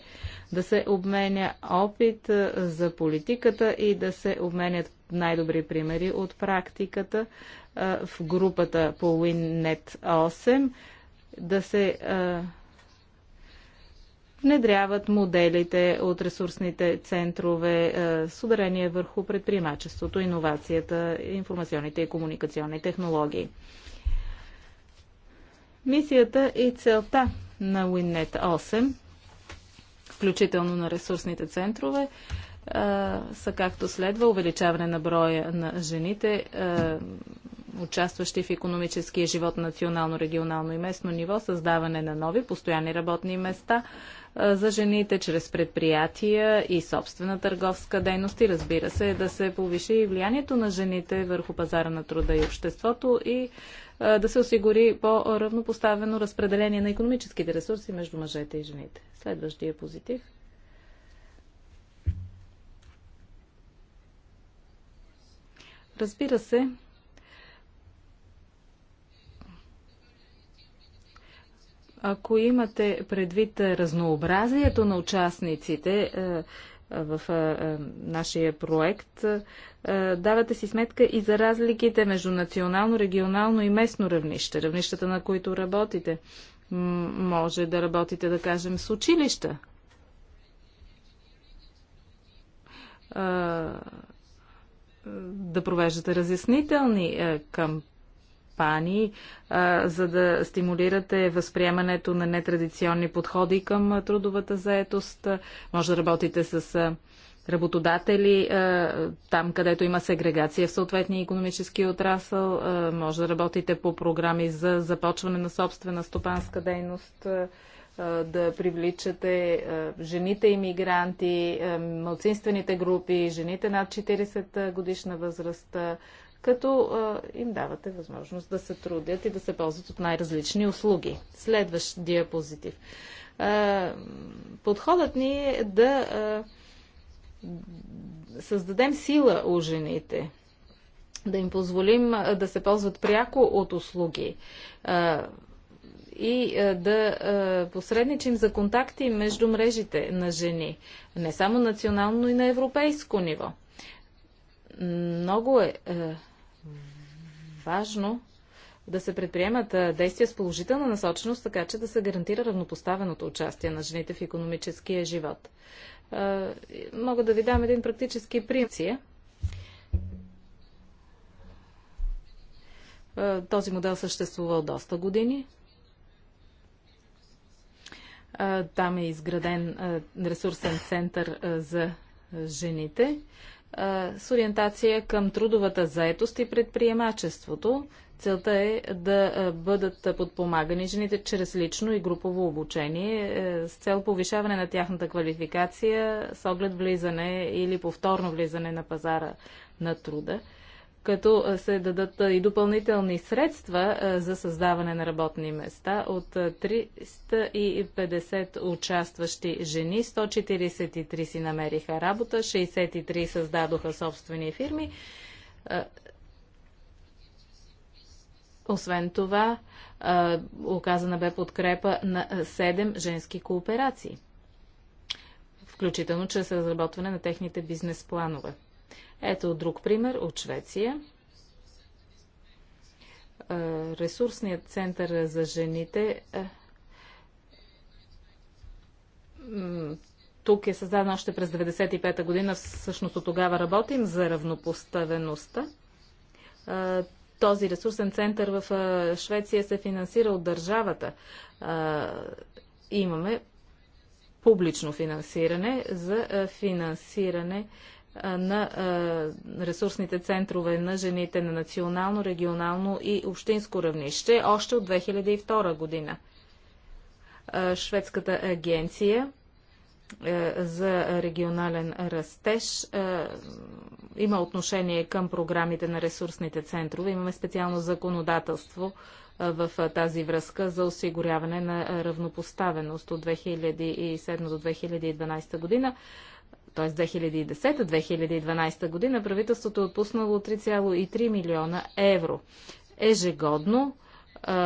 да се обменя опит е, за политиката и да се обменят най-добри примери от практиката е, в групата по WinNet 8, да се внедряват моделите от ресурсните центрове е, с ударение върху предприемачеството, иновацията, информационните и комуникационни технологии. Мисията и целта на WinNet 8, включително на ресурсните центрове, е, са както следва увеличаване на броя на жените е, участващи в економическия живот национално, регионално и местно ниво, създаване на нови постоянни работни места за жените чрез предприятия и собствена търговска дейност и разбира се да се повиши и влиянието на жените върху пазара на труда и обществото и да се осигури по-равнопоставено разпределение на економическите ресурси между мъжете и жените. Следващия позитив. Разбира се, Ако имате предвид е, разнообразието на участниците е, е, в нашия проект, давате си сметка и за разликите между национално, регионално и местно равнище, равнищата на които работите. Може да работите, да кажем, с училища, да провеждате разяснителни кампании кампании, за да стимулирате възприемането на нетрадиционни подходи към трудовата заетост. Може да работите с работодатели, там където има сегрегация в съответния економически отрасъл, може да работите по програми за започване на собствена стопанска дейност, да привличате жените иммигранти, младсинствените групи, жените над 40 годишна възраст, като им давате възможност да се трудят и да се ползват от най-различни услуги. Следващ диапозитив. Подходът ни е да създадем сила у жените, да им позволим да се ползват пряко от услуги и да посредничим за контакти между мрежите на жени, не само национално и на европейско ниво. Много е важно да се предприемат действия с положителна насоченост, така че да се гарантира равнопоставеното участие на жените в економическия живот. Мога да ви дам един практически принцип. Този модел съществувал доста години. Там е изграден ресурсен център за жените с ориентация към трудовата заетост и предприемачеството. Целта е да бъдат подпомагани жените чрез лично и групово обучение е, с цел повишаване на тяхната квалификация с оглед влизане или повторно влизане на пазара на труда като се дадат и допълнителни средства за създаване на работни места от 350 участващи жени, 143 си намериха работа, 63 създадоха собствени фирми. Освен това, оказана бе подкрепа на 7 женски кооперации, включително чрез разработване на техните бизнес планове. Ето друг пример от Швеция. Ресурсният център за жените тук е създаден още през 1995 година. Всъщност от тогава работим за равнопоставеността. Този ресурсен център в Швеция се финансира от държавата. Имаме публично финансиране за финансиране на ресурсните центрове на жените на национално, регионално и общинско равнище още от 2002 година. Шведската агенция за регионален растеж има отношение към програмите на ресурсните центрове. Имаме специално законодателство в тази връзка за осигуряване на равнопоставеност от 2007 до 2012 година т.е. 2010-2012 година, правителството е отпуснало 3,3 милиона евро ежегодно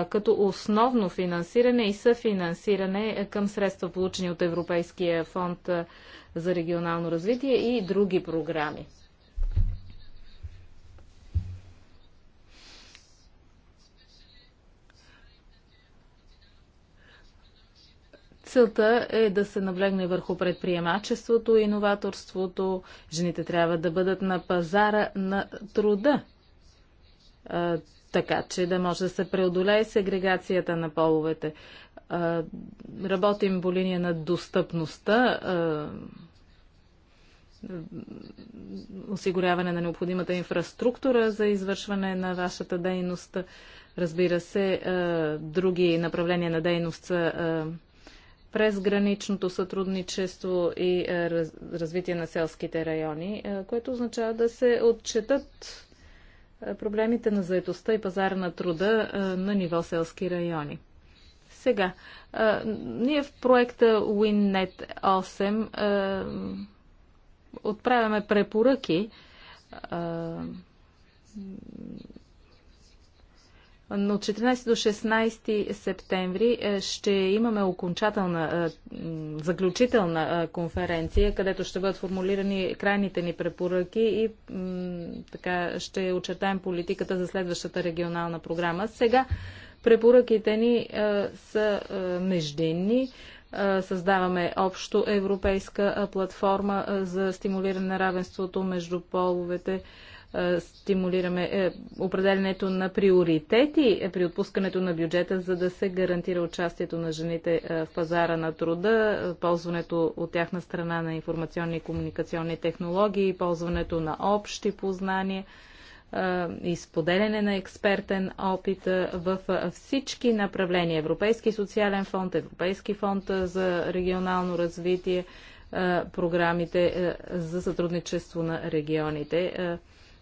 като основно финансиране и съфинансиране е, към средства, получени от Европейския фонд за регионално развитие и други програми. Целта е да се навлегне върху предприемачеството и иноваторството. Жените трябва да бъдат на пазара на труда, а, така че да може да се преодолее сегрегацията на половете. А, работим по линия на достъпността, а, осигуряване на необходимата инфраструктура за извършване на вашата дейност. Разбира се, други направления на дейност са през граничното сътрудничество и е, развитие на селските райони, е, което означава да се отчетат е, проблемите на заедостта и пазара на труда на ниво селски райони. Сега, ние в проекта WinNet 8 отправяме препоръки но от 14 до 16 септември е, ще имаме окончателна, е, заключителна е, конференция, където ще бъдат формулирани крайните ни препоръки и така ще очертаем политиката за следващата регионална програма. Сега препоръките ни са междинни създаваме общо европейска платформа за стимулиране на равенството между половете стимулираме е, определенето на приоритети е, при отпускането на бюджета, за да се гарантира участието на жените е, в пазара на труда, ползването от тяхна страна на информационни и комуникационни технологии, ползването на общи познания и споделяне на експертен опит в всички направления. Европейски социален фонд, Европейски фонд за регионално развитие, програмите за сътрудничество на регионите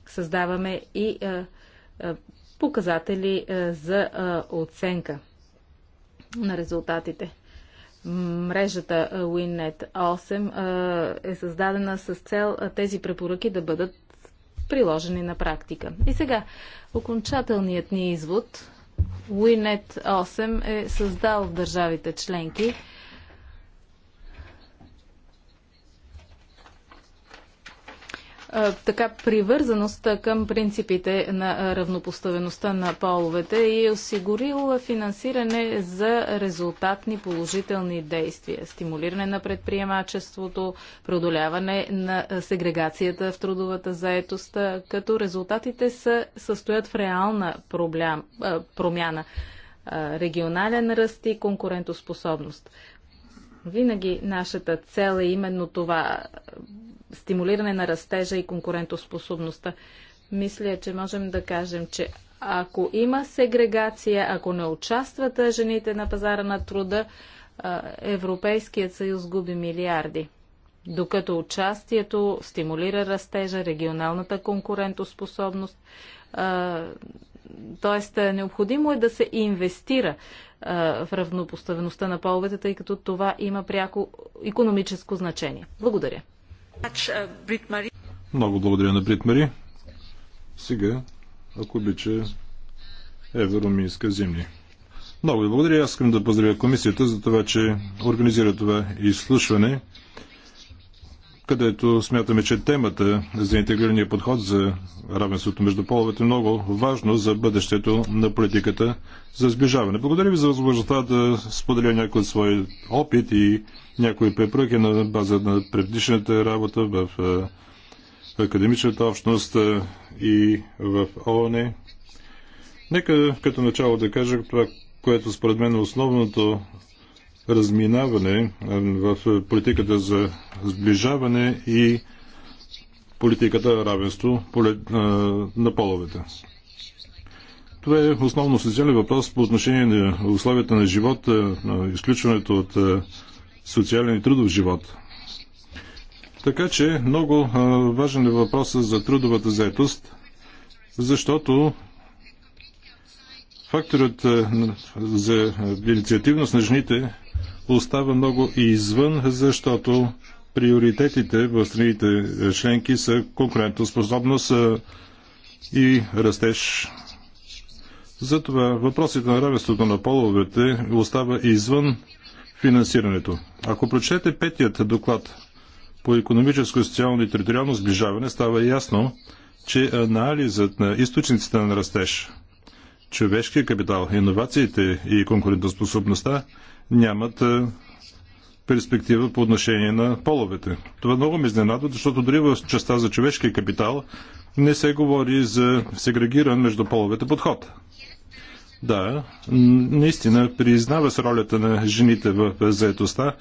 създаваме и показатели за оценка на резултатите. Мрежата WinNet 8 е създадена с цел тези препоръки да бъдат приложени на практика. И сега, окончателният ни извод. WinNet 8 е създал в държавите членки така привързаност към принципите на равнопоставеността на половете и е осигурил финансиране за резултатни положителни действия, стимулиране на предприемачеството, преодоляване на сегрегацията в трудовата заетост, като резултатите са, състоят в реална проблем, промяна регионален ръст и конкурентоспособност. Винаги нашата цел е именно това стимулиране на растежа и конкурентоспособността. Мисля, че можем да кажем, че ако има сегрегация, ако не участват жените на пазара на труда, Европейският съюз губи милиарди. Докато участието стимулира растежа, регионалната конкурентоспособност, Тоест, е, необходимо е да се инвестира е, в равнопоставеността на половете, тъй като това има пряко економическо значение. Благодаря.
Много благодаря на Брит Мари. Сега, ако обича, Евромийска зимни. Много ви благодаря. Аз искам да поздравя комисията за това, че организира това изслушване където смятаме, че темата за интегрирания подход за равенството между половете е много важно за бъдещето на политиката за сближаване. Благодаря ви за възможността да споделя някой от свой опит и някои препръки на база на предишната работа в академичната общност и в ООН. Нека като начало да кажа това, което според мен е основното разминаване в политиката за сближаване и политиката равенство на половете. Това е основно социален въпрос по отношение на условията на живот, на изключването от социален и трудов живот. Така че много важен е въпросът за трудовата заетост, защото факторът за инициативност на жените остава много и извън, защото приоритетите в страните е, членки са конкурентоспособност е, и растеж. Затова въпросите на равенството на половете остава извън финансирането. Ако прочете петият доклад по економическо, социално и териториално сближаване, става ясно, че анализът на източниците на растеж, човешкия капитал, иновациите и конкурентоспособността нямат е, перспектива по отношение на половете. Това много ме изненадва, защото дори в частта за човешкия капитал не се говори за сегрегиран между половете подход. Да, наистина признава се ролята на жените в заетостта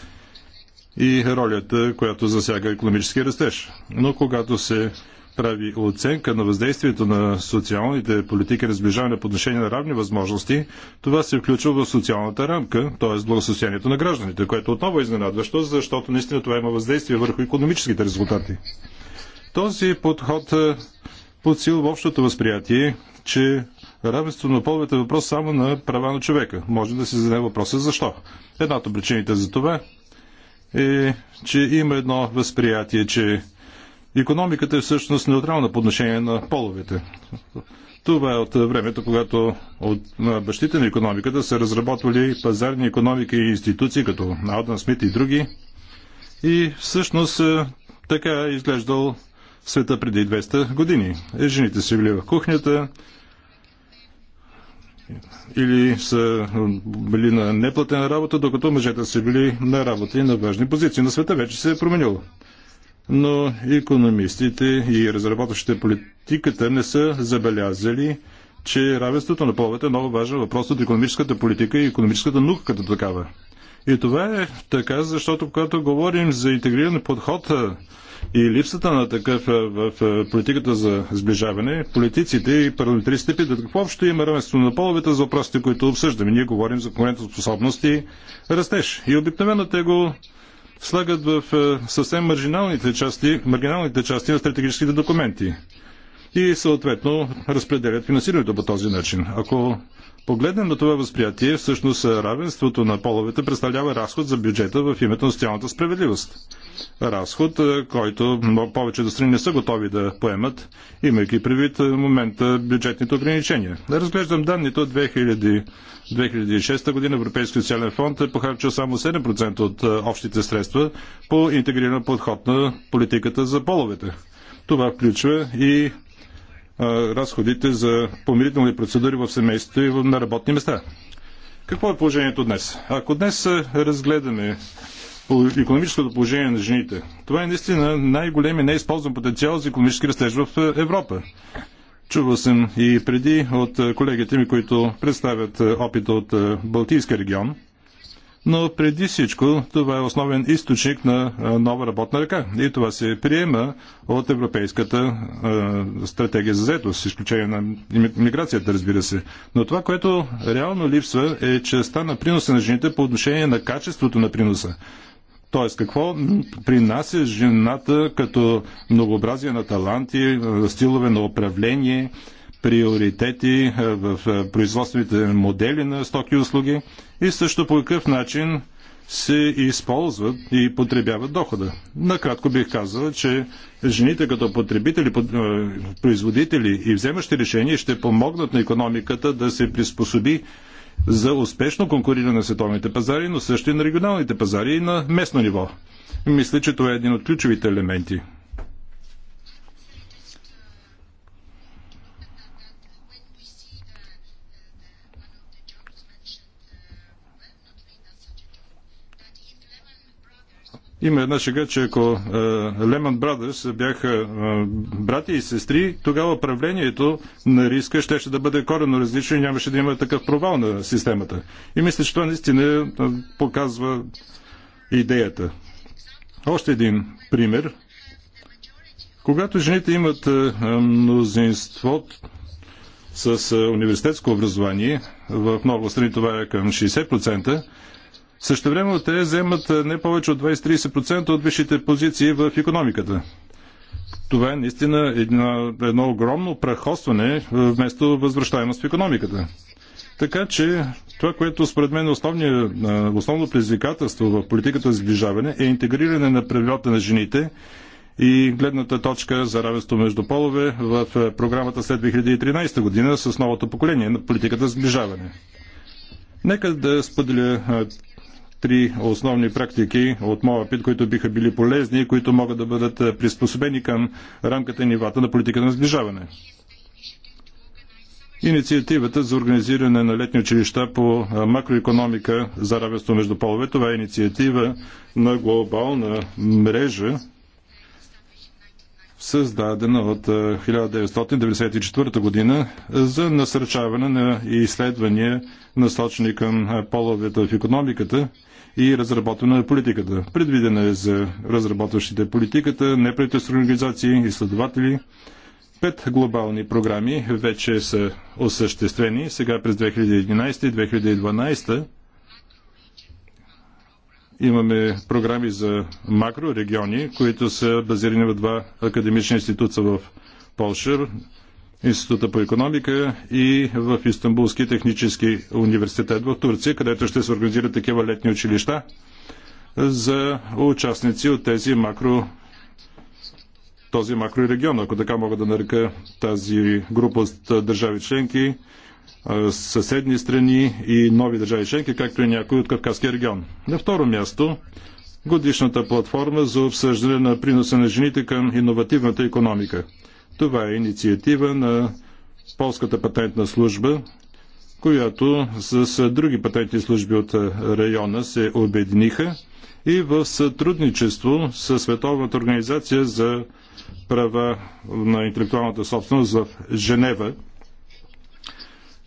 и ролята, която засяга економически растеж. Но когато се прави оценка на въздействието на социалните политики на сближаване по отношение на равни възможности, това се включва в социалната рамка, т.е. благосостоянието на гражданите, което е отново е изненадващо, защото наистина това има въздействие върху економическите резултати. Този подход е, подсилва общото възприятие, че равенство на половете е въпрос само на права на човека. Може да се зададе въпроса защо. Едната от причините за това е, че има едно възприятие, че Економиката е всъщност неутрална по отношение на половете. Това е от времето, когато от бащите на економиката са разработвали пазарни економики и институции, като Алдан Смит и други. И всъщност е, така е изглеждал света преди 200 години. Е, жените са били в кухнята или са е, били на неплатена работа, докато мъжете са били на работа и на важни позиции. На света вече се е променило но економистите и разработващите политиката не са забелязали, че равенството на половете е много важен въпрос от економическата политика и економическата наука като такава. И това е така, защото когато говорим за интегриран подход и липсата на такъв в политиката за сближаване, политиците и парламентаристите питат какво общо има равенство на половете за въпросите, които обсъждаме. Ние говорим за конкурентоспособност и растеж. И обикновено те го слагат в е, съвсем маргиналните части, маргиналните части на стратегическите документи и съответно разпределят финансирането по този начин. Ако Погледнем на това възприятие, всъщност равенството на половете представлява разход за бюджета в името на социалната справедливост. Разход, е, който повечето страни не са готови да поемат, имайки предвид е, момента бюджетните ограничения. Да разглеждам данните от 2000, 2006 година. Европейския социален фонд е похарчил само 7% от е, общите средства по интегриран подход на политиката за половете. Това включва и разходите за помирителни процедури в семейството и на работни места. Какво е положението днес? Ако днес разгледаме економическото положение на жените, това е наистина най-големият неизползван потенциал за економически растеж в Европа. Чувал съм и преди от колегите ми, които представят опита от Балтийска регион – но преди всичко това е основен източник на нова работна ръка. И това се приема от Европейската е, стратегия за заедост, с изключение на миграцията, разбира се. Но това, което реално липсва е частта на приноса на жените по отношение на качеството на приноса. Тоест, какво принася жената като многообразие на таланти, стилове на управление, приоритети е, в е, производствените модели на стоки и услуги и също по какъв начин се използват и потребяват дохода. Накратко бих казал, че жените като потребители, е, производители и вземащи решения ще помогнат на економиката да се приспособи за успешно конкуриране на световните пазари, но също и на регионалните пазари и на местно ниво. Мисля, че това е един от ключовите елементи. Има една шега, че ако Lehman е, Brothers бяха е, брати и сестри, тогава управлението на риска ще да бъде корено различно и нямаше да има такъв провал на системата. И мисля, че това наистина е, показва идеята. Още един пример. Когато жените имат мнозинство с университетско образование, в много страни това е към 60%, също време те вземат е, не повече от 20-30% от висшите позиции в економиката. Това е наистина едно, едно огромно прахосване е, вместо възвръщаемост в економиката. Така че това, което според мен е основния, е, основно предизвикателство в политиката за сближаване е интегриране на правилата на жените и гледната точка за равенство между полове в програмата след 2013 година с новото поколение на политиката за сближаване. Нека да споделя три основни практики от моя опит, които биха били полезни и които могат да бъдат е, приспособени към рамката и нивата на политиката на сближаване. Инициативата за организиране на летни училища по е, макроекономика за равенство между полове, това е инициатива на глобална мрежа, създадена от 1994 е, година за насърчаване на изследвания насочени към половете в економиката и разработване на е политиката. Предвидена е за разработващите политиката, неправителствени организации, изследователи. Пет глобални програми вече са осъществени. Сега през 2011 и 2012 имаме програми за макрорегиони, които са базирани в два академични института в Полша, Института по економика и в Истанбулски технически университет в Турция, където ще се организират такива летни училища за участници от тези макро този макрорегион, ако така мога да нарека тази група от държави членки, съседни страни и нови държави членки, както и някои от Кавказския регион. На второ място годишната платформа за обсъждане на приноса на жените към иновативната економика. Това е инициатива на Полската патентна служба, която с други патентни служби от района се обединиха и в сътрудничество с Световната организация за права на интелектуалната собственост в Женева.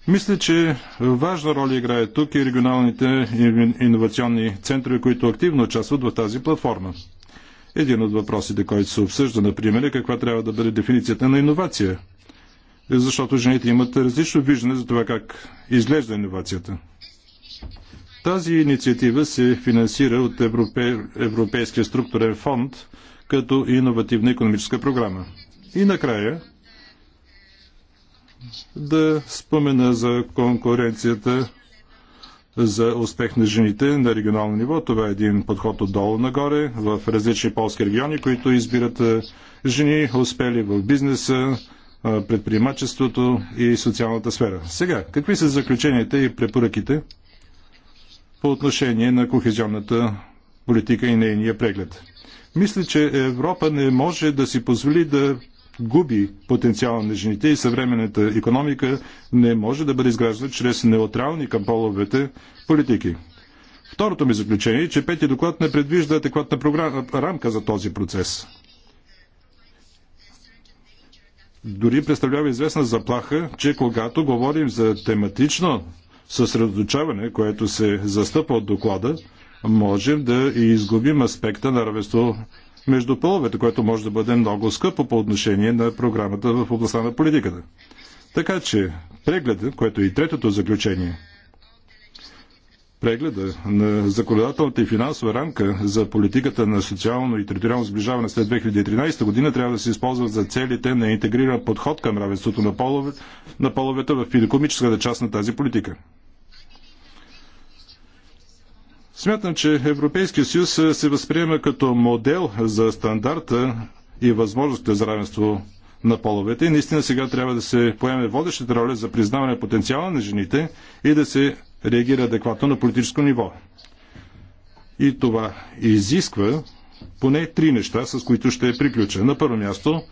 Мисля, че важна роля играе тук и регионалните инновационни центрове, които активно участват в тази платформа. Един от въпросите, който се обсъжда, например, е каква трябва да бъде дефиницията на иновация. Защото жените имат различно виждане за това как изглежда иновацията. Тази инициатива се финансира от Европе... Европейския структурен фонд като иновативна економическа програма. И накрая да спомена за конкуренцията за успех на жените на регионално ниво. Това е един подход отдолу нагоре в различни полски региони, които избират е, жени, успели в бизнеса, е, предприемачеството и социалната сфера. Сега, какви са заключенията и препоръките по отношение на кохезионната политика и нейния преглед? Мисля, че Европа не може да си позволи да губи потенциала на жените и съвременната економика не може да бъде изграждана чрез неутрални към половете политики. Второто ми заключение е, че пети доклад не предвижда адекватна програма, рамка за този процес. Дори представлява известна заплаха, че когато говорим за тематично съсредоточаване, което се застъпва от доклада, можем да изгубим аспекта на равенство между половете, което може да бъде много скъпо по отношение на програмата в областта на политиката. Така че прегледът, което е и третото заключение, прегледа на законодателната и финансова рамка за политиката на социално и териториално сближаване след 2013 година трябва да се използват за целите на интегриран подход към равенството на, полове, на половете в економическата част на тази политика. Смятам, че Европейския съюз се възприема като модел за стандарта и възможностите за равенство на половете. И наистина сега трябва да се поеме водещата роля за признаване на потенциала на жените и да се реагира адекватно на политическо ниво. И това изисква поне три неща, с които ще приключа. На първо място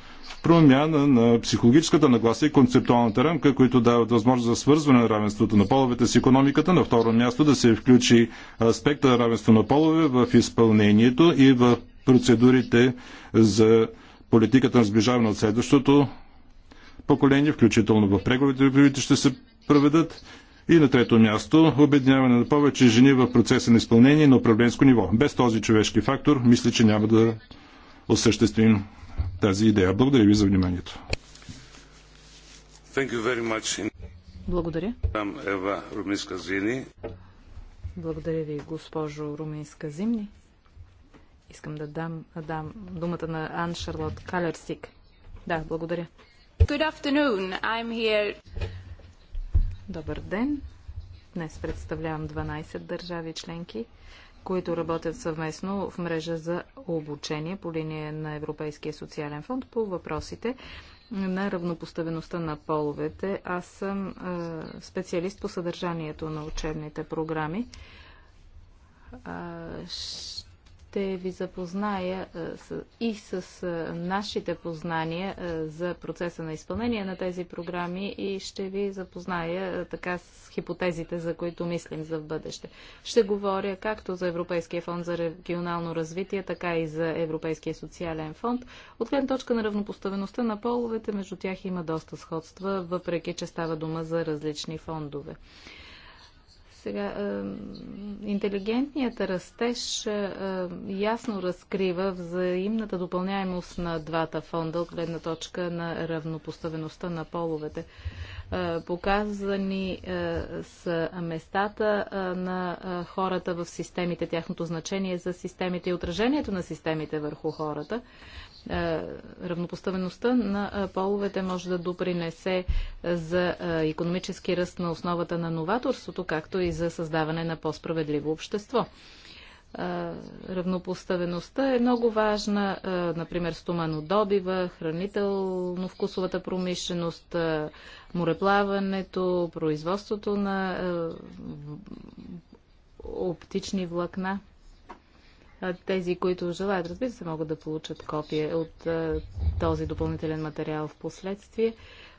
промяна на психологическата нагласа и концептуалната рамка, които дават възможност за свързване на равенството на половете с економиката. На второ място да се включи аспекта на равенство на полове в изпълнението и в процедурите за политиката на сближаване от следващото поколение, включително в преговорите, които ще се проведат. И на трето място, обедняване на повече жени в процеса на изпълнение на управленско ниво. Без този човешки фактор, мисля, че няма да осъществим тази идея. Благодаря ви за вниманието.
Благодаря. Благодаря ви, госпожо Руминска Зимни. Искам да дам, да дам думата на Ан Шарлот Калерсик. Да, благодаря. Good afternoon. I'm here. Добър ден. Днес представлявам 12 държави членки които работят съвместно в мрежа за обучение по линия на Европейския социален фонд по въпросите на равнопоставеността на половете. Аз съм е, специалист по съдържанието на учебните програми ще ви запозная и с нашите познания за процеса на изпълнение на тези програми и ще ви запозная така с хипотезите, за които мислим за в бъдеще. Ще говоря както за Европейския фонд за регионално развитие, така и за Европейския социален фонд. От гледна точка на равнопоставеността на половете, между тях има доста сходства, въпреки че става дума за различни фондове. Сега, е, интелигентният растеж е, е, ясно разкрива взаимната допълняемост на двата фонда от гледна точка на равнопоставеността на половете. Показани с местата на хората в системите, тяхното значение за системите и отражението на системите върху хората. Е, равнопоставеността на е, половете може да допринесе е, за економически ръст на основата на новаторството, както и за създаване на по-справедливо общество равнопоставеността е много важна. Например, стоманодобива, хранително-вкусовата промишленост, мореплаването, производството на оптични влакна – тези, които желаят, разбира се, могат да получат копие от този допълнителен материал в последствие.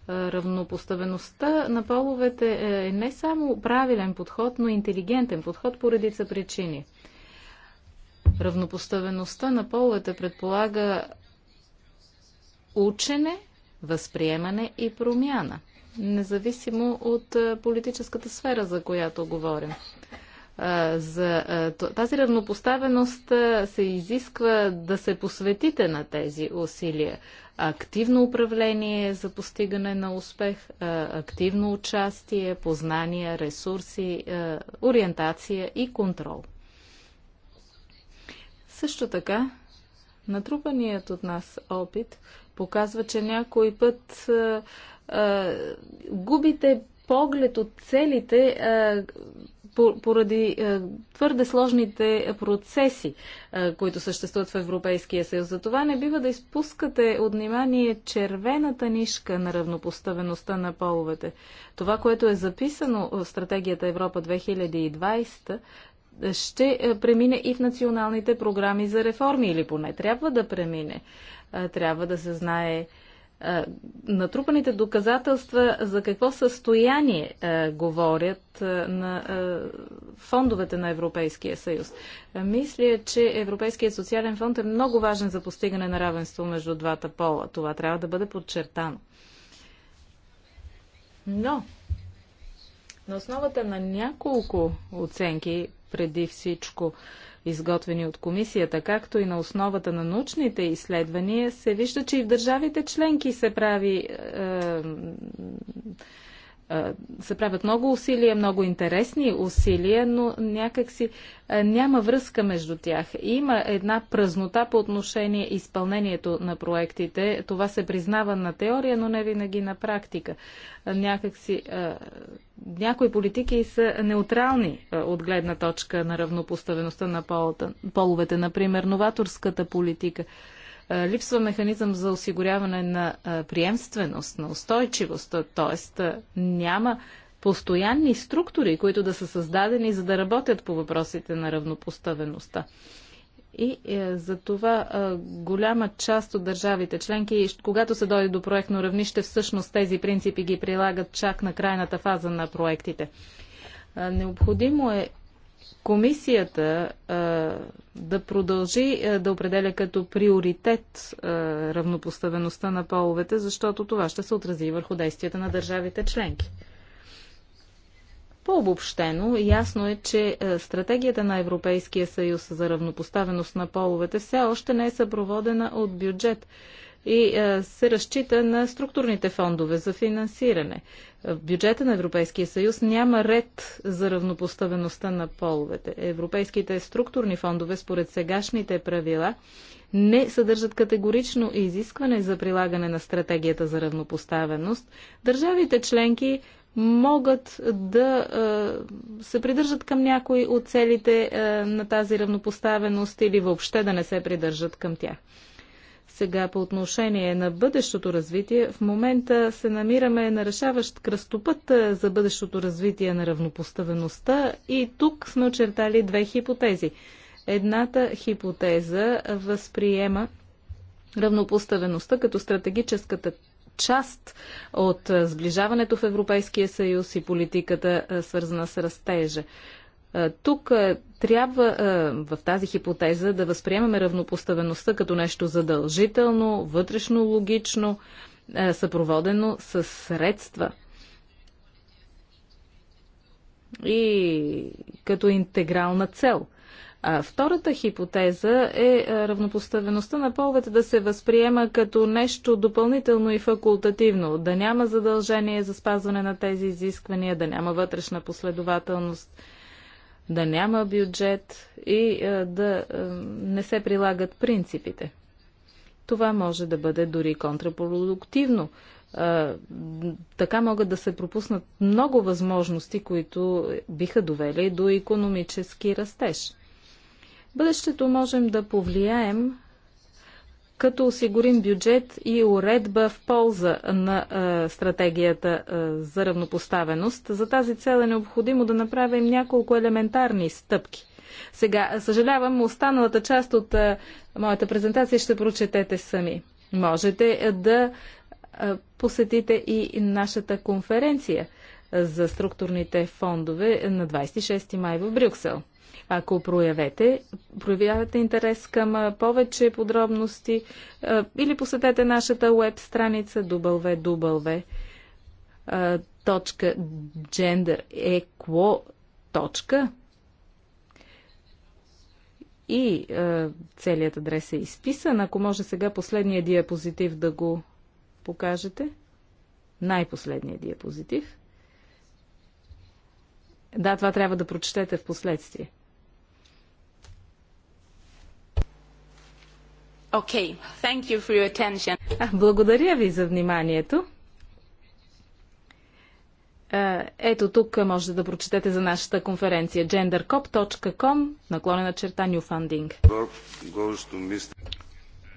Равнопоставеността на половете е, е не само правилен подход, но интелигентен подход по редица причини. Равнопоставеността на половете предполага учене, възприемане и промяна, независимо от политическата сфера, за която говорим за тази равнопоставеност се изисква да се посветите на тези усилия. Активно управление за постигане на успех, активно участие, познания, ресурси, ориентация и контрол. Също така, натрупаният от нас опит показва, че някой път губите поглед от целите поради е, твърде сложните процеси, е, които съществуват в Европейския съюз. За това не бива да изпускате от внимание червената нишка на равнопоставеността на половете. Това, което е записано в стратегията Европа 2020, ще е, премине и в националните програми за реформи, или поне трябва да премине. Трябва да се знае натрупаните доказателства за какво състояние е, говорят е, на е, фондовете на Европейския съюз. Мисля, че Европейският социален фонд е много важен за постигане на равенство между двата пола. Това трябва да бъде подчертано. Но, на основата на няколко оценки, преди всичко, изготвени от комисията, както и на основата на научните изследвания, се вижда, че и в държавите членки се прави е, се правят много усилия, много интересни усилия, но някакси няма връзка между тях. Има една празнота по отношение изпълнението на проектите. Това се признава на теория, но не винаги на практика. Някакси някои политики са неутрални от гледна точка на равнопоставеността на половете, например новаторската политика. Е, липсва механизъм за осигуряване на е, приемственост, на устойчивост, т.е. няма постоянни структури, които да са създадени, за да работят по въпросите на равнопоставеността. И е, за това е, голяма част от държавите членки, когато се дойде до проектно равнище, всъщност тези принципи ги прилагат чак на крайната фаза на проектите. Е, необходимо е комисията а, да продължи а, да определя като приоритет а, равнопоставеността на половете, защото това ще се отрази върху действията на държавите членки. По-обобщено, ясно е, че стратегията на Европейския съюз за равнопоставеност на половете все още не е съпроводена от бюджет и е, се разчита на структурните фондове за финансиране. В бюджета на Европейския съюз няма ред за равнопоставеността на половете. Европейските структурни фондове според сегашните правила не съдържат категорично изискване за прилагане на стратегията за равнопоставеност. Държавите членки могат да е, се придържат към някои от целите е, на тази равнопоставеност или въобще да не се придържат към тях. Сега по отношение на бъдещото развитие, в момента се намираме на решаващ кръстопът за бъдещото развитие на равнопоставеността и тук сме очертали две хипотези. Едната хипотеза възприема равнопоставеността като стратегическата част от сближаването в Европейския съюз и политиката свързана с растежа. Тук трябва е, в тази хипотеза да възприемаме равнопоставеността като нещо задължително, вътрешно логично, е, съпроводено с средства. И като интегрална цел. А втората хипотеза е, е равнопоставеността на половете да се възприема като нещо допълнително и факултативно, да няма задължение за спазване на тези изисквания, да няма вътрешна последователност да няма бюджет и е, да е, не се прилагат принципите. Това може да бъде дори контрапродуктивно. Е, така могат да се пропуснат много възможности, които биха довели до економически растеж. Бъдещето можем да повлияем като осигурим бюджет и уредба в полза на е, стратегията е, за равнопоставеност. За тази цел е необходимо да направим няколко елементарни стъпки. Сега, съжалявам, останалата част от е, моята презентация ще прочетете сами. Можете е, да е, посетите и нашата конференция за структурните фондове на 26 май в Брюксел. Ако проявете, проявявате интерес към повече подробности или посетете нашата веб страница www.gendereco.com и е, целият адрес е изписан. Ако може сега последния диапозитив да го покажете. Най-последния диапозитив. Да, това трябва да прочетете в последствие. Okay. Thank you for your attention. благодаря ви за вниманието. Ето тук може да прочетете за нашата конференция gendercop.com наклонена черта Newfunding.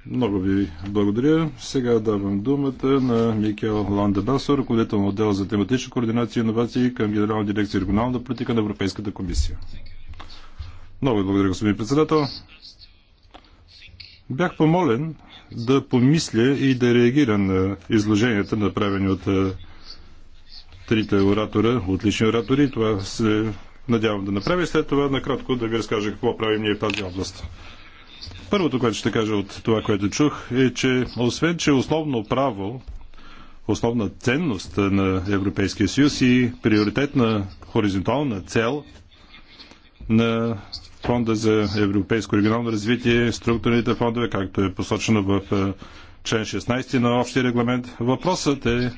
Много ви благодаря. Сега давам думата на Микел Ландебасо, ръководител на отдел за тематична координация и иновации към Генерална дирекция регионална политика на Европейската комисия. Много ви благодаря, господин председател. Бях помолен да помисля и да реагира на изложенията, направени от е, трите оратора, отлични оратори. Това се надявам да направя и след това накратко да ви разкажа какво правим ние в тази област. Първото, което ще кажа от това, което чух, е, че освен, че основно право, основна ценност на Европейския съюз и приоритетна хоризонтална цел на Фонда за европейско регионално развитие, структурните фондове, както е посочено в е, член 16 на общия регламент. Въпросът е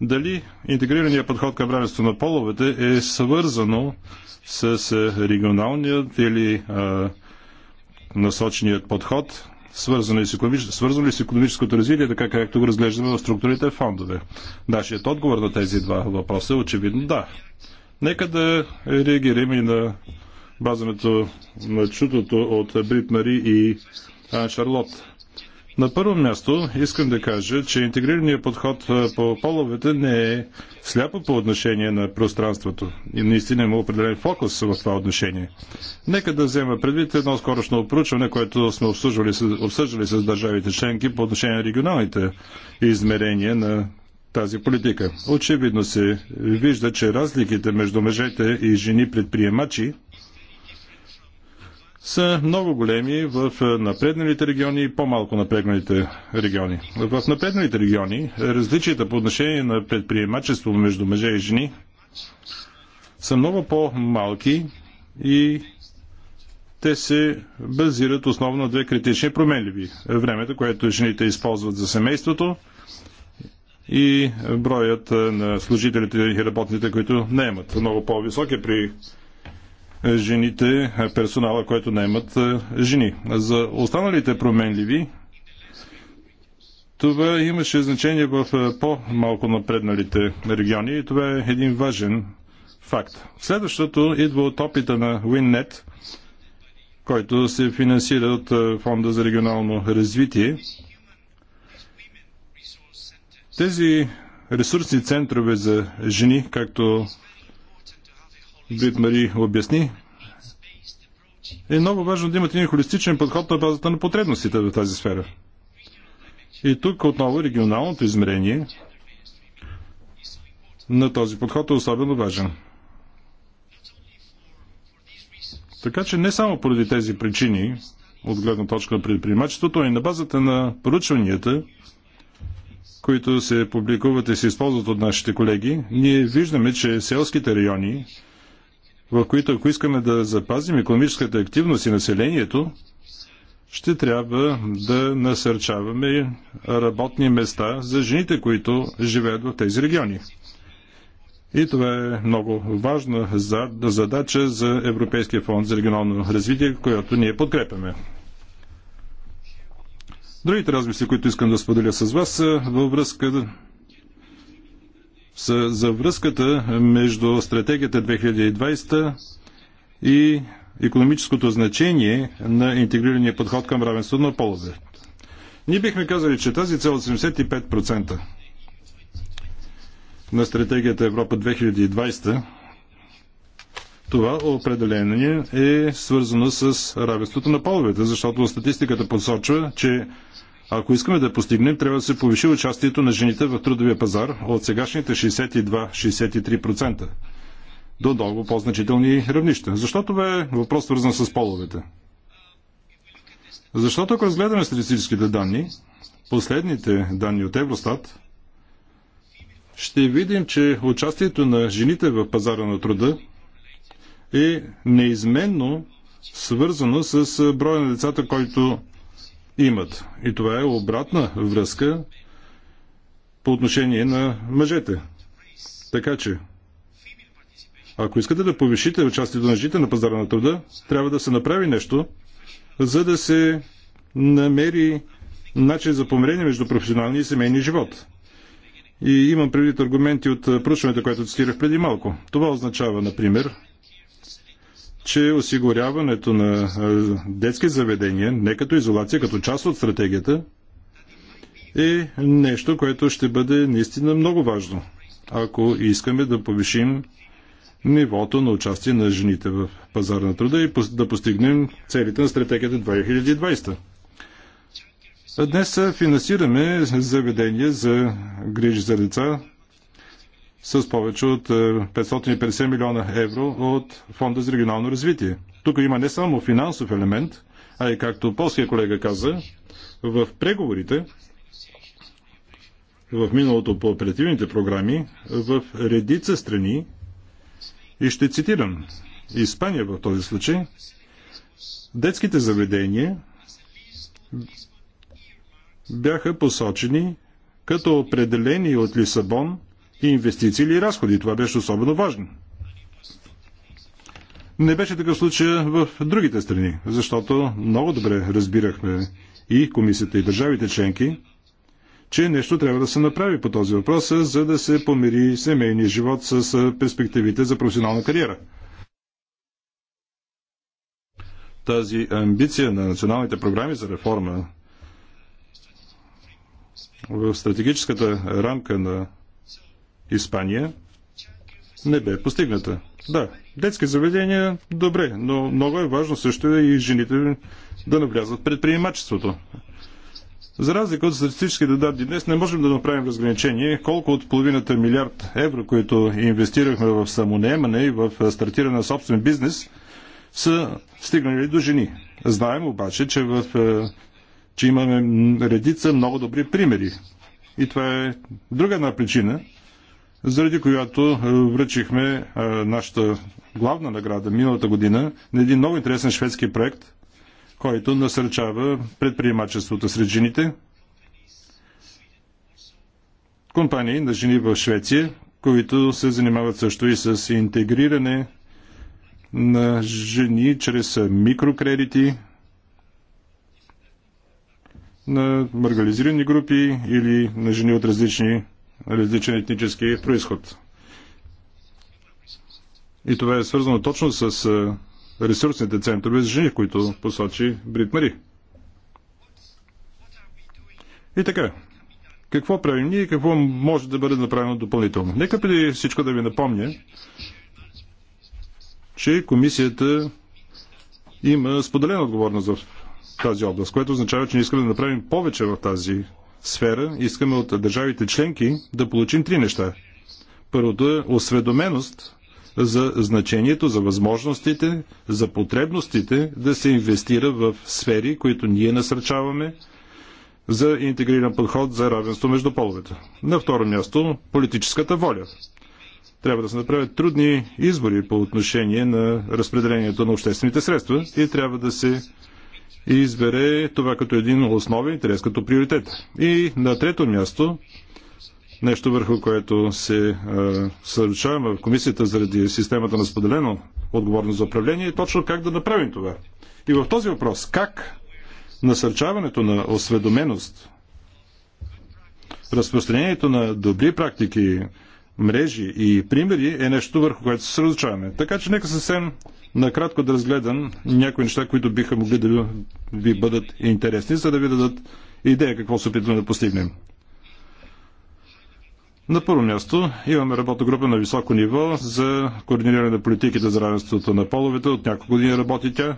дали интегрирания подход към равенство на половете е свързано с е, регионалният или а, е, насоченият подход, свързано ли, с свързано ли с економическото развитие, така както го разглеждаме в структурите фондове. Нашият отговор на тези два въпроса е очевидно да. Нека да реагираме и на базването на чутото от Брит Мари и Ан Шарлот. На първо място искам да кажа, че интегрираният подход по половете не е сляпо по отношение на пространството и наистина има определен фокус в това отношение. Нека да взема предвид едно скорошно проучване, което сме обсъждали с държавите членки по отношение на регионалните измерения на тази политика. Очевидно се вижда, че разликите между мъжете и жени предприемачи са много големи в е, напредналите региони и по-малко напредналите региони. В напредналите региони различията по отношение на предприемачество между мъже и жени са много по-малки и те се базират основно на две критични променливи. Времето, което жените използват за семейството и броят е, на служителите и работните, които имат. Много по-висок е при жените, е, персонала, който наемат е, жени. За останалите променливи, това имаше значение в е, по-малко напредналите региони и това е един важен факт. Следващото идва от опита на WinNet, който се финансира от Фонда за регионално развитие. Тези ресурсни центрове за жени, както Брит Мари обясни, е много важно да имате един холистичен подход на базата на потребностите в тази сфера. И тук отново регионалното измерение на този подход е особено важен. Така че не само поради тези причини, от гледна точка на предприемачеството, а и на базата на поручванията, които се публикуват и се използват от нашите колеги, ние виждаме, че селските райони в които ако искаме да запазим економическата активност и населението, ще трябва да насърчаваме работни места за жените, които живеят в тези региони. И това е много важна задача за Европейския фонд за регионално развитие, която ние подкрепяме. Другите размисли, които искам да споделя с вас, са е във връзка са за връзката между стратегията 2020 и економическото значение на интегрирания подход към равенство на полове. Ние бихме казали, че тази цел 75% на стратегията Европа 2020 това определение е свързано с равенството на половете, защото статистиката посочва, че ако искаме да постигнем, трябва да се повиши участието на жените в трудовия пазар от сегашните 62-63% до много по-значителни равнища. Защо това е въпрос свързан с половете? Защото ако разгледаме статистическите данни, последните данни от Евростат, ще видим, че участието на жените в пазара на труда е неизменно свързано с броя на децата, който имат. И това е обратна връзка по отношение на мъжете. Така че, ако искате да повишите участието на жените на пазара на труда, трябва да се направи нещо, за да се намери начин за помирение между професионалния и семейния живот. И имам предвид аргументи от проучването, което цитирах преди малко. Това означава, например, че осигуряването на детски заведения, не като изолация, като част от стратегията, е нещо, което ще бъде наистина много важно, ако искаме да повишим нивото на участие на жените в пазара на труда и да постигнем целите на стратегията 2020. Днес финансираме заведения за грижи за деца с повече от 550 е, милиона евро от Фонда за регионално развитие. Тук има не само финансов елемент, а и както полския колега каза, в преговорите в миналото по оперативните програми в редица страни и ще цитирам Испания в този случай детските заведения бяха посочени като определени от Лисабон и инвестиции или разходи. Това беше особено важно. Не беше такъв случай в другите страни, защото много добре разбирахме и комисията и държавите членки, че нещо трябва да се направи по този въпрос, за да се помири семейния живот с перспективите за професионална кариера. Тази амбиция на националните програми за реформа в стратегическата рамка на Испания не бе постигната. Да, детски заведения добре, но много е важно също и жените да навлязат предприемачеството. За разлика от статистическите данни днес не можем да направим разграничение колко от половината милиард евро, които инвестирахме в самонеемане и в стартиране на собствен бизнес, са стигнали до жени. Знаем обаче, че, в, е, че имаме редица много добри примери. И това е друга една причина – заради която е, връчихме е, нашата главна награда миналата година на един много интересен шведски проект, който насърчава предприемачеството сред жените. Компании на жени в Швеция, които се занимават също и с интегриране на жени чрез микрокредити на маргализирани групи или на жени от различни различен етнически происход. И това е свързано точно с ресурсните центрове за жени, които посочи Брит Мари. И така, какво правим ние и какво може да бъде направено допълнително? Нека преди всичко да ви напомня, че комисията има споделена отговорност в тази област, което означава, че не искаме да направим повече в тази сфера искаме от държавите членки да получим три неща. Първото е осведоменост за значението, за възможностите, за потребностите да се инвестира в сфери, които ние насърчаваме за интегриран подход за равенство между половете. На второ място политическата воля. Трябва да се направят трудни избори по отношение на разпределението на обществените средства и трябва да се и избере това като един основен интерес, като приоритет. И на трето място, нещо върху което се съобщаваме в комисията заради системата на споделено отговорност за управление, е точно как да направим това. И в този въпрос, как насърчаването на осведоменост, разпространението на добри практики, мрежи и примери е нещо върху което се разучаваме. Така че нека съвсем накратко да разгледам някои неща, които биха могли да ви, бъдат интересни, за да ви дадат идея какво се опитваме да постигнем. На първо място имаме работна група на високо ниво за координиране на политиките за равенството на половете. От няколко години работи тя.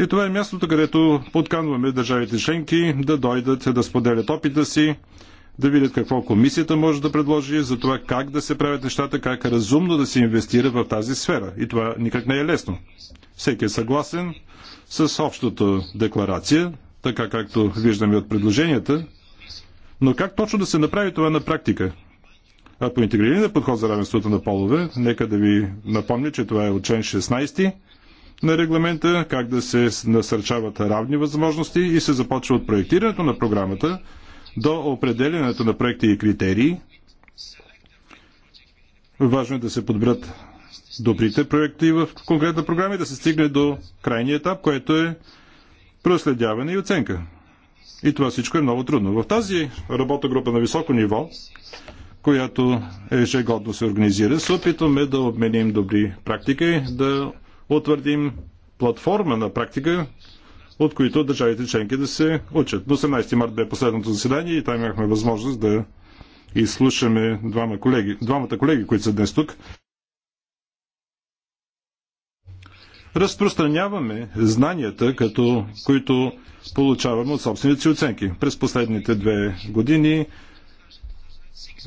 И това е мястото, където подканваме държавите членки да дойдат, да споделят опита си, да видят какво комисията може да предложи за това как да се правят нещата, как разумно да се инвестира в тази сфера. И това никак не е лесно. Всеки е съгласен с общата декларация, така както виждаме от предложенията, но как точно да се направи това на практика? А по интегрирания подход за равенството на полове, нека да ви напомня, че това е от член 16 на регламента, как да се насърчават равни възможности и се започва от проектирането на програмата – до определенето на проекти и критерии. Важно е да се подберат добрите проекти в конкретна програма и да се стигне до крайния етап, което е проследяване и оценка. И това всичко е много трудно. В тази работна група на високо ниво, която ежегодно се организира, се опитваме да обменим добри практики, да утвърдим платформа на практика, от които държавите членки да се учат. До 18 март бе последното заседание и там имахме възможност да изслушаме двама колеги, двамата колеги, които са днес тук. разпространяваме знанията, като, които получаваме от собствените си оценки. През последните две години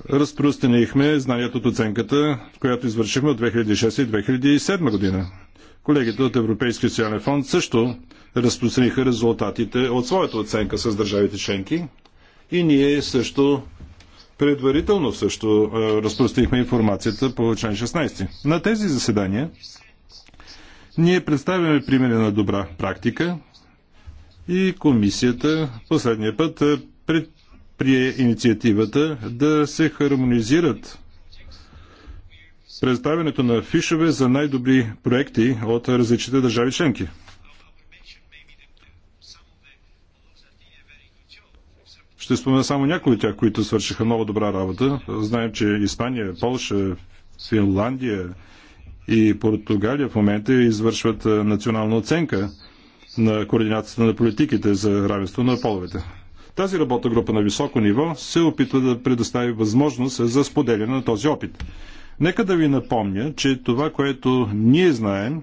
разпространихме знанията от оценката, която извършихме от 2006 и 2007 година. Колегите от Европейския социален фонд също разпространиха резултатите от своята оценка с държавите членки. И ние също предварително също е, разпространихме информацията по член 16. На тези заседания ние представяме примери на добра практика и комисията последния път е, предприе инициативата да се хармонизират представянето на фишове за най-добри проекти от различните държави членки. Ще спомена само някои от тях, които свършиха много добра работа. Знаем, че Испания, Полша, Финландия и Португалия в момента извършват национална оценка на координацията на политиките за равенство на половете. Тази работна група на високо ниво се опитва да предостави възможност за споделяне на този опит. Нека да ви напомня, че това, което ние знаем,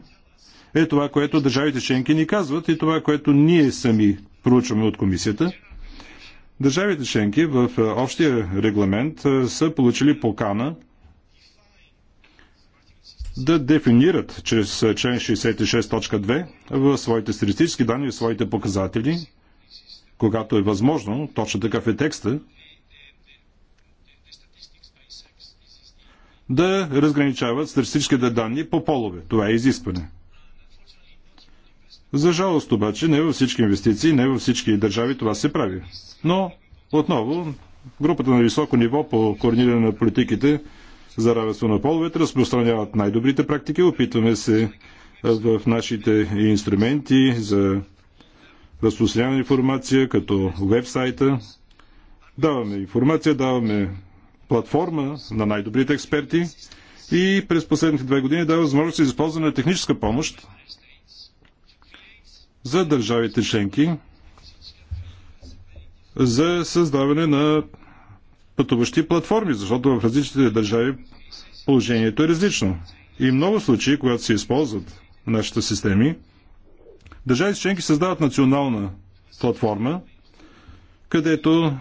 е това, което държавите членки ни казват и това, което ние сами проучваме от комисията – Държавите членки в е, общия регламент е, са получили покана да дефинират чрез е, член 66.2 в своите статистически данни, в своите показатели, когато е възможно, точно такъв е текста, да разграничават статистическите данни по полове. Това е изискване. За жалост обаче, не във всички инвестиции, не във всички държави това се прави. Но, отново, групата на високо ниво по координиране на политиките за равенство на половете разпространяват най-добрите практики. Опитваме се в нашите инструменти за разпространяване информация, като вебсайта. Даваме информация, даваме платформа на най-добрите експерти и през последните две години дава възможност за използване на техническа помощ за държавите членки за създаване на пътуващи платформи, защото в различните държави положението е различно. И много случаи, когато се използват нашите системи, държавите членки създават национална платформа, където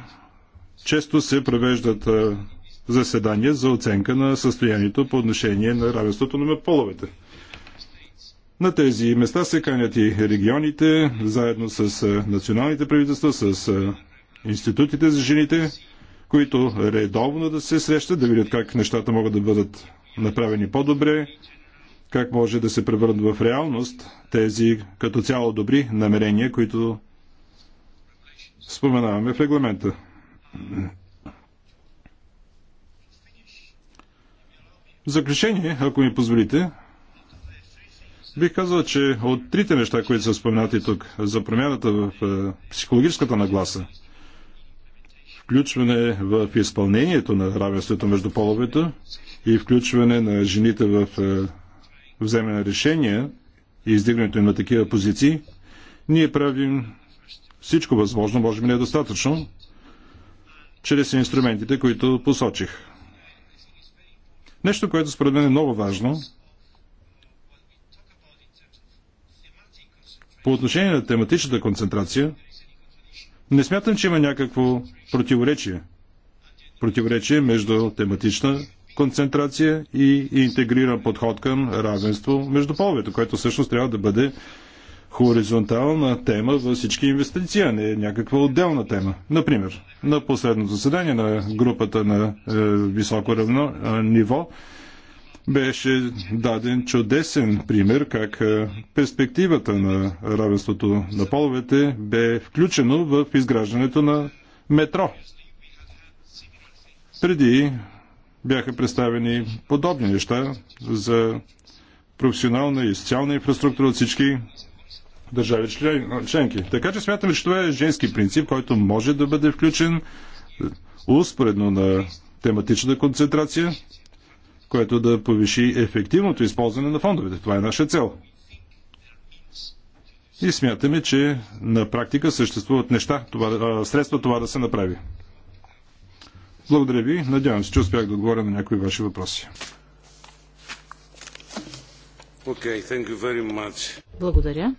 често се провеждат заседания за оценка на състоянието по отношение на равенството на половете. На тези места се канят и регионите, заедно с националните правителства, с институтите за жените, които редовно да се срещат, да видят как нещата могат да бъдат направени по-добре, как може да се превърнат в реалност тези като цяло добри намерения, които споменаваме в регламента. В заключение, ако ми позволите, Бих казал, че от трите неща, които са споменати тук за промяната в е, психологическата нагласа, включване в изпълнението на равенството между половете и включване на жените в е, вземане на решения и издигането им на такива позиции, ние правим всичко възможно, може би недостатъчно, чрез инструментите, които посочих. Нещо, което според мен е много важно – По отношение на тематичната концентрация, не смятам, че има някакво противоречие. Противоречие между тематична концентрация и интегриран подход към равенство между половете, което всъщност трябва да бъде хоризонтална тема за всички инвестиции, а не някаква отделна тема. Например, на последното заседание на групата на е, високо равно е, ниво беше даден чудесен пример как перспективата на равенството на половете бе включено в изграждането на метро. Преди бяха представени подобни неща за професионална и социална инфраструктура от всички държави членки. Така че смятаме, че това е женски принцип, който може да бъде включен успоредно на тематична концентрация което да повиши ефективното използване на фондовете. Това е наша цел. И смятаме, че на практика съществуват неща, това, средства това да се направи. Благодаря ви. Надявам се, че успях да отговоря на някои ваши въпроси.
Okay, thank you very much.
Благодаря.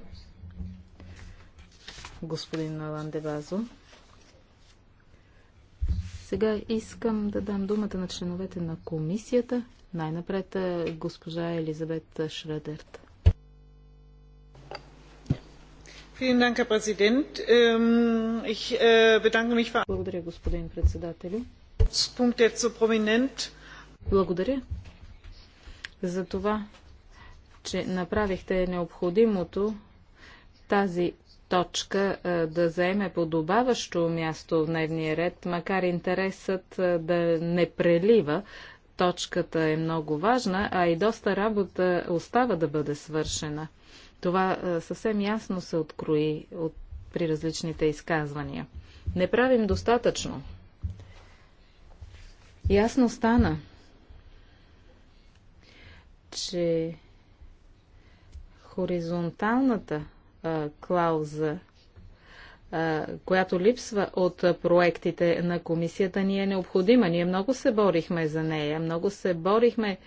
Господин Алан Дебазо. Сега искам да дам думата на членовете на комисията. Най-напред е, госпожа Елизабет Шредерт. Ähm, äh, Благодаря, господин председател. Е Благодаря за това, че направихте необходимото тази точка е, да заеме подобаващо място в дневния ред, макар интересът е, да не прелива. Точката е много важна, а и доста работа остава да бъде свършена. Това е, съвсем ясно се открои от, при различните изказвания. Не правим достатъчно. Ясно стана, че хоризонталната а, клауза, а, която липсва от проектите на комисията, ни е необходима. Ние много се борихме за нея, много се борихме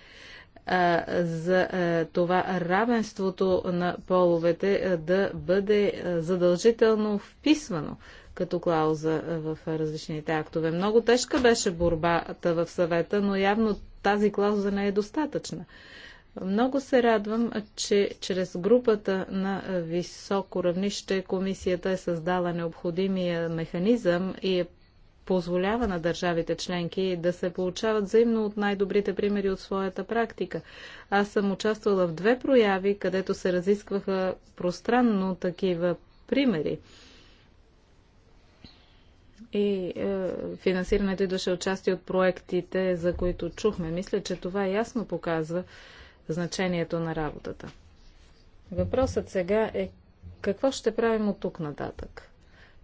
а, за това равенството на половете да бъде задължително вписвано като клауза в различните актове. Много тежка беше борбата в съвета, но явно тази клауза не е достатъчна. Много се радвам, че чрез групата на високо равнище комисията е създала необходимия механизъм и е позволява на държавите членки да се получават взаимно от най-добрите примери от своята практика. Аз съм участвала в две прояви, където се разискваха пространно такива примери. И е, финансирането идваше участие от проектите, за които чухме. Мисля, че това ясно показва, значението на работата. Въпросът сега е какво ще правим от тук нататък?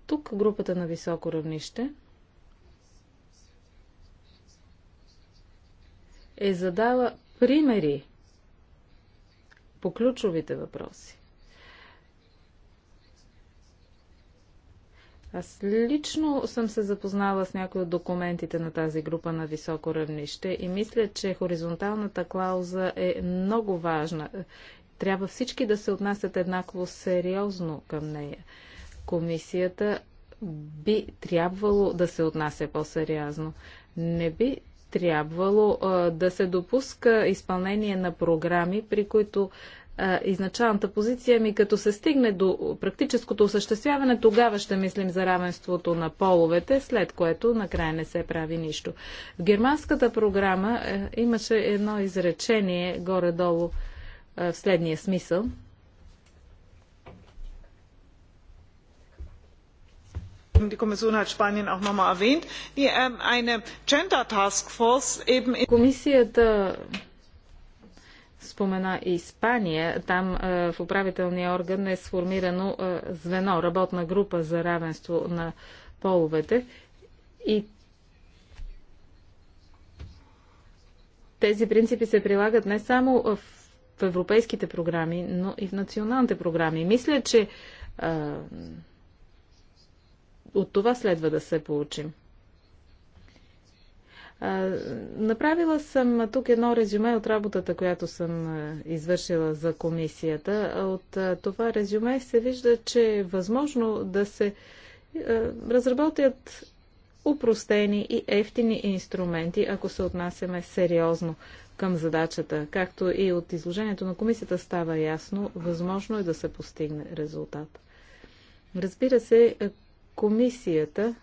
Тук групата на високо равнище е задала примери по ключовите въпроси. Аз лично съм се запознала с някои от документите на тази група на високо равнище и мисля, че хоризонталната клауза е много важна. Трябва всички да се отнасят еднакво сериозно към нея. Комисията би трябвало да се отнася по-сериозно. Не би трябвало а, да се допуска изпълнение на програми, при които изначалната позиция ми, като се стигне до практическото осъществяване, тогава ще мислим за равенството на половете, след което накрая не се прави нищо. В германската програма е, имаше едно изречение горе-долу е, в следния смисъл. Ähm, комисията спомена Испания. Там е, в управителния орган е сформирано е, звено, работна група за равенство на половете. И тези принципи се прилагат не само в европейските програми, но и в националните програми. Мисля, че е, от това следва да се получим. Направила съм тук едно резюме от работата, която съм извършила за комисията. От това резюме се вижда, че е възможно да се разработят упростени и ефтини инструменти, ако се отнасяме сериозно към задачата. Както и от изложението на комисията става ясно, възможно е да се постигне резултат. Разбира се, комисията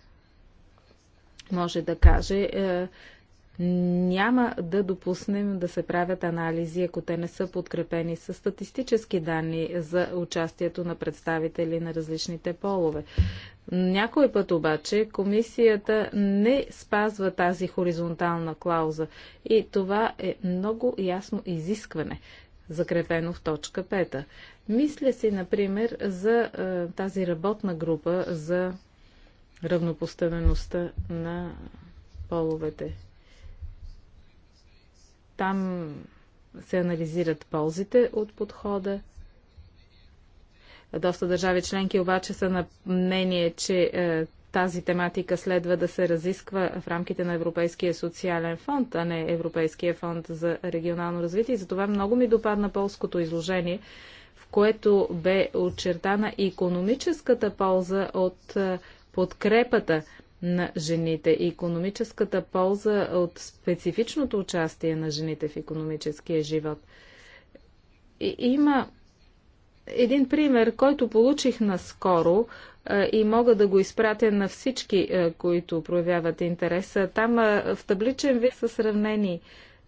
може да каже, е, няма да допуснем да се правят анализи, ако те не са подкрепени с статистически данни за участието на представители на различните полове. Някой път обаче комисията не спазва тази хоризонтална клауза и това е много ясно изискване, закрепено в точка 5. Мисля си, например, за е, тази работна група за равнопоставеността на половете. Там се анализират ползите от подхода. Доста държави членки обаче са на мнение, че е, тази тематика следва да се разисква в рамките на Европейския социален фонд, а не Европейския фонд за регионално развитие. И затова много ми допадна полското изложение, в което бе очертана икономическата економическата полза от е, подкрепата на жените и економическата полза от специфичното участие на жените в економическия живот. И, има един пример, който получих наскоро и мога да го изпратя на всички, които проявяват интерес. Там в табличен вид са сравнени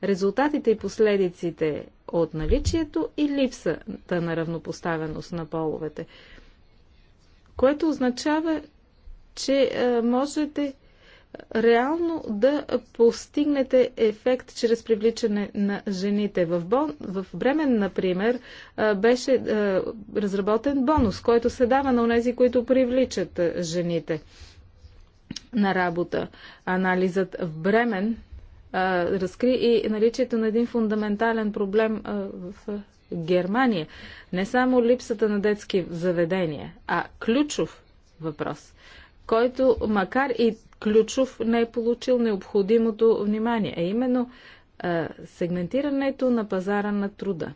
резултатите и последиците от наличието и липсата на равнопоставеност на половете. Което означава, че е, можете реално да постигнете ефект чрез привличане на жените. В, бон, в Бремен, например, е, беше е, разработен бонус, който се дава на тези, които привличат жените на работа. Анализът в Бремен разкри и наличието на един фундаментален проблем в Германия. Не само липсата на детски заведения, а ключов въпрос – който макар и ключов не е получил необходимото внимание, а именно сегментирането на пазара на труда.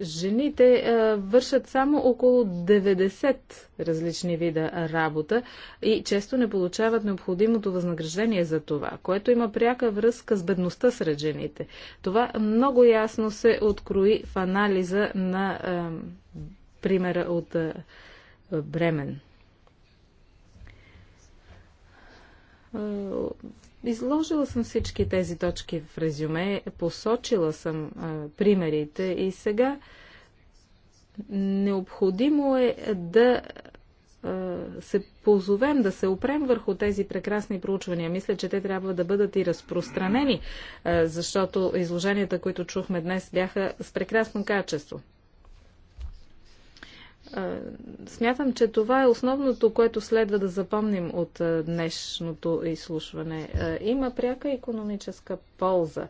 Жените вършат само около 90 различни вида работа и често не получават необходимото възнаграждение за това, което има пряка връзка с бедността сред жените. Това много ясно се открои в анализа на примера от Бремен. Изложила съм всички тези точки в резюме, посочила съм а, примерите и сега необходимо е да а, се позовем, да се опрем върху тези прекрасни проучвания. Мисля, че те трябва да бъдат и разпространени, а, защото изложенията, които чухме днес, бяха с прекрасно качество. Смятам, че това е основното, което следва да запомним от днешното изслушване. Има пряка економическа полза.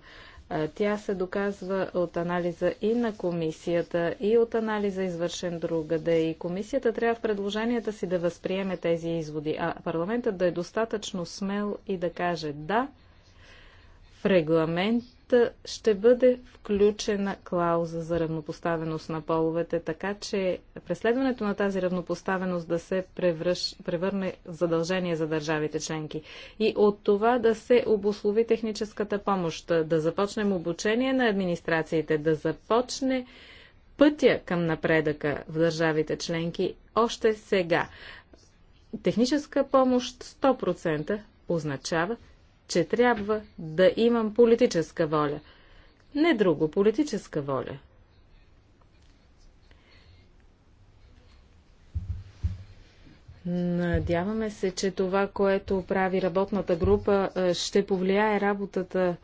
Тя се доказва от анализа и на комисията, и от анализа извършен другаде. И комисията трябва в предложенията си да възприеме тези изводи, а парламентът да е достатъчно смел и да каже да, в регламент проекта ще бъде включена клауза за равнопоставеност на половете, така че преследването на тази равнопоставеност да се превръщ, превърне в задължение за държавите членки. И от това да се обослови техническата помощ, да започнем обучение на администрациите, да започне пътя към напредъка в държавите членки още сега. Техническа помощ 100% означава че трябва да имам политическа воля. Не друго, политическа воля. Надяваме се, че това, което прави работната група, е, ще повлияе работата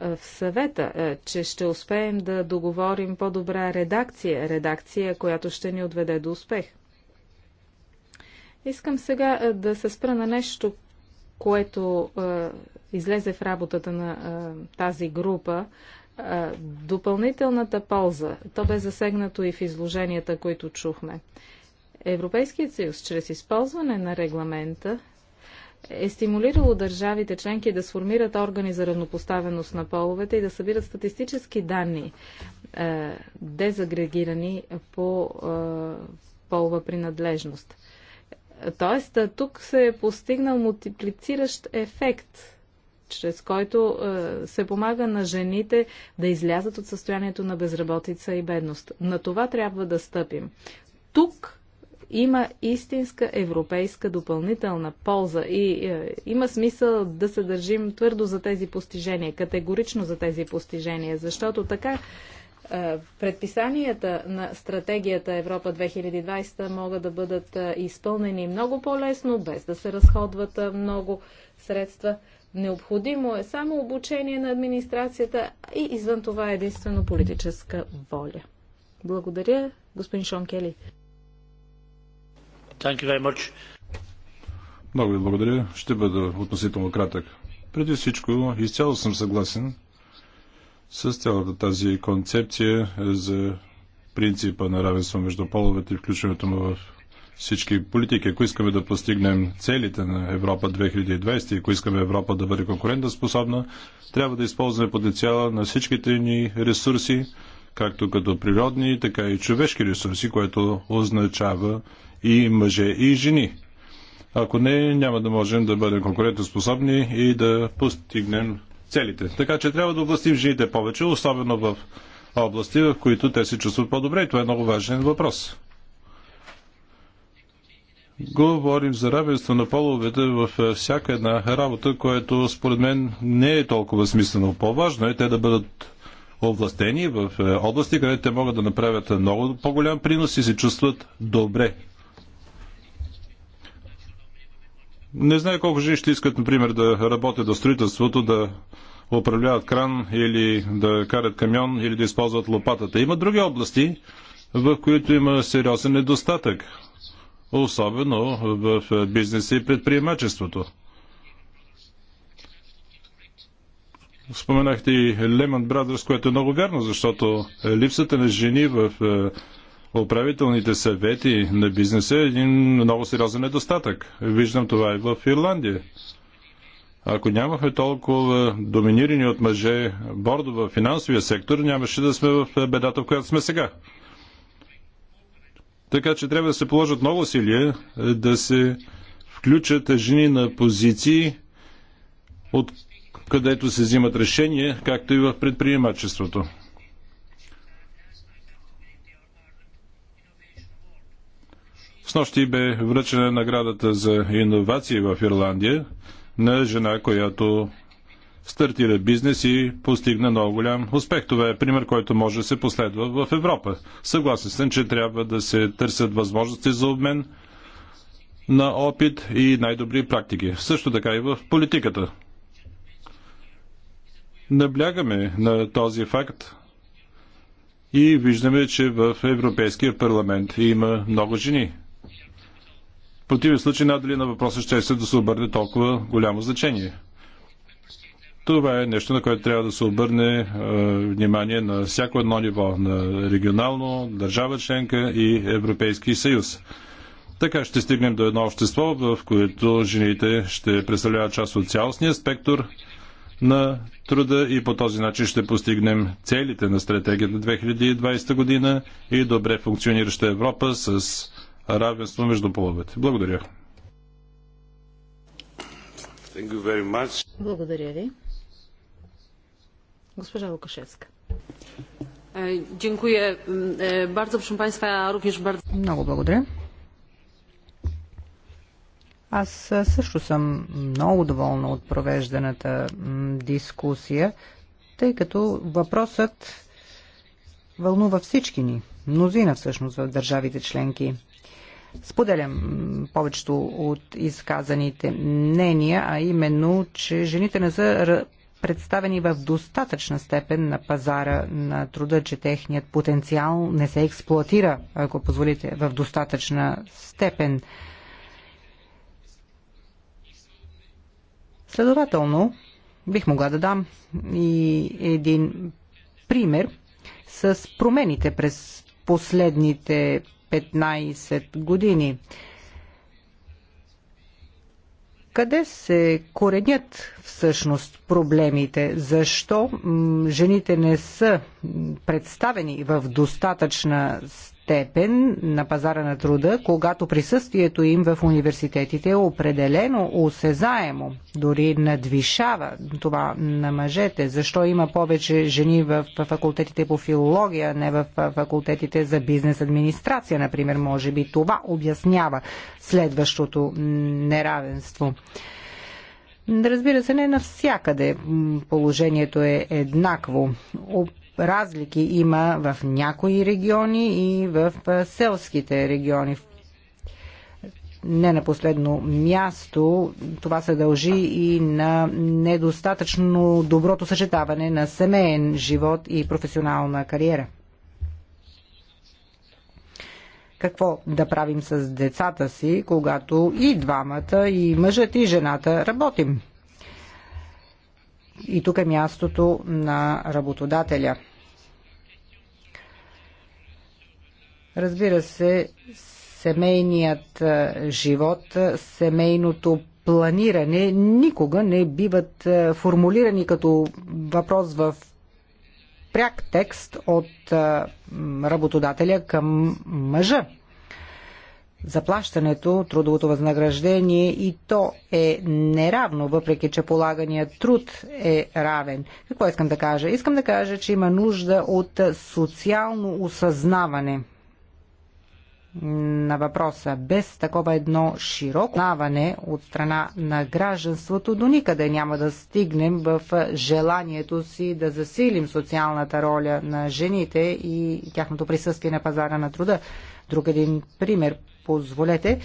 е, в съвета, е, че ще успеем да договорим по-добра редакция, редакция, която ще ни отведе до успех. Искам сега да се спра на нещо, което излезе в работата на а, тази група, а, допълнителната полза, то бе засегнато и в изложенията, които чухме. Европейският съюз, чрез използване на регламента, е стимулирало държавите членки да сформират органи за равнопоставеност на половете и да събират статистически данни, е, дезагрегирани по е, полова принадлежност. Тоест, тук се е постигнал мултиплициращ ефект – чрез който е, се помага на жените да излязат от състоянието на безработица и бедност. На това трябва да стъпим. Тук има истинска европейска допълнителна полза и е, има смисъл да се държим твърдо за тези постижения, категорично за тези постижения, защото така е, предписанията на стратегията Европа 2020 могат да бъдат е, изпълнени много по-лесно, без да се разходват е, много средства. Необходимо е само обучение на администрацията и извън това е единствено политическа воля. Благодаря, господин Шон Кели.
Много ви благодаря. Ще бъда относително кратък. Преди всичко, изцяло съм съгласен с цялата тази концепция за принципа на равенство между половете и включването му в всички политики. Ако искаме да постигнем целите на Европа 2020 ако искаме Европа да бъде конкурентоспособна, трябва да използваме потенциала на всичките ни ресурси, както като природни, така и човешки ресурси, което означава и мъже и жени. Ако не, няма да можем да бъдем конкурентоспособни и да постигнем целите. Така че трябва да областим жените повече, особено в области, в които те се чувстват по-добре. И това е много важен въпрос говорим за равенство на половете в е, всяка една работа, което според мен не е толкова смислено. По-важно е те да бъдат овластени в е, области, където те могат да направят е, много по-голям принос и се чувстват добре. Не знае колко жени ще искат, например, да работят в строителството, да управляват кран или да карат камион или да използват лопатата. Има други области, в които има сериозен недостатък особено в бизнеса и предприемачеството. Споменахте и Lehman Brothers, което е много вярно, защото липсата на жени в е, управителните съвети на бизнеса е един много сериозен недостатък. Виждам това и в Ирландия. Ако нямахме толкова доминирани от мъже бордо в финансовия сектор, нямаше да сме в е, бедата, в която сме сега. Така че трябва да се положат много усилия е, да се включат жени на позиции, от където се взимат решения, както и в предприемачеството. С нощи бе връчена наградата за иновации в Ирландия на жена, която стартира бизнес и постигна много голям успех. Това е пример, който може да се последва в Европа. Съгласен съм, че трябва да се търсят възможности за обмен на опит и най-добри практики. Също така и в политиката. Наблягаме на този факт и виждаме, че в Европейския парламент има много жени. В противен случай, надали на въпроса ще се да се обърне толкова голямо значение. Това е нещо, на което трябва да се обърне е, внимание на всяко едно ниво, на регионално, държава членка и Европейски съюз. Така ще стигнем до едно общество, в което жените ще представляват част от цялостния спектър на труда и по този начин ще постигнем целите на стратегията 2020 година и добре функционираща Европа с равенство между половете. Благодаря.
Благодаря ви. Госпожа Лукашевска. Е, е, е,
много благодаря. Аз също съм много доволна от провежданата дискусия, тъй като въпросът вълнува всички ни, мнозина всъщност в държавите членки. Споделям повечето от изказаните мнения, а именно, че жените не са представени в достатъчна степен на пазара на труда, че техният потенциал не се експлуатира, ако позволите, в достатъчна степен. Следователно, бих могла да дам и един пример с промените през последните 15 години. Къде се коренят всъщност проблемите? Защо жените не са представени в достатъчна степен? степен на пазара на труда, когато присъствието им в университетите е определено осезаемо, дори надвишава това на мъжете. Защо има повече жени в факултетите по филология, не в факултетите за бизнес администрация, например, може би това обяснява следващото неравенство. Разбира се, не навсякъде положението е еднакво разлики има в някои региони и в селските региони. Не на последно място, това се дължи и на недостатъчно доброто съчетаване на семейен живот и професионална кариера. Какво да правим с децата си, когато и двамата, и мъжът, и жената работим? И тук е мястото на работодателя. Разбира се, семейният живот, семейното планиране никога не биват формулирани като въпрос в пряк текст от работодателя към мъжа заплащането, трудовото възнаграждение и то е неравно, въпреки че полагания труд е равен. Какво искам да кажа? Искам да кажа, че има нужда от социално осъзнаване на въпроса. Без такова едно широко знаване от страна на гражданството до никъде няма да стигнем в желанието си да засилим социалната роля на жените и тяхното присъствие на пазара на труда. Друг един пример позволете.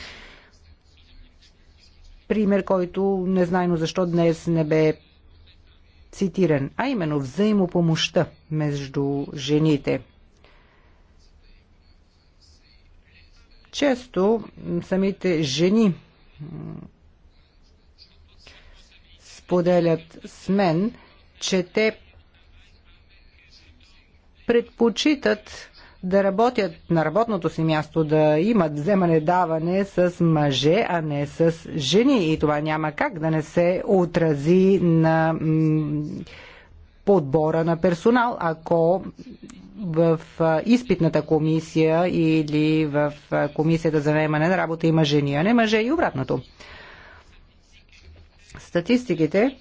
Пример, който незнайно защо днес не бе цитиран, а именно взаимопомощта между жените. Често самите жени споделят с мен, че те предпочитат да работят на работното си място, да имат вземане-даване с мъже, а не с жени. И това няма как да не се отрази на подбора на персонал, ако в изпитната комисия или в комисията за наемане на работа има жени, а не мъже и обратното. Статистиките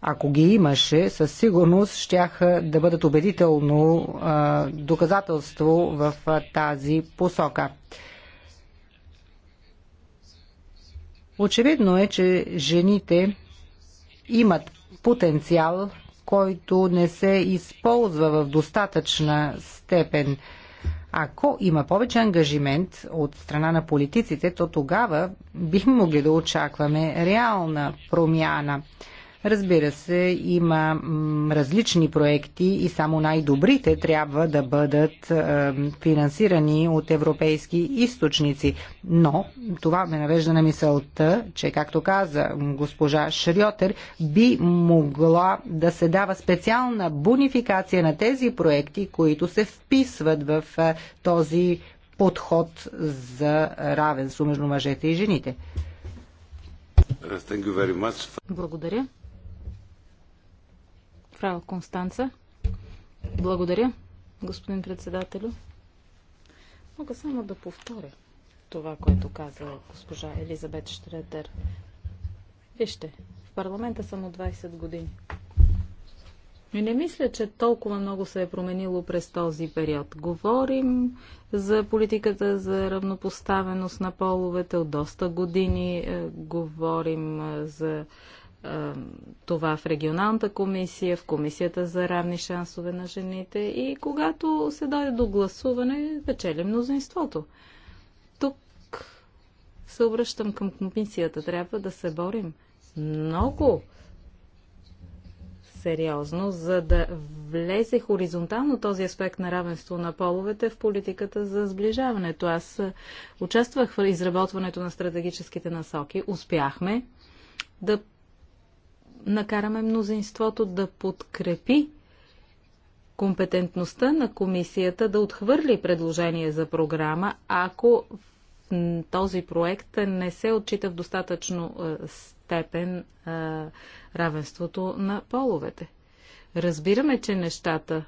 ако ги имаше, със сигурност щяха да бъдат убедително а, доказателство в а, тази посока. Очевидно е, че жените имат потенциал, който не се използва в достатъчна степен. Ако има повече ангажимент от страна на политиците, то тогава бихме могли да очакваме реална промяна. Разбира се, има различни проекти и само най-добрите трябва да бъдат е, финансирани от европейски източници. Но това ме навежда на мисълта, че, както каза госпожа Шриотер, би могла да се дава специална бонификация на тези проекти, които се вписват в е, този подход за равенство между мъжете и жените.
Благодаря. Фрау Констанца. Благодаря, господин председателю. Мога само да повторя това, което каза госпожа Елизабет Штретер. Вижте, в парламента съм от 20 години. И не мисля, че толкова много се е променило през този период. Говорим за политиката за равнопоставеност на половете от доста години, е, говорим е, за това в регионалната комисия, в комисията за равни шансове на жените и когато се дойде до гласуване, печели мнозинството. Тук се обръщам към комисията. Трябва да се борим много сериозно, за да влезе хоризонтално този аспект на равенство на половете в политиката за сближаването. Аз участвах в изработването на стратегическите насоки. Успяхме да накараме мнозинството да подкрепи компетентността на комисията да отхвърли предложение за програма, ако този проект не се отчита в достатъчно е, степен е, равенството на половете. Разбираме, че нещата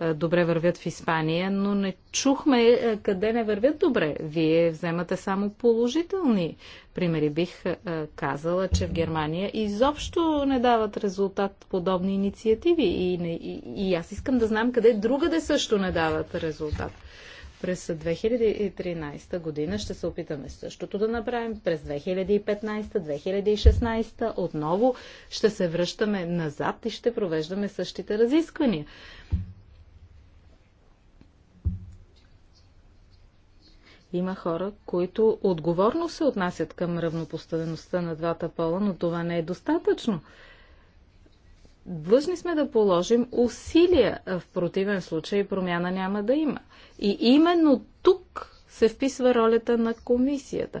е, добре вървят в Испания, но не чухме е, къде не вървят добре. Вие вземате само положителни примери. Бих е, казала, че в Германия изобщо не дават резултат подобни инициативи и, не, и, и аз искам да знам къде другаде също не дават резултат. През 2013 година ще се опитаме същото да направим. През 2015-2016 отново ще се връщаме назад и ще провеждаме същите разисквания. Има хора, които отговорно се отнасят към равнопоставеността на двата пола, но това не е достатъчно. Длъжни сме да положим усилия, в противен случай промяна няма да има. И именно тук се вписва ролята на комисията.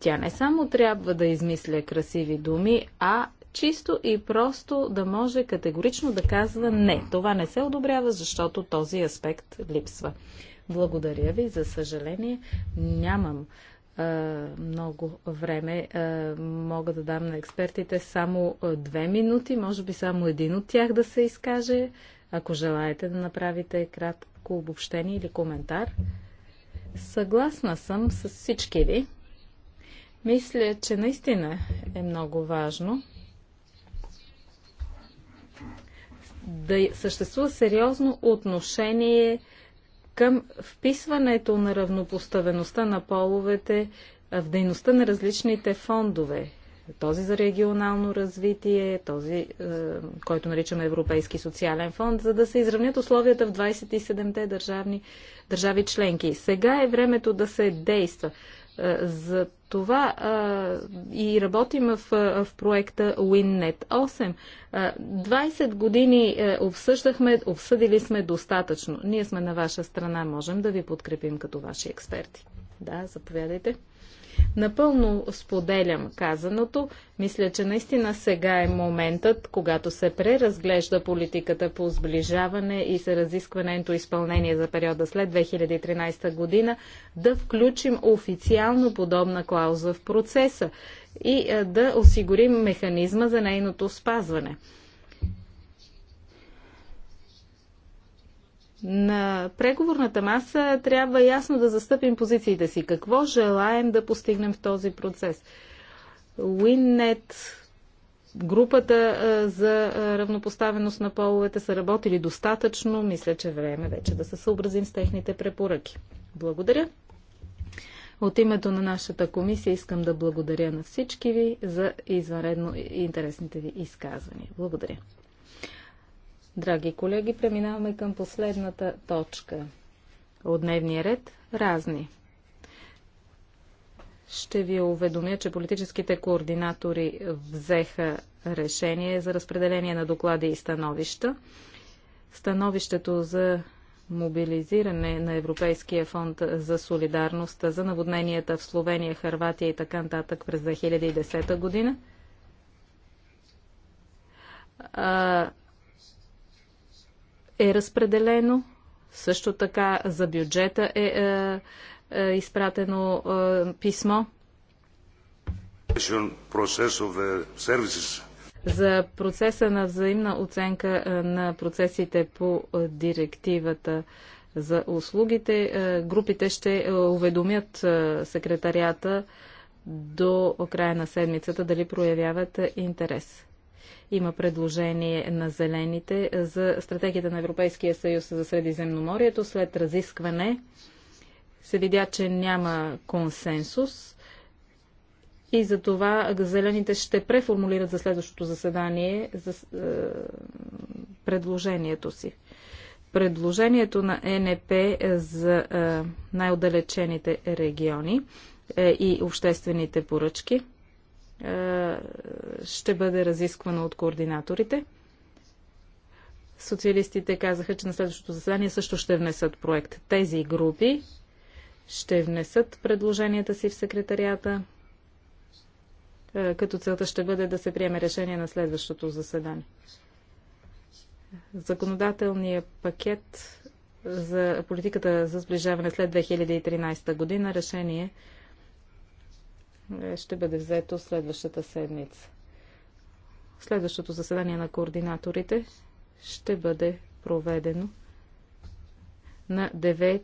Тя не само трябва да измисля красиви думи, а чисто и просто да може категорично да казва не. Това не се одобрява, защото този аспект липсва. Благодаря ви. За съжаление, нямам много време. Мога да дам на експертите само две минути, може би само един от тях да се изкаже. Ако желаете да направите кратко обобщение или коментар. Съгласна съм с всички ви. Мисля, че наистина е много важно да съществува сериозно отношение към вписването на равнопоставеността на половете в дейността на различните фондове. Този за регионално развитие, този, е, който наричаме Европейски социален фонд, за да се изравнят условията в 27-те държави членки. Сега е времето да се действа. Е, за това и работим в, в проекта WinNet 8. 20 години е, обсъждахме, обсъдили сме достатъчно. Ние сме на ваша страна, можем да ви подкрепим като ваши експерти. Да, заповядайте. Напълно споделям казаното. Мисля, че наистина сега е моментът, когато се преразглежда политиката по сближаване и се разисква нейното изпълнение за периода след 2013 година, да включим официално подобна клауза в процеса и да осигурим механизма за нейното спазване. На преговорната маса трябва ясно да застъпим позициите си. Какво желаем да постигнем в този процес? Winnet, групата за равнопоставеност на половете са работили достатъчно. Мисля, че е време вече да се съобразим с техните препоръки. Благодаря. От името на нашата комисия искам да благодаря на всички ви за извънредно интересните ви изказвания. Благодаря. Драги колеги, преминаваме към последната точка от дневния ред – разни. Ще ви уведомя, че политическите координатори взеха решение за разпределение на доклади и становища. Становището за мобилизиране на Европейския фонд за солидарност за наводненията в Словения, Харватия и така нататък през 2010 година е разпределено. Също така за бюджета е, е, е изпратено е, писмо. За процеса на взаимна оценка е, на процесите по директивата за услугите, е, групите ще е, уведомят секретарията до края на седмицата дали проявяват интерес. Има предложение на зелените за стратегията на Европейския съюз за Средиземноморието. След разискване се видя, че няма консенсус и за това зелените ще преформулират за следващото заседание за, е, предложението си. Предложението на НП за е, най-отдалечените региони е, и обществените поръчки е, ще бъде разисквано от координаторите. Социалистите казаха, че на следващото заседание също ще внесат проект. Тези групи ще внесат предложенията си в секретарията, е, като целта ще бъде да се приеме решение на следващото заседание. Законодателният пакет за политиката за сближаване след 2013 година решение е, ще бъде взето следващата седмица. Следващото заседание на координаторите ще бъде проведено на 9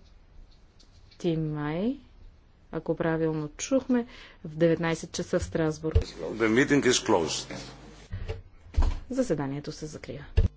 май, ако правилно чухме, в 19 часа в Страсбург. Заседанието се закрива.